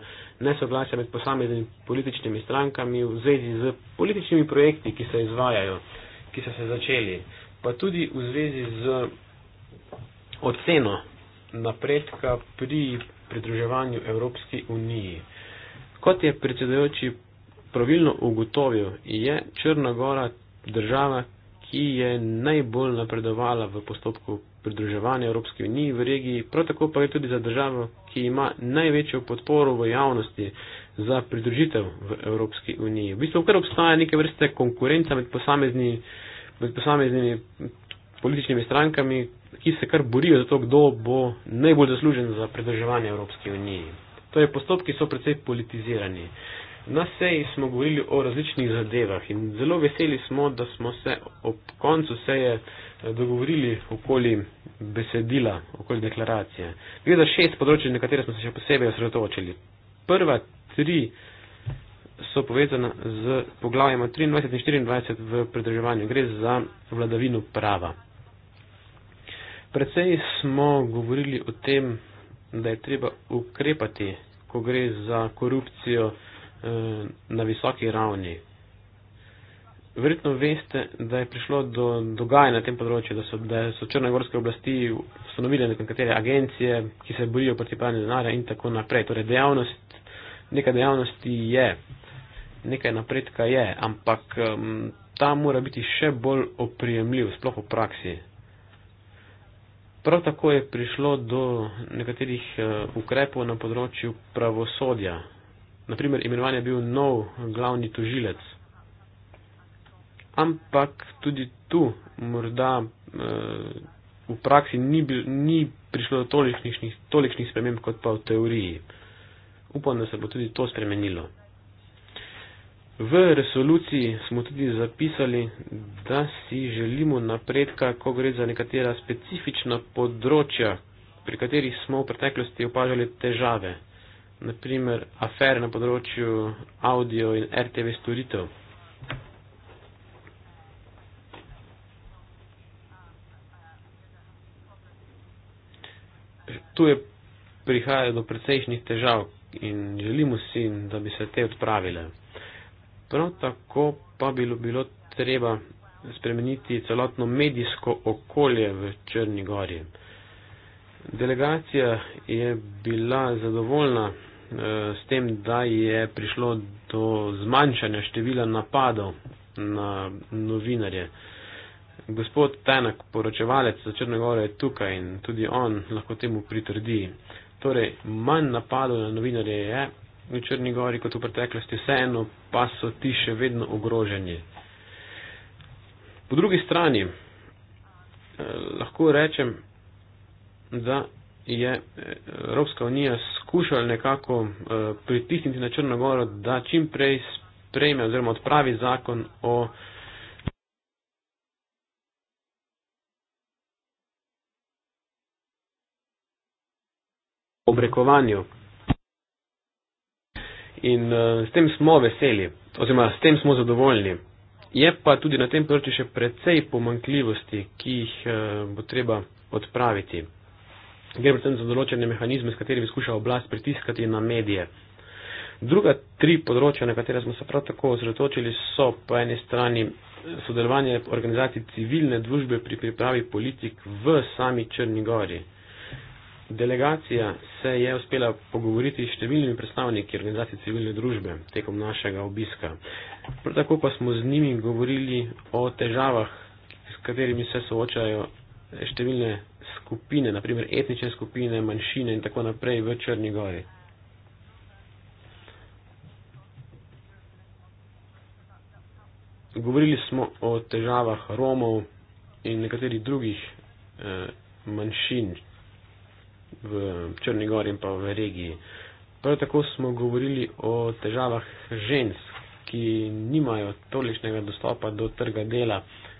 nesoglasja med posameznimi političnimi strankami v zvezi z političnimi projekti, ki se izvajajo, ki so se začeli pa tudi v zvezi z oceno napredka pri pridruževanju Evropski uniji. Kot je predsedajoči pravilno ugotovil, je Črna Gora država, ki je najbolj napredovala v postopku pridruževanja Evropski uniji v regiji, prav tako pa je tudi za državo, ki ima največjo podporo v javnosti za pridružitev v Evropski uniji. V bistvu, ker obstaja neke vrste konkurenca med posameznimi med posameznimi političnimi strankami, ki se kar borijo za to, kdo bo najbolj zaslužen za predrževanje Evropske unije. Torej, postopki so predvsej politizirani. Na seji smo govorili o različnih zadevah in zelo veseli smo, da smo se ob koncu seje eh, dogovorili okoli besedila, okoli deklaracije. Gre za šest področje, na katere smo se še posebej osredotočili. Prva tri so povezana z poglavjama 23 in 24 v predrževanju. Gre za vladavino prava. Predvsej smo govorili o tem, da je treba ukrepati, ko gre za korupcijo eh, na visoki ravni. Verjetno veste, da je prišlo do dogajanja na tem področju, da so, da so črnagorske oblasti ustanovile nekatere agencije, ki se borijo proti pranju denarja in tako naprej. Torej, dejavnost, neka dejavnost je nekaj napredka je, ampak um, ta mora biti še bolj oprijemljiv, sploh v praksi. Prav tako je prišlo do nekaterih uh, ukrepov na področju pravosodja. Naprimer, imenovan je bil nov glavni tožilec. Ampak tudi tu morda uh, v praksi ni, bil, ni prišlo do tolikšnih sprememb kot pa v teoriji. Upam, da se bo tudi to spremenilo. V resoluciji smo tudi zapisali, da si želimo napredka, ko gre za nekatera specifična področja, pri katerih smo v preteklosti opažali težave, naprimer afere na področju audio in RTV storitev. Tu je prihajalo do precejšnjih težav in želimo si, da bi se te odpravile. Prav tako pa bi bilo treba spremeniti celotno medijsko okolje v Črni gori. Delegacija je bila zadovoljna eh, s tem, da je prišlo do zmanjšanja števila napadov na novinarje. Gospod Tenak, poročevalec za Črne gore, je tukaj in tudi on lahko temu pritrdi. Torej, manj napadov na novinarje je, v Črni gori kot v preteklosti, vseeno pa so ti še vedno ogroženi. Po drugi strani eh, lahko rečem, da je eh, Evropska unija skušala nekako eh, pritisniti na Črno goro, da čim prej sprejme oziroma odpravi zakon o. Obrekovanju, in uh, s tem smo veseli, oziroma s tem smo zadovoljni. Je pa tudi na tem področju še precej pomankljivosti, ki jih uh, bo treba odpraviti. Gre predvsem za določene mehanizme, s katerimi skuša oblast pritiskati na medije. Druga tri področja, na katera smo se prav tako osredotočili, so po eni strani sodelovanje organizacij civilne družbe pri pripravi politik v sami Črni Gori. Delegacija se je uspela pogovoriti s številnimi predstavniki organizacij civilne družbe tekom našega obiska. Prav tako pa smo z njimi govorili o težavah, s katerimi se soočajo številne skupine, naprimer etnične skupine, manjšine in tako naprej v Črni gori. Govorili smo o težavah Romov in nekaterih drugih eh, manjšin, v Črni Gori in pa v regiji. Prav tako smo govorili o težavah žensk, ki nimajo tolišnega dostopa do trga dela,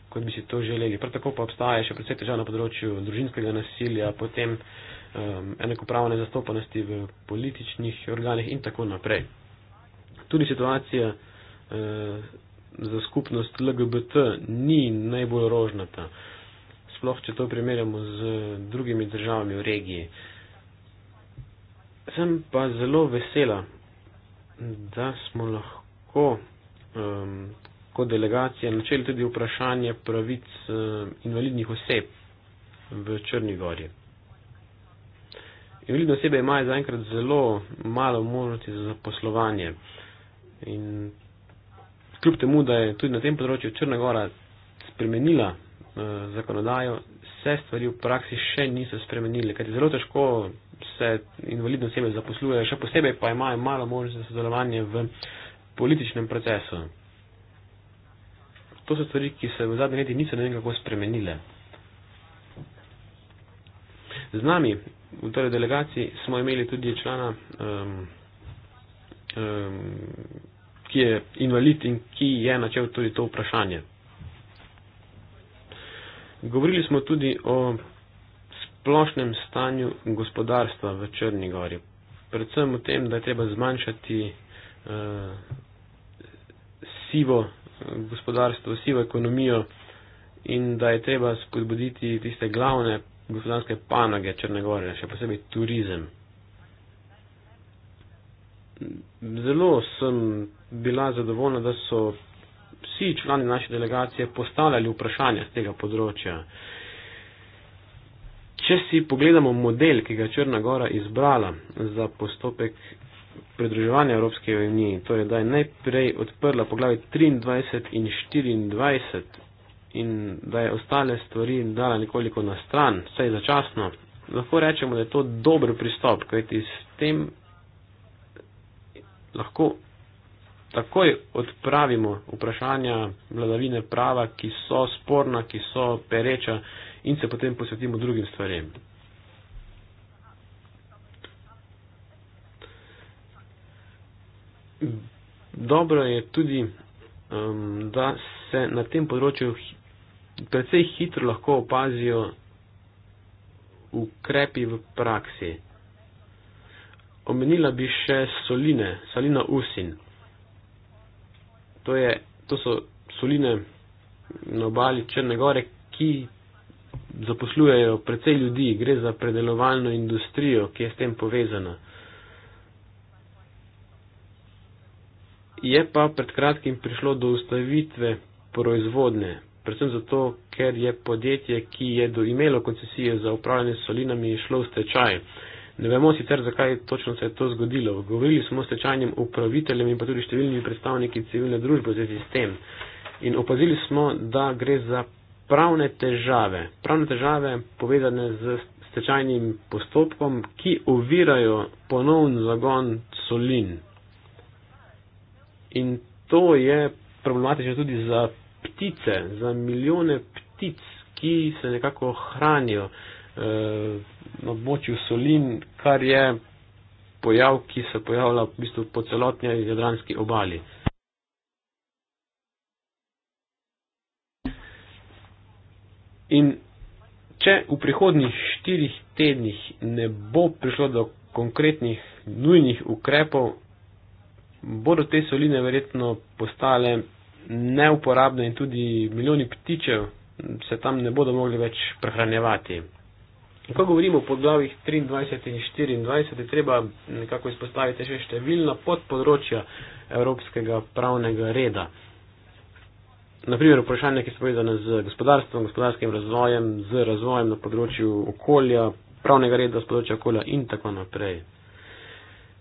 kot bi si to želeli. Prav tako pa obstaja še predvsej težav na področju družinskega nasilja, potem um, enakopravne zastopanosti v političnih organih in tako naprej. Tudi situacija uh, za skupnost LGBT ni najbolj rožnata. Uh, sploh če to primerjamo z drugimi državami v regiji. Sem pa zelo vesela, da smo lahko um, kot delegacija načeli tudi vprašanje pravic um, invalidnih oseb v Črni gori. Invalidne osebe imajo zaenkrat zelo malo možnosti za zaposlovanje. In kljub temu, da je tudi na tem področju Črna gora spremenila Eh, zakonodajo, se stvari v praksi še niso spremenile, ker je zelo težko se invalidno osebe zaposluje, še posebej pa imajo malo možnosti za sodelovanje v političnem procesu. To so stvari, ki se v zadnjih letih niso nekako spremenile. Z nami v torej delegaciji smo imeli tudi člana, um, um, ki je invalid in ki je načel tudi to vprašanje. Govorili smo tudi o splošnem stanju gospodarstva v Črni gori. Predvsem o tem, da je treba zmanjšati uh, sivo eh, gospodarstvo, sivo ekonomijo in da je treba spodbuditi tiste glavne gospodarske panoge Črne gore, še posebej turizem. Zelo sem bila zadovoljna, da so vsi člani naše delegacije postavljali vprašanja z tega področja. Če si pogledamo model, ki ga je Črna Gora izbrala za postopek pridruževanja Evropske unije, torej da je najprej odprla poglavje 23 in 24 in da je ostale stvari dala nekoliko na stran, vsaj začasno, lahko rečemo, da je to dober pristop, kajti s tem lahko takoj odpravimo vprašanja vladavine prava, ki so sporna, ki so pereča in se potem posvetimo drugim stvarem. Dobro je tudi, um, da se na tem področju precej hitro lahko opazijo ukrepi v praksi. Omenila bi še soline, salina usin to, je, to so soline na obali Črne gore, ki zaposlujejo precej ljudi, gre za predelovalno industrijo, ki je s tem povezana. Je pa pred kratkim prišlo do ustavitve proizvodne, predvsem zato, ker je podjetje, ki je imelo koncesije za upravljanje s solinami, šlo v stečaj. Uh, Ne vemo sicer, zakaj točno se je to zgodilo. Govorili smo s tečajnim upraviteljem in pa tudi številnimi predstavniki civilne družbe za sistem. In opazili smo, da gre za pravne težave. Pravne težave povedane z stečajnim postopkom, ki ovirajo ponovn zagon solin. In to je problematično tudi za ptice, za milijone ptic, ki se nekako hranijo. Eh, na območju Solin, kar je pojav, ki se pojavlja v bistvu po celotni jadranski obali. In če v prihodnih štirih tednih ne bo prišlo do konkretnih nujnih ukrepov, bodo te soline verjetno postale neuporabne in tudi milijoni ptičev se tam ne bodo mogli več prehranjevati. Ko govorimo po glavih 23 in 24, je treba nekako izpostaviti še številna podpodročja evropskega pravnega reda. Naprimer, vprašanja, ki so povezane z gospodarstvom, gospodarskim razvojem, z razvojem na področju okolja, pravnega reda z področja okolja in tako naprej.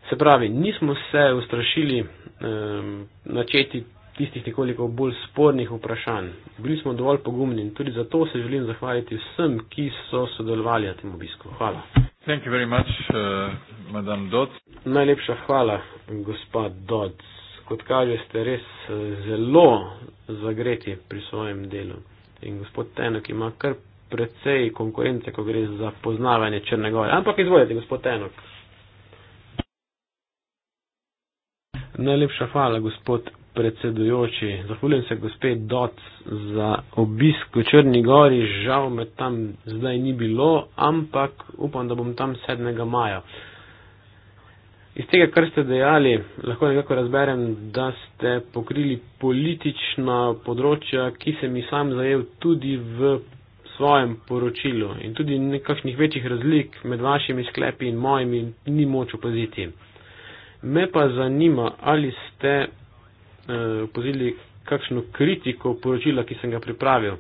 Se pravi, nismo se ustrašili eh, načeti tistih nekoliko bolj spornih vprašanj. Bili smo dovolj pogumni in tudi zato se želim zahvaliti vsem, ki so sodelovali na tem obisku. Hvala. Thank you very much, uh, madam Dodds. Najlepša hvala, gospa Dodds. Kot kaže, ste res uh, zelo zagreti pri svojem delu. In gospod Tenok ima kar precej konkurence, ko gre za poznavanje Črne gore. Ampak izvolite, gospod Tenok. Najlepša hvala, gospod predsedujoči. Zahvaljujem se gospe Dot za obisk v Črni gori. Žal me tam zdaj ni bilo, ampak upam, da bom tam 7. maja. Iz tega, kar ste dejali, lahko nekako razberem, da ste pokrili politična področja, ki se mi sam zajel tudi v svojem poročilu in tudi nekakšnih večjih razlik med vašimi sklepi in mojimi ni moč opaziti. Me pa zanima, ali ste Eh, opozili kakšno kritiko poročila, ki sem ga pripravil.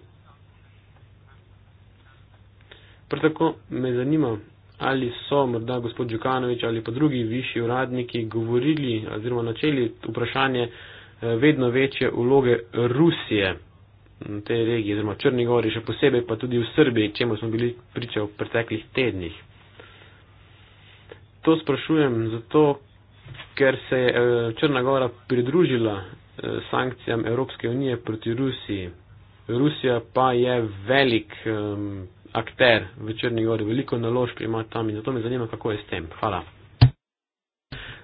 Prav tako me zanima, ali so morda gospod Djukanovič ali pa drugi višji uradniki govorili oziroma načeli vprašanje eh, vedno večje uloge Rusije v tej regiji oziroma Črni gori, še posebej pa tudi v Srbiji, čemu smo bili priča v preteklih tednih. To sprašujem zato, ker se je eh, Črna Gora pridružila eh, sankcijam Evropske unije proti Rusiji. Rusija pa je velik um, akter v Črni Gori, veliko naložb ima tam in zato me zanima, kako je s tem. Hvala.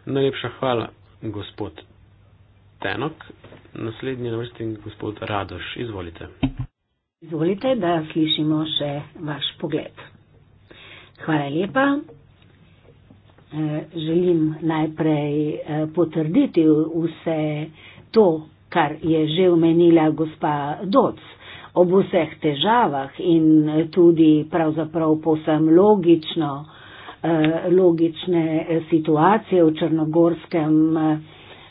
Najlepša hvala, gospod Tenok. Naslednji je na vrsti gospod Radoš. Izvolite. Izvolite, da slišimo še vaš pogled. Hvala lepa. Eh, želim najprej eh, potrditi vse to, kar je že omenila gospa Doc ob vseh težavah in tudi pravzaprav posem logično, eh, logične situacije v črnogorskem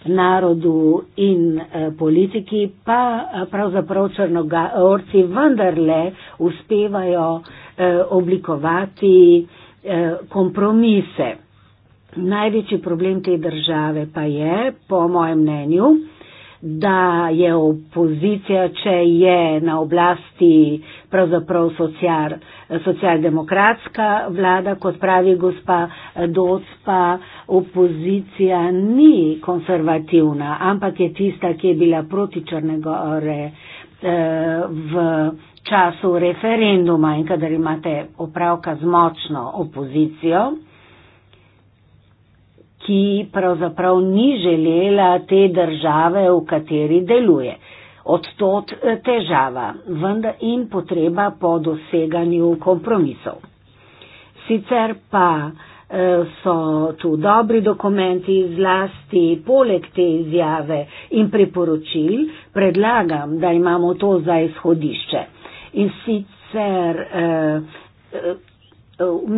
narodu in politiki, pa pravzaprav črnogorci vendarle uspevajo oblikovati kompromise. Največji problem te države pa je, po mojem mnenju, da je opozicija, če je na oblasti pravzaprav social, socialdemokratska vlada, kot pravi gospa Docpa, opozicija ni konservativna, ampak je tista, ki je bila proti Črnegore eh, v času referenduma in kadar imate opravka z močno opozicijo ki pravzaprav ni želela te države, v kateri deluje. Odtot eh, težava vendar in potreba po doseganju kompromisov. Sicer pa eh, so tu dobri dokumenti zlasti poleg te izjave in priporočil, predlagam, da imamo to za izhodišče. In sicer eh,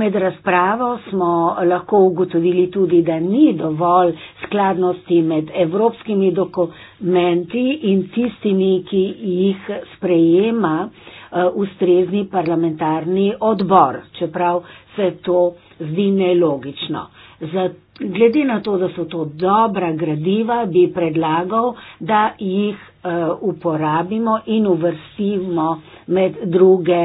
Med razpravo smo lahko ugotovili tudi, da ni dovolj skladnosti med evropskimi dokumenti in tistimi, ki jih sprejema eh, ustrezni parlamentarni odbor, čeprav se to zdi nelogično. Glede na to, da so to dobra gradiva, bi predlagal, da jih eh, uporabimo in uvrstimo med druge.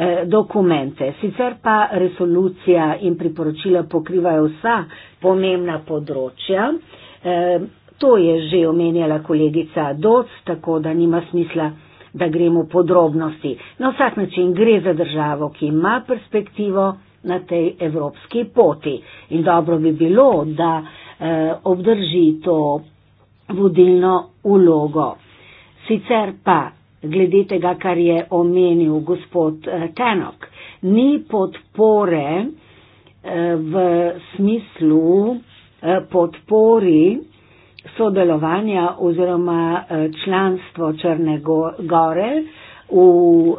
Eh, dokumente. Sicer pa resolucija in priporočila pokrivajo vsa pomembna področja. E, to je že omenjala kolegica Doc, tako da nima smisla, da gremo v podrobnosti. Na vsak način gre za državo, ki ima perspektivo na tej evropski poti. In dobro bi bilo, da e, obdrži to vodilno ulogo. Sicer pa glede tega, kar je omenil gospod eh, Tenok. Ni podpore eh, v smislu eh, podpori sodelovanja oziroma članstvo Črne Gore v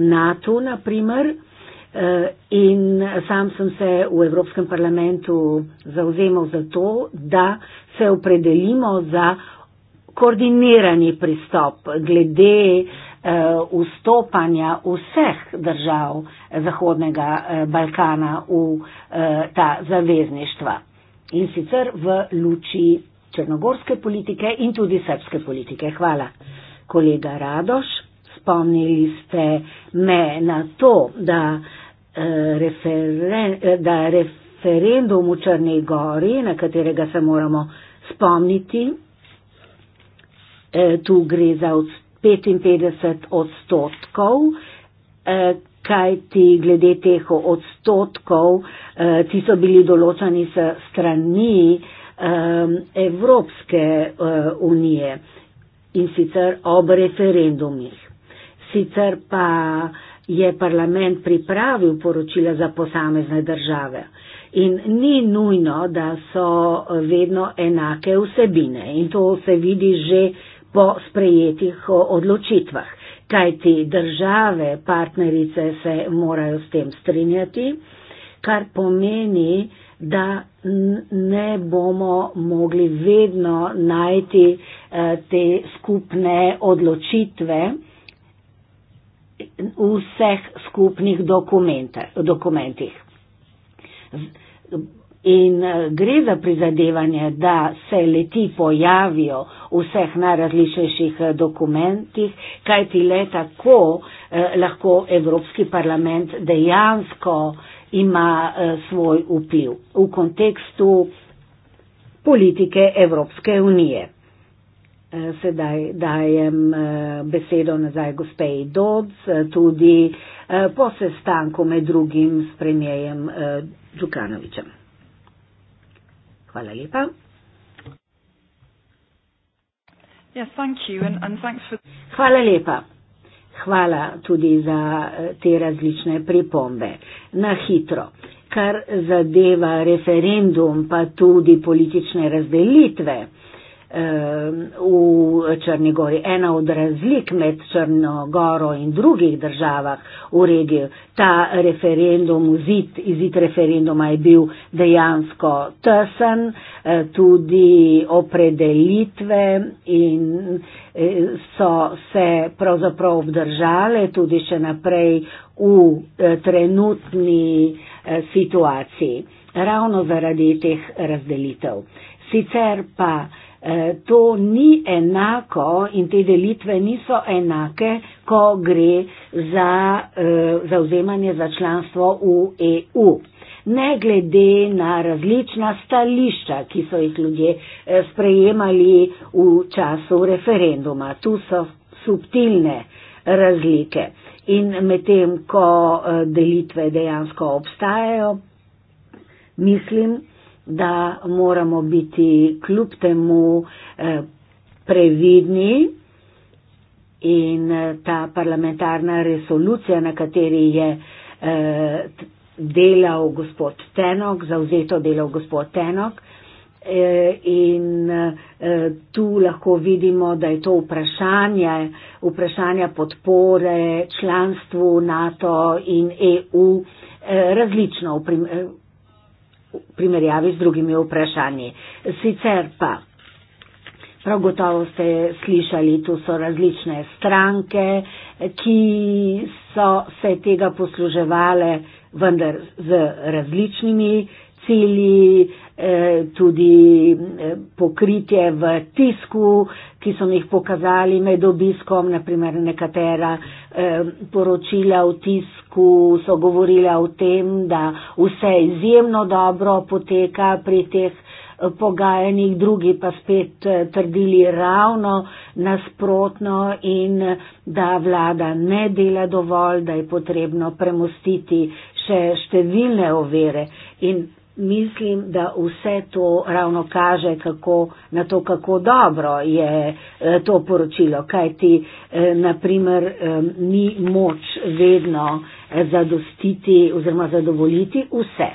NATO, naprimer. In sam sem se v Evropskem parlamentu zauzemal za to, da se opredelimo za koordinirani pristop glede eh, vstopanja vseh držav Zahodnega eh, Balkana v eh, ta zavezništva in sicer v luči črnogorske politike in tudi srpske politike. Hvala, kolega Radoš. Spomnili ste me na to, da, referen, da referendum v Črnej Gori, na katerega se moramo spomniti, Eh, tu gre za 55 odstotkov, eh, kaj ti glede teh odstotkov, eh, ti so bili določani s strani ehm, Evropske unije in sicer ob referendumih. Sicer pa je parlament pripravil poročila za posamezne države. In ni nujno, da so vedno enake vsebine. In to se vidi že uh, po sprejetih odločitvah. Kajti države, partnerice se morajo s tem strinjati, kar pomeni, da ne bomo mogli vedno najti eh, te skupne odločitve v vseh skupnih dokumentih. In eh, gre za prizadevanje, da se leti pojavijo v vseh najrazličnejših eh, dokumentih, kajti le tako eh, lahko Evropski parlament dejansko ima svoj vpliv v kontekstu politike Evropske unije. Sedaj dajem besedo nazaj gospeji Dodds, tudi po sestanku med drugim s premijejem Djukanovičem. Hvala lepa. Yes, thank you and, and thanks for... Hvala lepa. Hvala tudi za eh, te različne pripombe. Na hitro, kar zadeva referendum, pa tudi politične razdelitve v Črni gori. Ena od razlik med Črno goro in drugih državah v regiji, ta referendum, izid, izid referenduma je bil dejansko tesen, e, tudi opredelitve in e, so se pravzaprav obdržale tudi še naprej v e, trenutni situaciji, ravno zaradi teh razdelitev. Sicer pa Eh, to ni enako in te delitve niso enake, ko gre za eh, zauzemanje za članstvo v EU. Ne glede na različna stališča, ki so jih ljudje eh, sprejemali v času referenduma. Tu so subtilne razlike in medtem, ko delitve dejansko obstajajo, mislim, da moramo biti kljub temu eh, previdni in eh, ta parlamentarna resolucija, na kateri je eh, delal gospod Tenok, zauzeto delal gospod Tenok. In tu lahko vidimo, da je to vprašanje, vprašanje podpore članstvu NATO in EU različno primerjavi z drugimi vprašanji. Sicer pa, prav gotovo ste slišali, tu so različne stranke, ki so se tega posluževale, vendar z različnimi cilji, eh, Eh, tudi eh, pokritje v tisku, ki so mi jih pokazali med obiskom, naprimer nekatera eh, poročila v tisku so govorila o tem, da vse izjemno dobro poteka pri teh pogajanjih, drugi pa spet trdili ravno nasprotno in da vlada ne dela dovolj, da je potrebno premostiti še številne ovire. In mislim, da vse to ravno kaže kako, na to, kako dobro je eh, to poročilo, kaj ti eh, naprimer ni moč vedno eh, zadostiti oziroma zadovoljiti vse.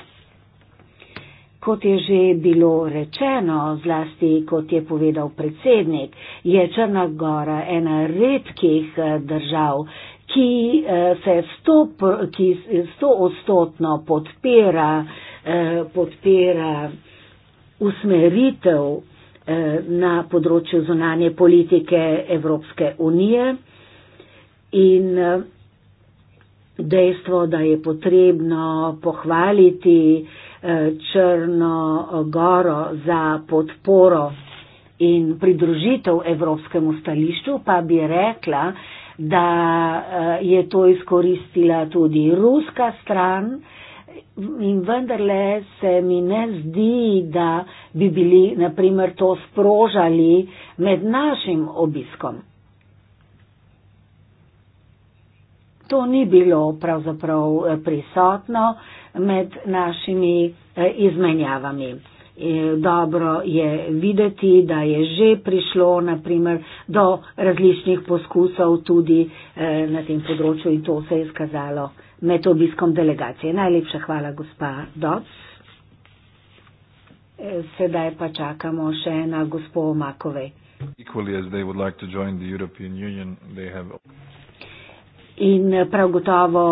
Kot je že bilo rečeno, zlasti kot je povedal predsednik, je Črna Gora ena redkih držav, ki se sto, ki sto odstotno podpira Eh, podpira usmeritev eh, na področju zunanje politike Evropske unije in eh, dejstvo, da je potrebno pohvaliti Črno Goro za podporo in pridružitev evropskemu stališču, pa bi rekla, da je to izkoristila tudi ruska stran, in vendarle se mi ne zdi, da bi bili naprimer to sprožali med našim obiskom. To ni bilo pravzaprav eh, prisotno med našimi eh, izmenjavami. Eh, dobro je videti, da je že prišlo naprimer do različnih poskusov tudi na tem področju in to se je izkazalo med obiskom delegacije. Najlepša hvala, gospa Doc. E, sedaj pa čakamo še na gospo Makovej. In prav gotovo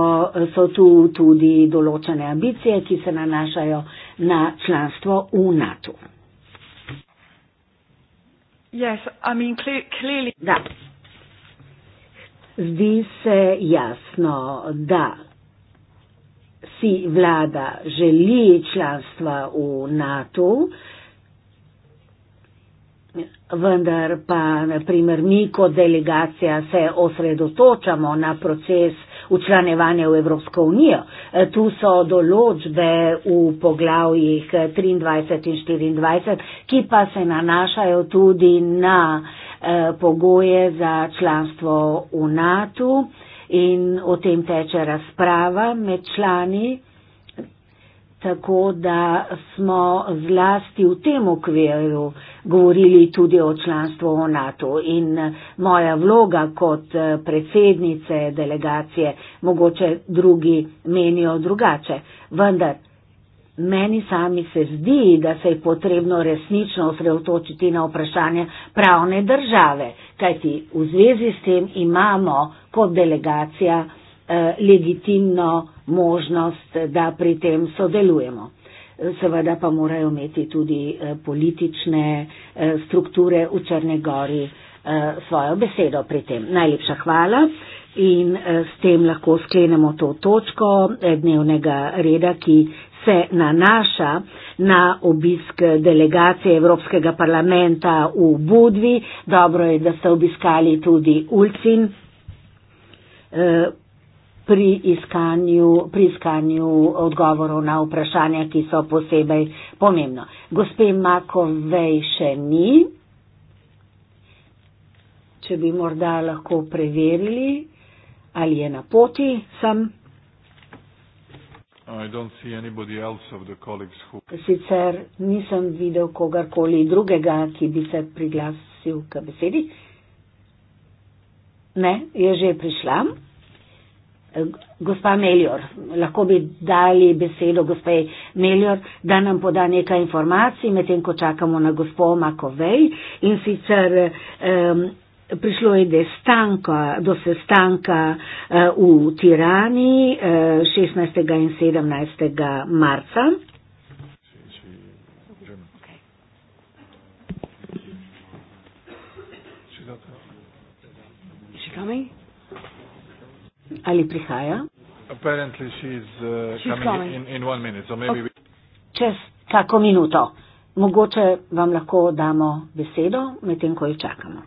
so tu tudi določene ambicije, ki se nanašajo na članstvo v NATO. Yes, I mean, clearly... Da. Zdi se jasno, da si vlada želi članstva v NATO, vendar pa naprimer mi kot delegacija se osredotočamo na proces učlanevanja v Evropsko unijo. Tu so določbe v poglavjih 23 in 24, ki pa se nanašajo tudi na eh, pogoje za članstvo v NATO. Eh, in o tem teče razprava med člani, tako da smo zlasti v tem okviru govorili tudi o članstvu v NATO in moja vloga kot eh, predsednice delegacije, mogoče drugi menijo drugače, vendar. Meni sami se zdi, da se je potrebno resnično osredotočiti na vprašanje pravne države, kajti v zvezi s tem imamo kot delegacija eh, legitimno možnost, da pri tem sodelujemo. Seveda pa morajo imeti tudi eh, politične eh, strukture v Črne Gori eh, svojo besedo pri tem. Najlepša hvala. In eh, s tem lahko sklenemo to točko eh, dnevnega reda, ki se nanaša na obisk delegacije Evropskega parlamenta v Budvi. Dobro je, da ste obiskali tudi Ulcin eh, pri iskanju, pri iskanju odgovorov na vprašanja, ki so posebej pomembno. Gospe Makovej še ni. Če bi morda lahko preverili, ali je na poti sem. Sicer nisem videl kogarkoli drugega, ki bi se priglasil k besedi. Ne, je že prišla. Gospa Melior, lahko bi dali besedo gospe Melior, da nam poda nekaj informacij, medtem ko čakamo na gospo Makovej. In sicer prišlo je destanka, do sestanka eh, v Tirani 16. Eh, in 17. marca. Ali prihaja? Uh, She's, uh, in, in minute, so okay. we... Čez kako minuto. Mogoče vam lahko damo besedo, medtem ko jo čakamo.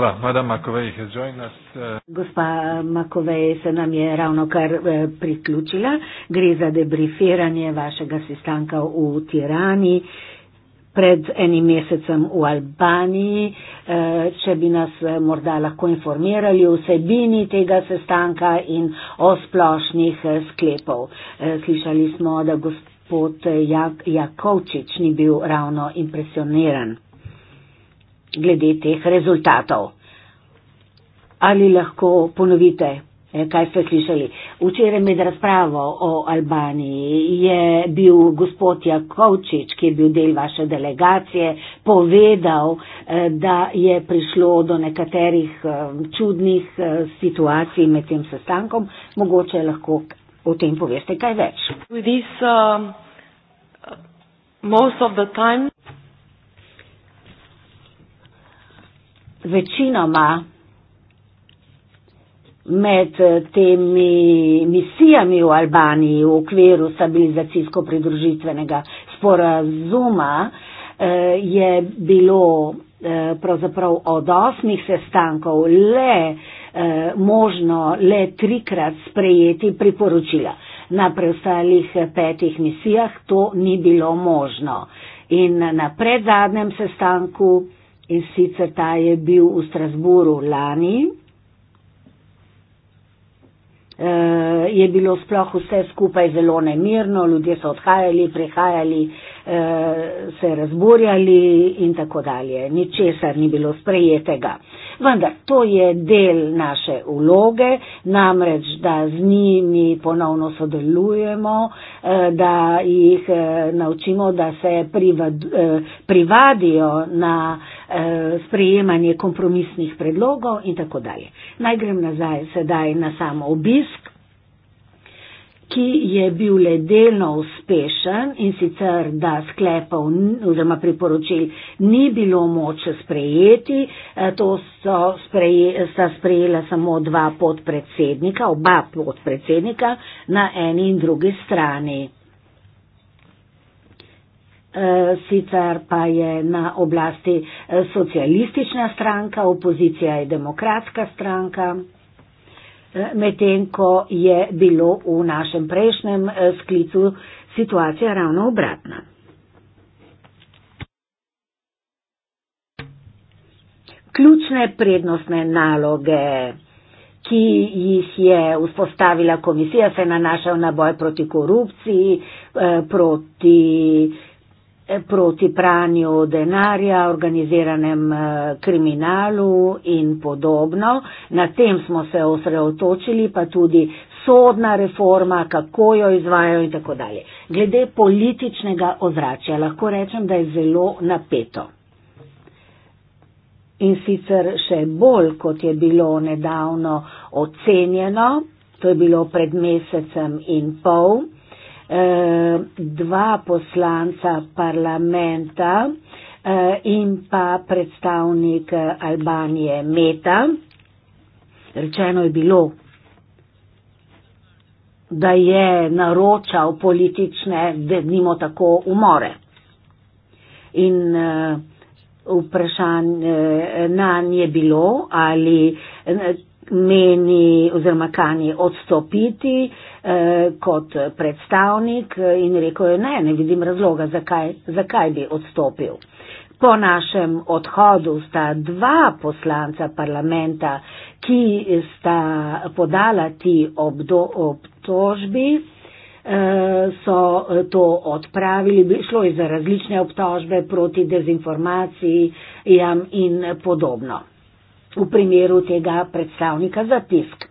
Uh, Gospa Makovej se nam je ravno kar eh, priključila. Gre za debriferanje vašega sestanka v Tirani pred enim mesecem v Albaniji. Eh, če bi nas eh, morda lahko informirali o vsebini tega sestanka in o splošnih sklepov. Slišali smo, da gospod Jakovčič ni bil ravno impresioniran glede teh rezultatov. Ali lahko ponovite, eh, kaj ste slišali? Včeraj med razpravo o Albaniji je bil gospod Jakovčič, ki je bil del vaše delegacije, povedal, eh, da je prišlo do nekaterih eh, čudnih situacij med tem sestankom. Mogoče lahko o tem poveste kaj več. This, um, uh, večinoma med eh, temi misijami v Albaniji v okviru stabilizacijsko-pridružitvenega sporazuma eh, je bilo eh, pravzaprav od osmih sestankov le možno le trikrat sprejeti priporočila. Na preostalih petih misijah to ni bilo možno. In na predzadnjem sestanku in sicer ta je bil v Strasburu lani. Eh, je bilo sploh vse skupaj zelo nemirno, ljudje so odhajali, prihajali, eh, se razburjali in tako dalje. Ničesar ni bilo sprejetega vendar to je del naše uloge, namreč, da z njimi ponovno sodelujemo, eh, da jih eh, naučimo, da se eh, privadijo na sprejemanje kompromisnih predlogov in tako dalje. Naj grem nazaj sedaj na samo obisk ki je bil le delno uspešen in sicer, da sklepov oziroma priporočil ni bilo moče sprejeti, eh, to so spreje, sta sprejela samo dva podpredsednika, oba podpredsednika na eni in drugi strani. Eh, sicer pa je na oblasti eh, socialistična stranka, opozicija je demokratska stranka medtem ko je bilo v našem prejšnjem eh, sklicu situacija ravno obratna. Ključne prednostne naloge, ki jih je vzpostavila komisija, se nanašajo na boj proti korupciji, eh, proti proti pranju denarja, organiziranem eh, kriminalu in podobno. Na tem smo se osredotočili, pa tudi sodna reforma, kako jo izvajo in tako dalje. Glede političnega ozračja lahko rečem, da je zelo napeto. In sicer še bolj, kot je bilo nedavno ocenjeno, to je bilo pred mesecem in pol, Eh, dva poslanca parlamenta eh, in pa predstavnik eh, Albanije Meta. Rečeno je bilo, da je naročal politične, da nimo tako umore. In vprašanje na nje je bilo, ali meni oziroma kani odstopiti, eh, Eh, kot predstavnik in rekel je, ne, ne vidim razloga, zakaj, zakaj bi odstopil. Po našem odhodu sta dva poslanca parlamenta, ki sta podala ti obdo, obtožbi, eh, so to odpravili, šlo je za različne obtožbe proti dezinformaciji in podobno. V primeru tega predstavnika za tisk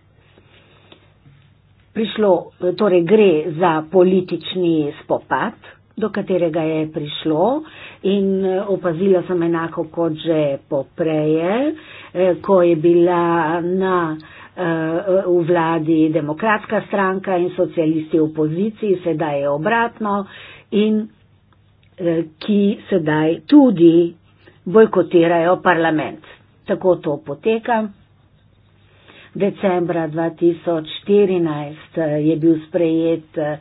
prišlo, torej gre za politični spopad do katerega je prišlo in opazila sem enako kot že popreje, eh, ko je bila na, eh, v vladi demokratska stranka in socialisti v opoziciji, sedaj je obratno in eh, ki sedaj tudi bojkotirajo parlament. Tako to poteka decembra 2014 eh, je bil sprejet eh,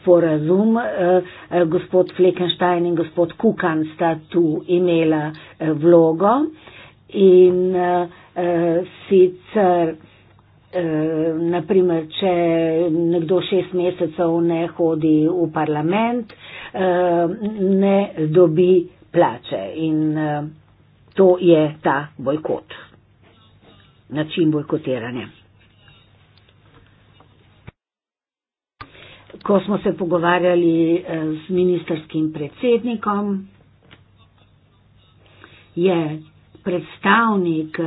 sporazum. Eh, gospod Fleckenstein in gospod Kukan sta tu imela vlogo in sicer Naprimer, če nekdo šest mesecev ne hodi v parlament, ne dobi plače in to je ta bojkot način bojkotiranja. Ko smo se pogovarjali eh, z ministerskim predsednikom, je predstavnik, eh,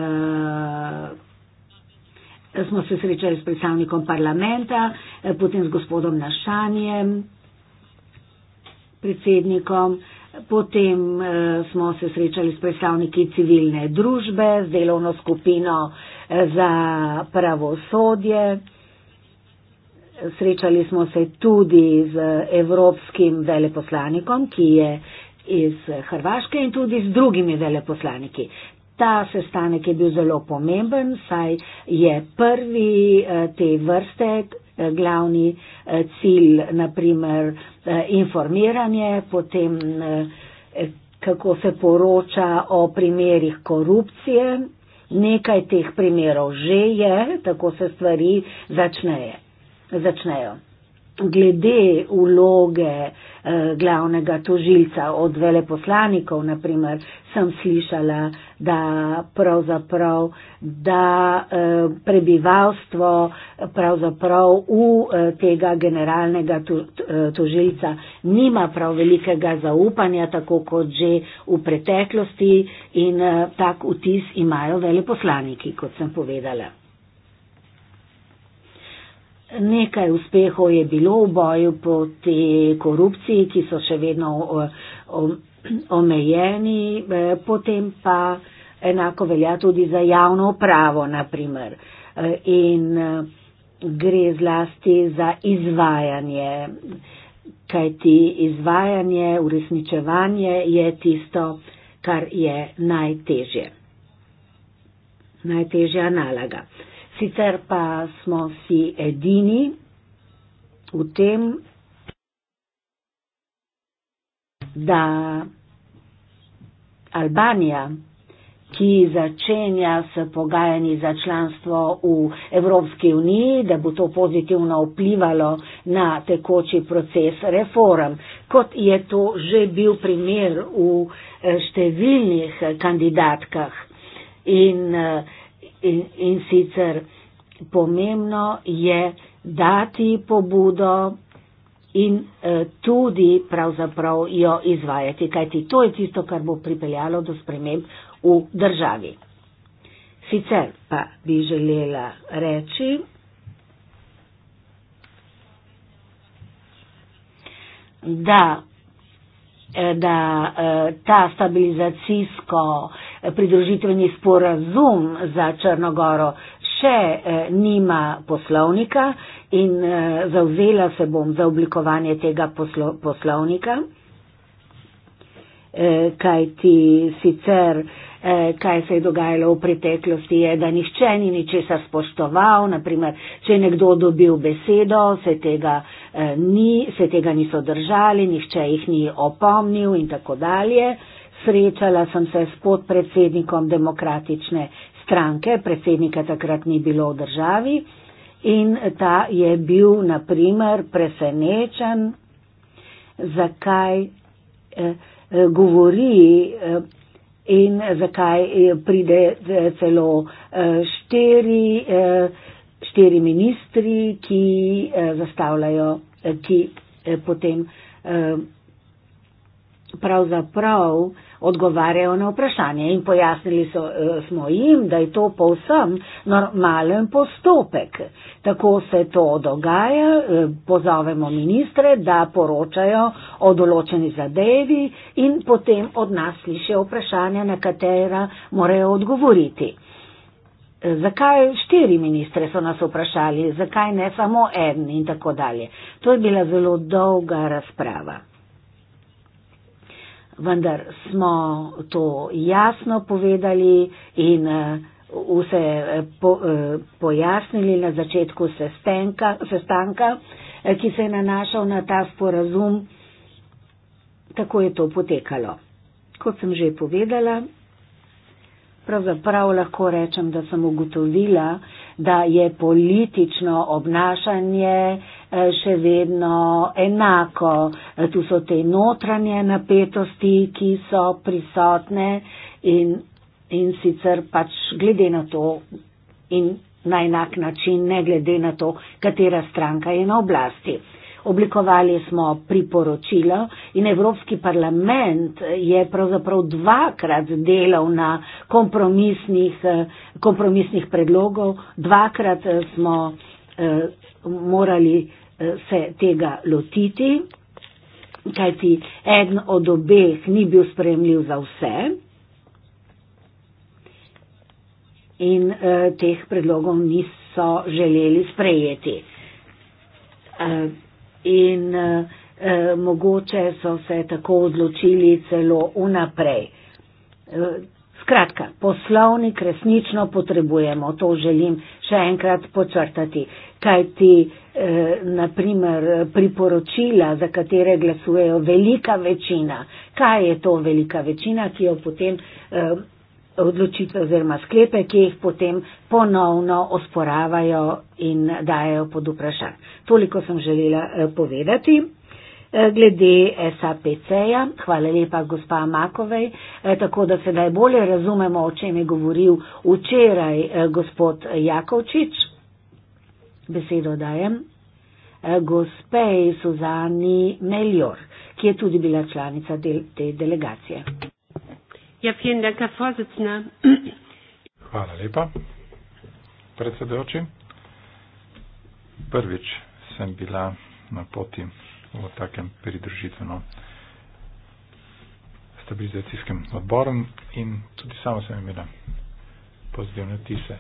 smo se srečali s predstavnikom parlamenta, eh, potem z gospodom Našanjem, predsednikom, potem smo se srečali s predstavniki civilne družbe, z delovno skupino eh, za pravosodje. Srečali smo se tudi z evropskim veleposlanikom, ki je iz Hrvaške in tudi z drugimi veleposlaniki. Ta sestanek je bil zelo pomemben, saj je prvi eh, te vrste eh, glavni eh, cilj, naprimer informiranje, potem kako se poroča o primerih korupcije nekaj teh primerov že je, tako se stvari začneje, začnejo. Glede uloge eh, glavnega tožilca od veleposlanikov, naprimer, sem slišala da pravzaprav, da eh, prebivalstvo pravzaprav v eh, tega generalnega eh, tožilca nima prav velikega zaupanja, tako kot že v preteklosti in tak vtis imajo veleposlaniki, kot sem povedala. Nekaj uspehov je bilo v boju proti korupciji, ki so še vedno omejeni, potem pa enako velja tudi za javno upravo, naprimer. E, in e, gre zlasti za izvajanje, kajti izvajanje, uresničevanje je tisto, kar je najtežje. Najtežja naloga. Sicer pa smo si edini v tem, da Albanija ki začenja s pogajanji za članstvo v Evropski uniji, da bo to pozitivno vplivalo na tekoči proces reform. Kot je to že bil primer v eh, številnih kandidatkah in, eh, in, in sicer pomembno je dati pobudo in e, tudi pravzaprav jo izvajati, kajti to je tisto, kar bo pripeljalo do sprememb v državi. Sicer pa bi želela reči, da, e, da e, ta stabilizacijsko pridružitveni sporazum za Črnogoro nihče eh, nima poslovnika in eh, zauzela se bom za oblikovanje tega poslo, poslovnika, eh, kaj ti sicer, eh, kaj se je dogajalo v preteklosti, je, da nihče ni ničesar spoštoval, naprimer, če je nekdo dobil besedo, se tega, eh, ni, se tega niso držali, nihče jih ni opomnil in tako dalje. Srečala sem se s podpredsednikom demokratične stranke, predsednika takrat ni bilo v državi in ta je bil naprimer presenečen, zakaj eh, eh, govori eh, in zakaj eh, pride eh, celo eh, štiri, eh, štiri ministri, ki eh, zastavljajo, eh, ki eh, potem eh, pravzaprav eh, odgovarjajo na vprašanje in pojasnili so, eh, smo jim, da je to povsem normalen postopek. Tako se to dogaja, eh, pozovemo ministre, da poročajo o določeni zadevi in potem od nas slišijo vprašanja, na katera morajo odgovoriti. Eh, zakaj štiri ministre so nas vprašali, zakaj ne samo en in tako dalje. To je bila zelo dolga razprava vendar smo to jasno povedali in eh, vse eh, po, eh, pojasnili na začetku sestenka, sestanka, ki se je nanašal na ta sporazum. Tako je to potekalo. Kot sem že povedala, pravzaprav lahko rečem, da sem ugotovila, da je politično obnašanje eh, še vedno enako. Tu so te notranje napetosti, ki so prisotne in, in sicer pač glede na to in na enak način, ne glede na to, katera stranka je na oblasti. Oblikovali smo priporočilo in Evropski parlament je pravzaprav dvakrat delal na kompromisnih, kompromisnih predlogov, dvakrat eh, smo eh, morali eh, Eh, se tega lotiti, kajti eden od obeh ni bil spremljiv za vse. In e, teh predlogov niso želeli sprejeti. E, in e, mogoče so se tako odločili celo unaprej. E, skratka, poslovnik resnično potrebujemo, to želim še enkrat počrtati kajti eh, naprimer priporočila, za katere glasujejo velika večina, kaj je to velika večina, ki jo potem eh, odločitve oziroma sklepe, ki jih potem ponovno osporavajo in dajo pod vprašanje. Toliko sem želela eh, povedati. Eh, glede eh, SAPC-ja, hvala lepa gospa Makovej, eh, tako da se najbolje razumemo, o čem je govoril včeraj gospod Jakovčič besedo dajem eh, gospej Suzani Melior, ki je tudi bila članica del te delegacije. Ja, vielen Dank, Herr Vorsitzender. Hvala lepa, predsedujoči. Prvič sem bila na poti v takem pridružitveno stabilizacijskem odboru in tudi sama sem imela pozitivne tise.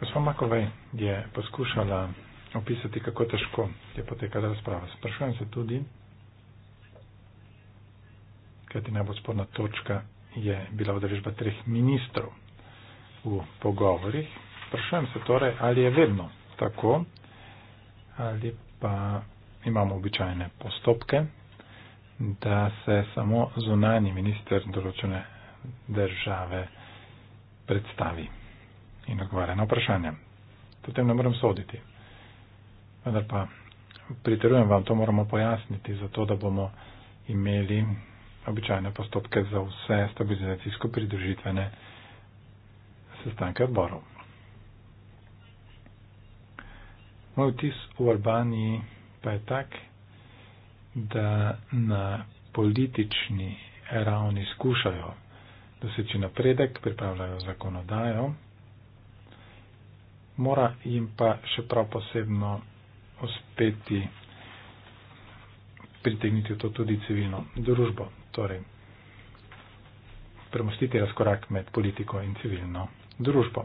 Gospa Makovej je poskušala opisati, kako težko je potekala razprava. Sprašujem se tudi, kajti najbolj sporna točka je bila odrežba treh ministrov v pogovorih. Sprašujem se torej, ali je vedno tako, ali pa imamo običajne postopke, da se samo zunani minister določene države predstavi in odgovarja na vprašanje. Potem ne morem soditi. Vendar pa priterujem vam, to moramo pojasniti, zato da bomo imeli običajne postopke za vse stabilizacijsko pridružitvene sestanke odborov. Moj vtis v Albaniji pa je tak, da na politični ravni skušajo doseči napredek, pripravljajo zakonodajo, mora jim pa še prav posebno uspeti pritegniti v to tudi civilno družbo, torej premostiti razkorak med politiko in civilno družbo.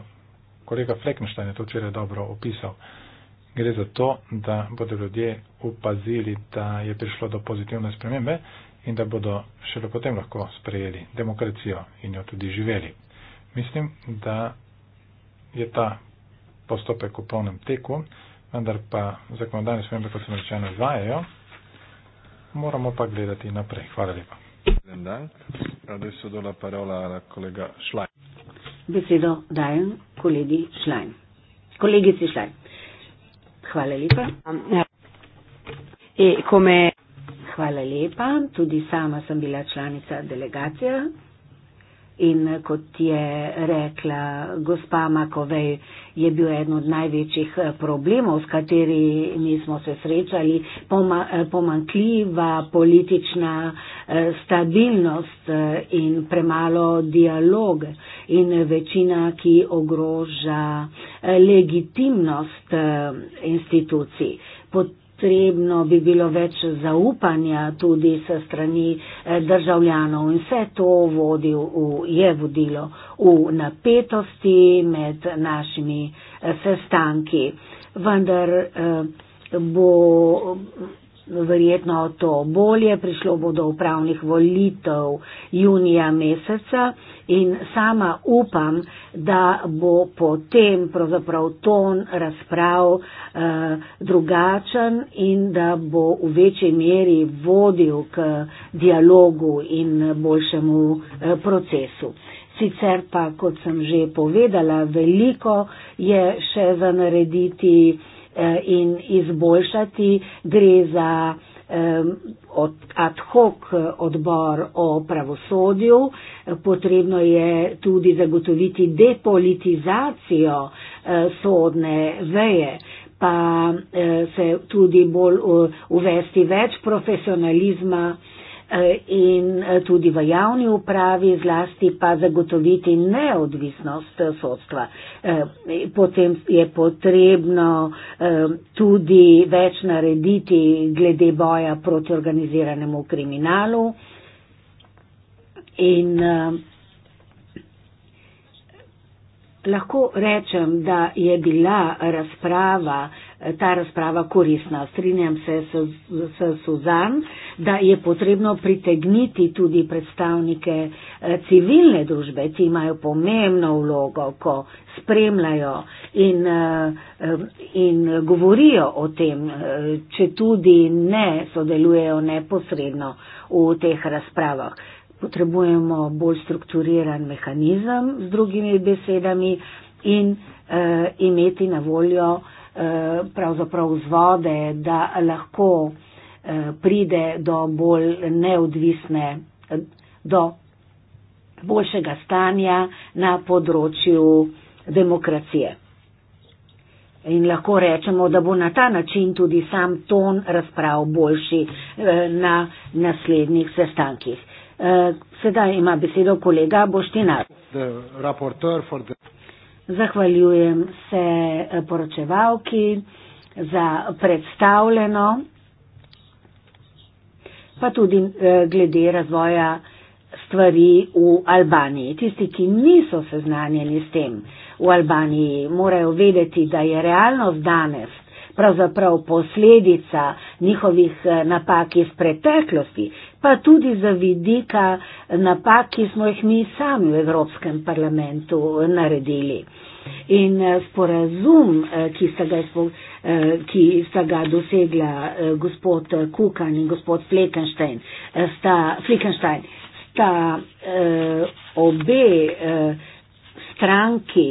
Kolega Fleckenstein je to včeraj dobro opisal. Gre za to, da bodo ljudje upazili, da je prišlo do pozitivne spremembe in da bodo šele potem lahko sprejeli demokracijo in jo tudi živeli. Mislim, da je ta postopek v polnem teku, vendar pa zakonodajne spremembe, kot sem rečeno, izvajajo, moramo pa gledati naprej. Hvala lepa. Besedo dajem kolegi Šlajn. Kolegici Šlajn. Hvala lepa. E, kome... Hvala lepa. Tudi sama sem bila članica delegacije in kot je rekla gospa Makovej, je bil eden od največjih eh, problemov, s katerimi smo se srečali, eh, pomankljiva politična eh, stabilnost in premalo dialog in večina, ki ogroža legitimnost institucij. Pot potrebno bi bilo več zaupanja tudi se strani eh, državljanov in vse to vodi v, je vodilo v napetosti med našimi eh, sestanki. Vendar eh, bo verjetno to bolje, prišlo bo do upravnih volitev junija meseca in sama upam, da bo potem pravzaprav ton razprav eh, drugačen in da bo v večji meri vodil k dialogu in boljšemu eh, procesu. Sicer pa, kot sem že povedala, veliko je še za narediti eh, in izboljšati. Gre za eh, ad hoc odbor o pravosodju, potrebno je tudi zagotoviti depolitizacijo e, sodne veje, pa e, se tudi bolj uvesti več profesionalizma. Eh, in eh, tudi v javni upravi zlasti pa zagotoviti neodvisnost eh, sodstva. Potem je potrebno tudi več narediti glede boja proti organiziranemu kriminalu in lahko rečem, da je bila razprava ta razprava korisna. Strinjam se s, s Suzan, da je potrebno pritegniti tudi predstavnike eh, civilne družbe, ki imajo pomembno vlogo, ko spremljajo in, eh, in govorijo o tem, eh, če tudi ne sodelujejo neposredno v teh razpravah. Potrebujemo bolj strukturiran mehanizem, z drugimi besedami, in uh, imeti na voljo uh, Eh, pravzaprav z vode, da lahko eh, pride do bolj neodvisne, do boljšega stanja na področju demokracije. In lahko rečemo, da bo na ta način tudi sam ton razprav boljši eh, na naslednjih sestankih. Sedaj ima besedo kolega Boštinar. Zahvaljujem se eh, poročevalki za predstavljeno, pa tudi eh, glede razvoja stvari v Albaniji. Tisti, ki niso seznanjeni s tem v Albaniji, morajo vedeti, da je realnost danes pravzaprav posledica njihovih eh, napak iz preteklosti, pa tudi za vidika napak, ki smo jih mi sami v Evropskem parlamentu naredili in eh, sporazum, eh, ki sta ga, eh, ki sta ga dosegla gospod Kukan in gospod Flekenstein, sta, Flekenstein, sta obe stranki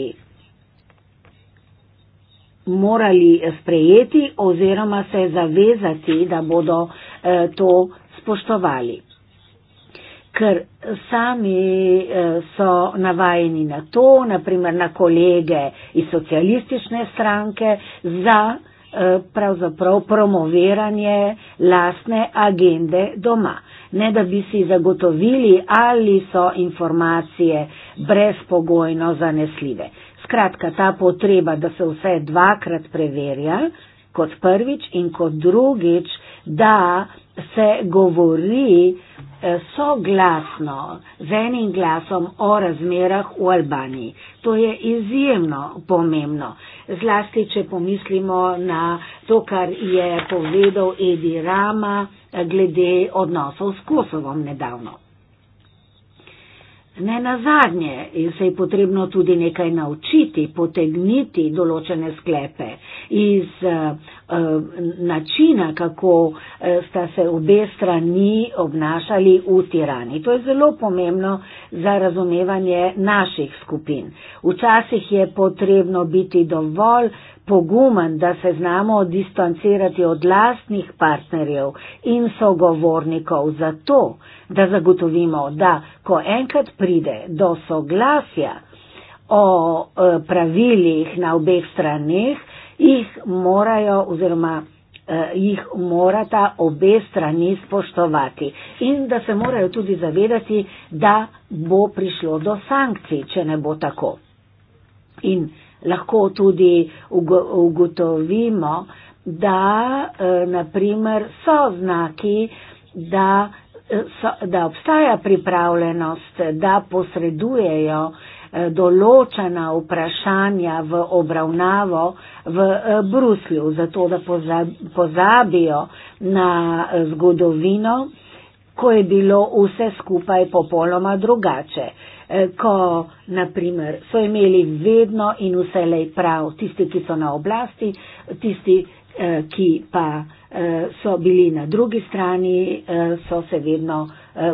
morali sprejeti oziroma se zavezati, da bodo to spoštovali ker sami eh, so navajeni na to, naprimer na kolege iz socialistične stranke, za eh, pravzaprav promoviranje lastne agende doma. Ne da bi si zagotovili, ali so informacije brezpogojno zanesljive. Skratka, ta potreba, da se vse dvakrat preverja, kot prvič in kot drugič, da se govori Eh, soglasno z enim glasom o razmerah v Albaniji. To je izjemno pomembno, zlasti če pomislimo na to, kar je povedal Edi Rama eh, glede odnosov s Kosovom nedavno. Ne na zadnje se je potrebno tudi nekaj naučiti, potegniti določene sklepe iz uh, Eh, načina, kako eh, sta se obe strani obnašali v tirani. To je zelo pomembno za razumevanje naših skupin. Včasih je potrebno biti dovolj pogumen, da se znamo distancirati od lastnih partnerjev in sogovornikov zato, da zagotovimo, da ko enkrat pride do soglasja o eh, pravilih na obeh straneh, jih morajo oziroma eh, jih morata obe strani spoštovati in da se morajo tudi zavedati, da bo prišlo do sankcij, če ne bo tako. In lahko tudi ugotovimo, da eh, naprimer so znaki, da, eh, da obstaja pripravljenost, da posredujejo Eh, določena vprašanja v obravnavo v eh, Bruslju, zato da pozabijo na eh, zgodovino, ko je bilo vse skupaj popoloma drugače. Ko, naprimer, so imeli vedno in vselej prav tisti, ki so na oblasti, tisti, ki pa so bili na drugi strani, so se vedno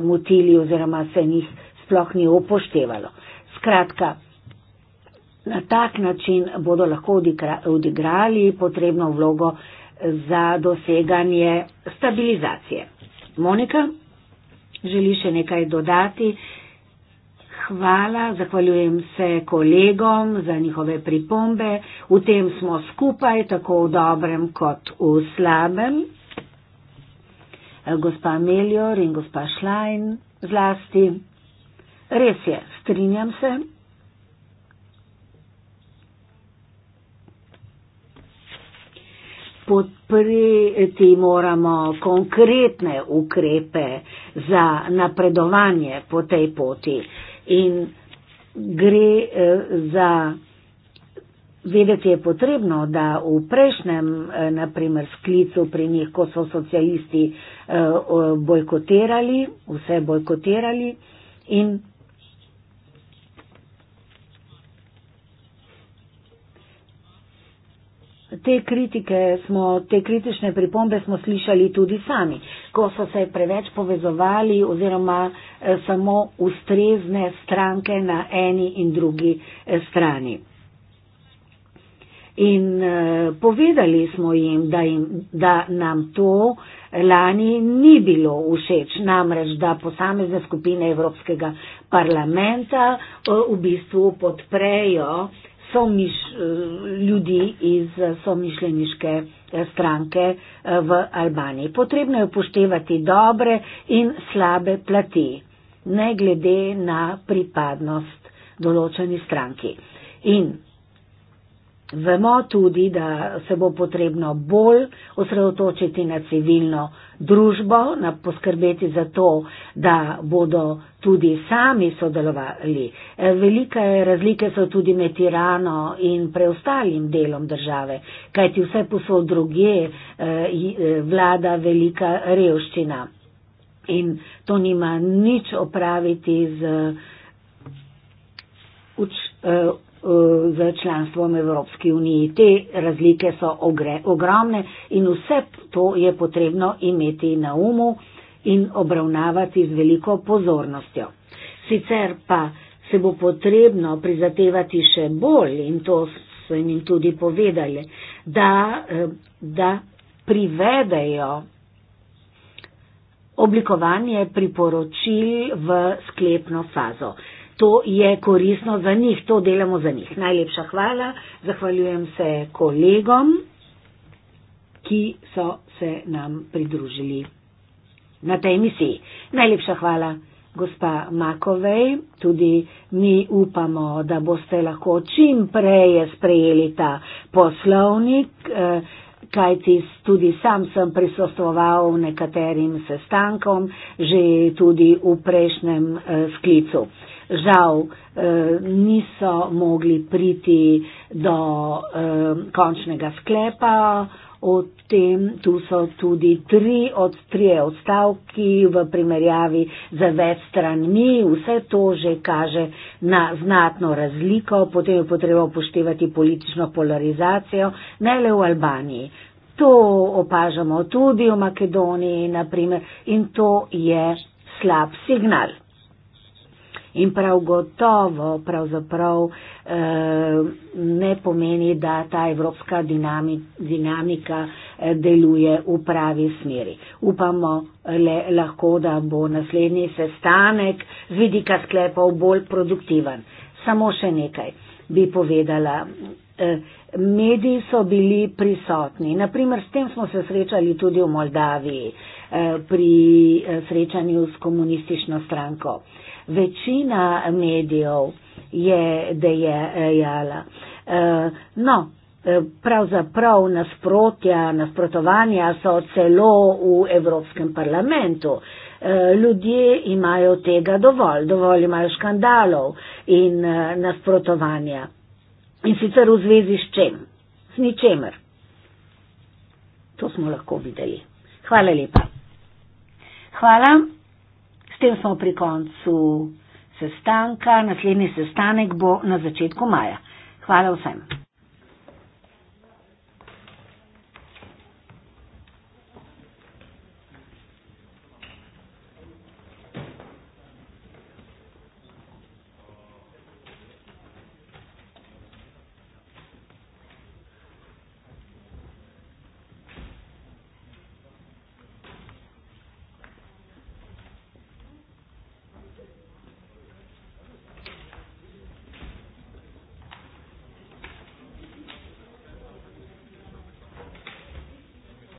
mutili oziroma se njih sploh ni upoštevalo. Skratka, na tak način bodo lahko odigrali potrebno vlogo za doseganje stabilizacije. Monika, želi še nekaj dodati? Hvala, zahvaljujem se kolegom za njihove pripombe. V tem smo skupaj, tako v dobrem kot v slabem. Gospa Melior in gospa Šlajn zlasti. Res je, strinjam se. Podpreti moramo konkretne ukrepe za napredovanje po tej poti in gre eh, za. Vedeti je potrebno, da v prejšnjem, eh, naprimer, sklicu pri njih, ko so socialisti eh, bojkotirali, vse bojkotirali in te kritike smo, te kritične pripombe smo slišali tudi sami, ko so se preveč povezovali oziroma eh, samo ustrezne stranke na eni in drugi eh, strani. In eh, povedali smo jim, da, jim, da nam to lani ni bilo všeč, namreč da posamezne skupine Evropskega parlamenta v bistvu podprejo somiš, eh, ljudi iz eh, somišljeniške eh, stranke v Albaniji. Potrebno je upoštevati dobre in slabe plati, ne glede na pripadnost določeni stranki. In Vemo tudi, da se bo potrebno bolj osredotočiti na civilno družbo, na poskrbeti za to, da bodo tudi sami sodelovali. Eh, velike razlike so tudi med Tirano in preostalim delom države, kajti vse posod druge eh, eh, vlada velika revščina. In to nima nič opraviti z uč, za članstvom Evropske unije. Te razlike so ogre, ogromne in vse to je potrebno imeti na umu in obravnavati z veliko pozornostjo. Sicer pa se bo potrebno prizatevati še bolj in to so jim tudi povedali, da, eh, da privedejo oblikovanje priporočil v sklepno fazo to je korisno za njih, to delamo za njih. Najlepša hvala, zahvaljujem se kolegom, ki so se nam pridružili na tej misiji. Najlepša hvala, gospa Makovej, tudi mi upamo, da boste lahko čim prej sprejeli ta poslovnik. Eh, kajti tudi sam sem prisostoval nekaterim sestankom, že tudi v prejšnjem eh, sklicu žal eh, niso mogli priti do eh, končnega sklepa. O tem tu so tudi tri od trije odstavki v primerjavi za več stranmi. Vse to že kaže na znatno razliko. Potem je potrebno upoštevati politično polarizacijo, ne le v Albaniji. To opažamo tudi v Makedoniji, naprimer, in to je slab signal in prav gotovo pravzaprav eh, ne pomeni, da ta evropska dinamika eh, deluje v pravi smeri. Upamo le lahko, da bo naslednji sestanek z vidika sklepov bolj produktiven. Samo še nekaj bi povedala. Eh, mediji so bili prisotni. Naprimer, s tem smo se srečali tudi v Moldaviji pri srečanju s komunistično stranko večina medijev je dejala. Eh, no, eh, pravzaprav nasprotja, nasprotovanja so celo v Evropskem parlamentu. Eh, ljudje imajo tega dovolj, dovolj imajo škandalov in nasprotovanja. In sicer v zvezi s čem? S ničemer. To smo lahko videli. Hvala lepa. Hvala. S tem smo pri koncu sestanka. Naslednji sestanek bo na začetku maja. Hvala vsem.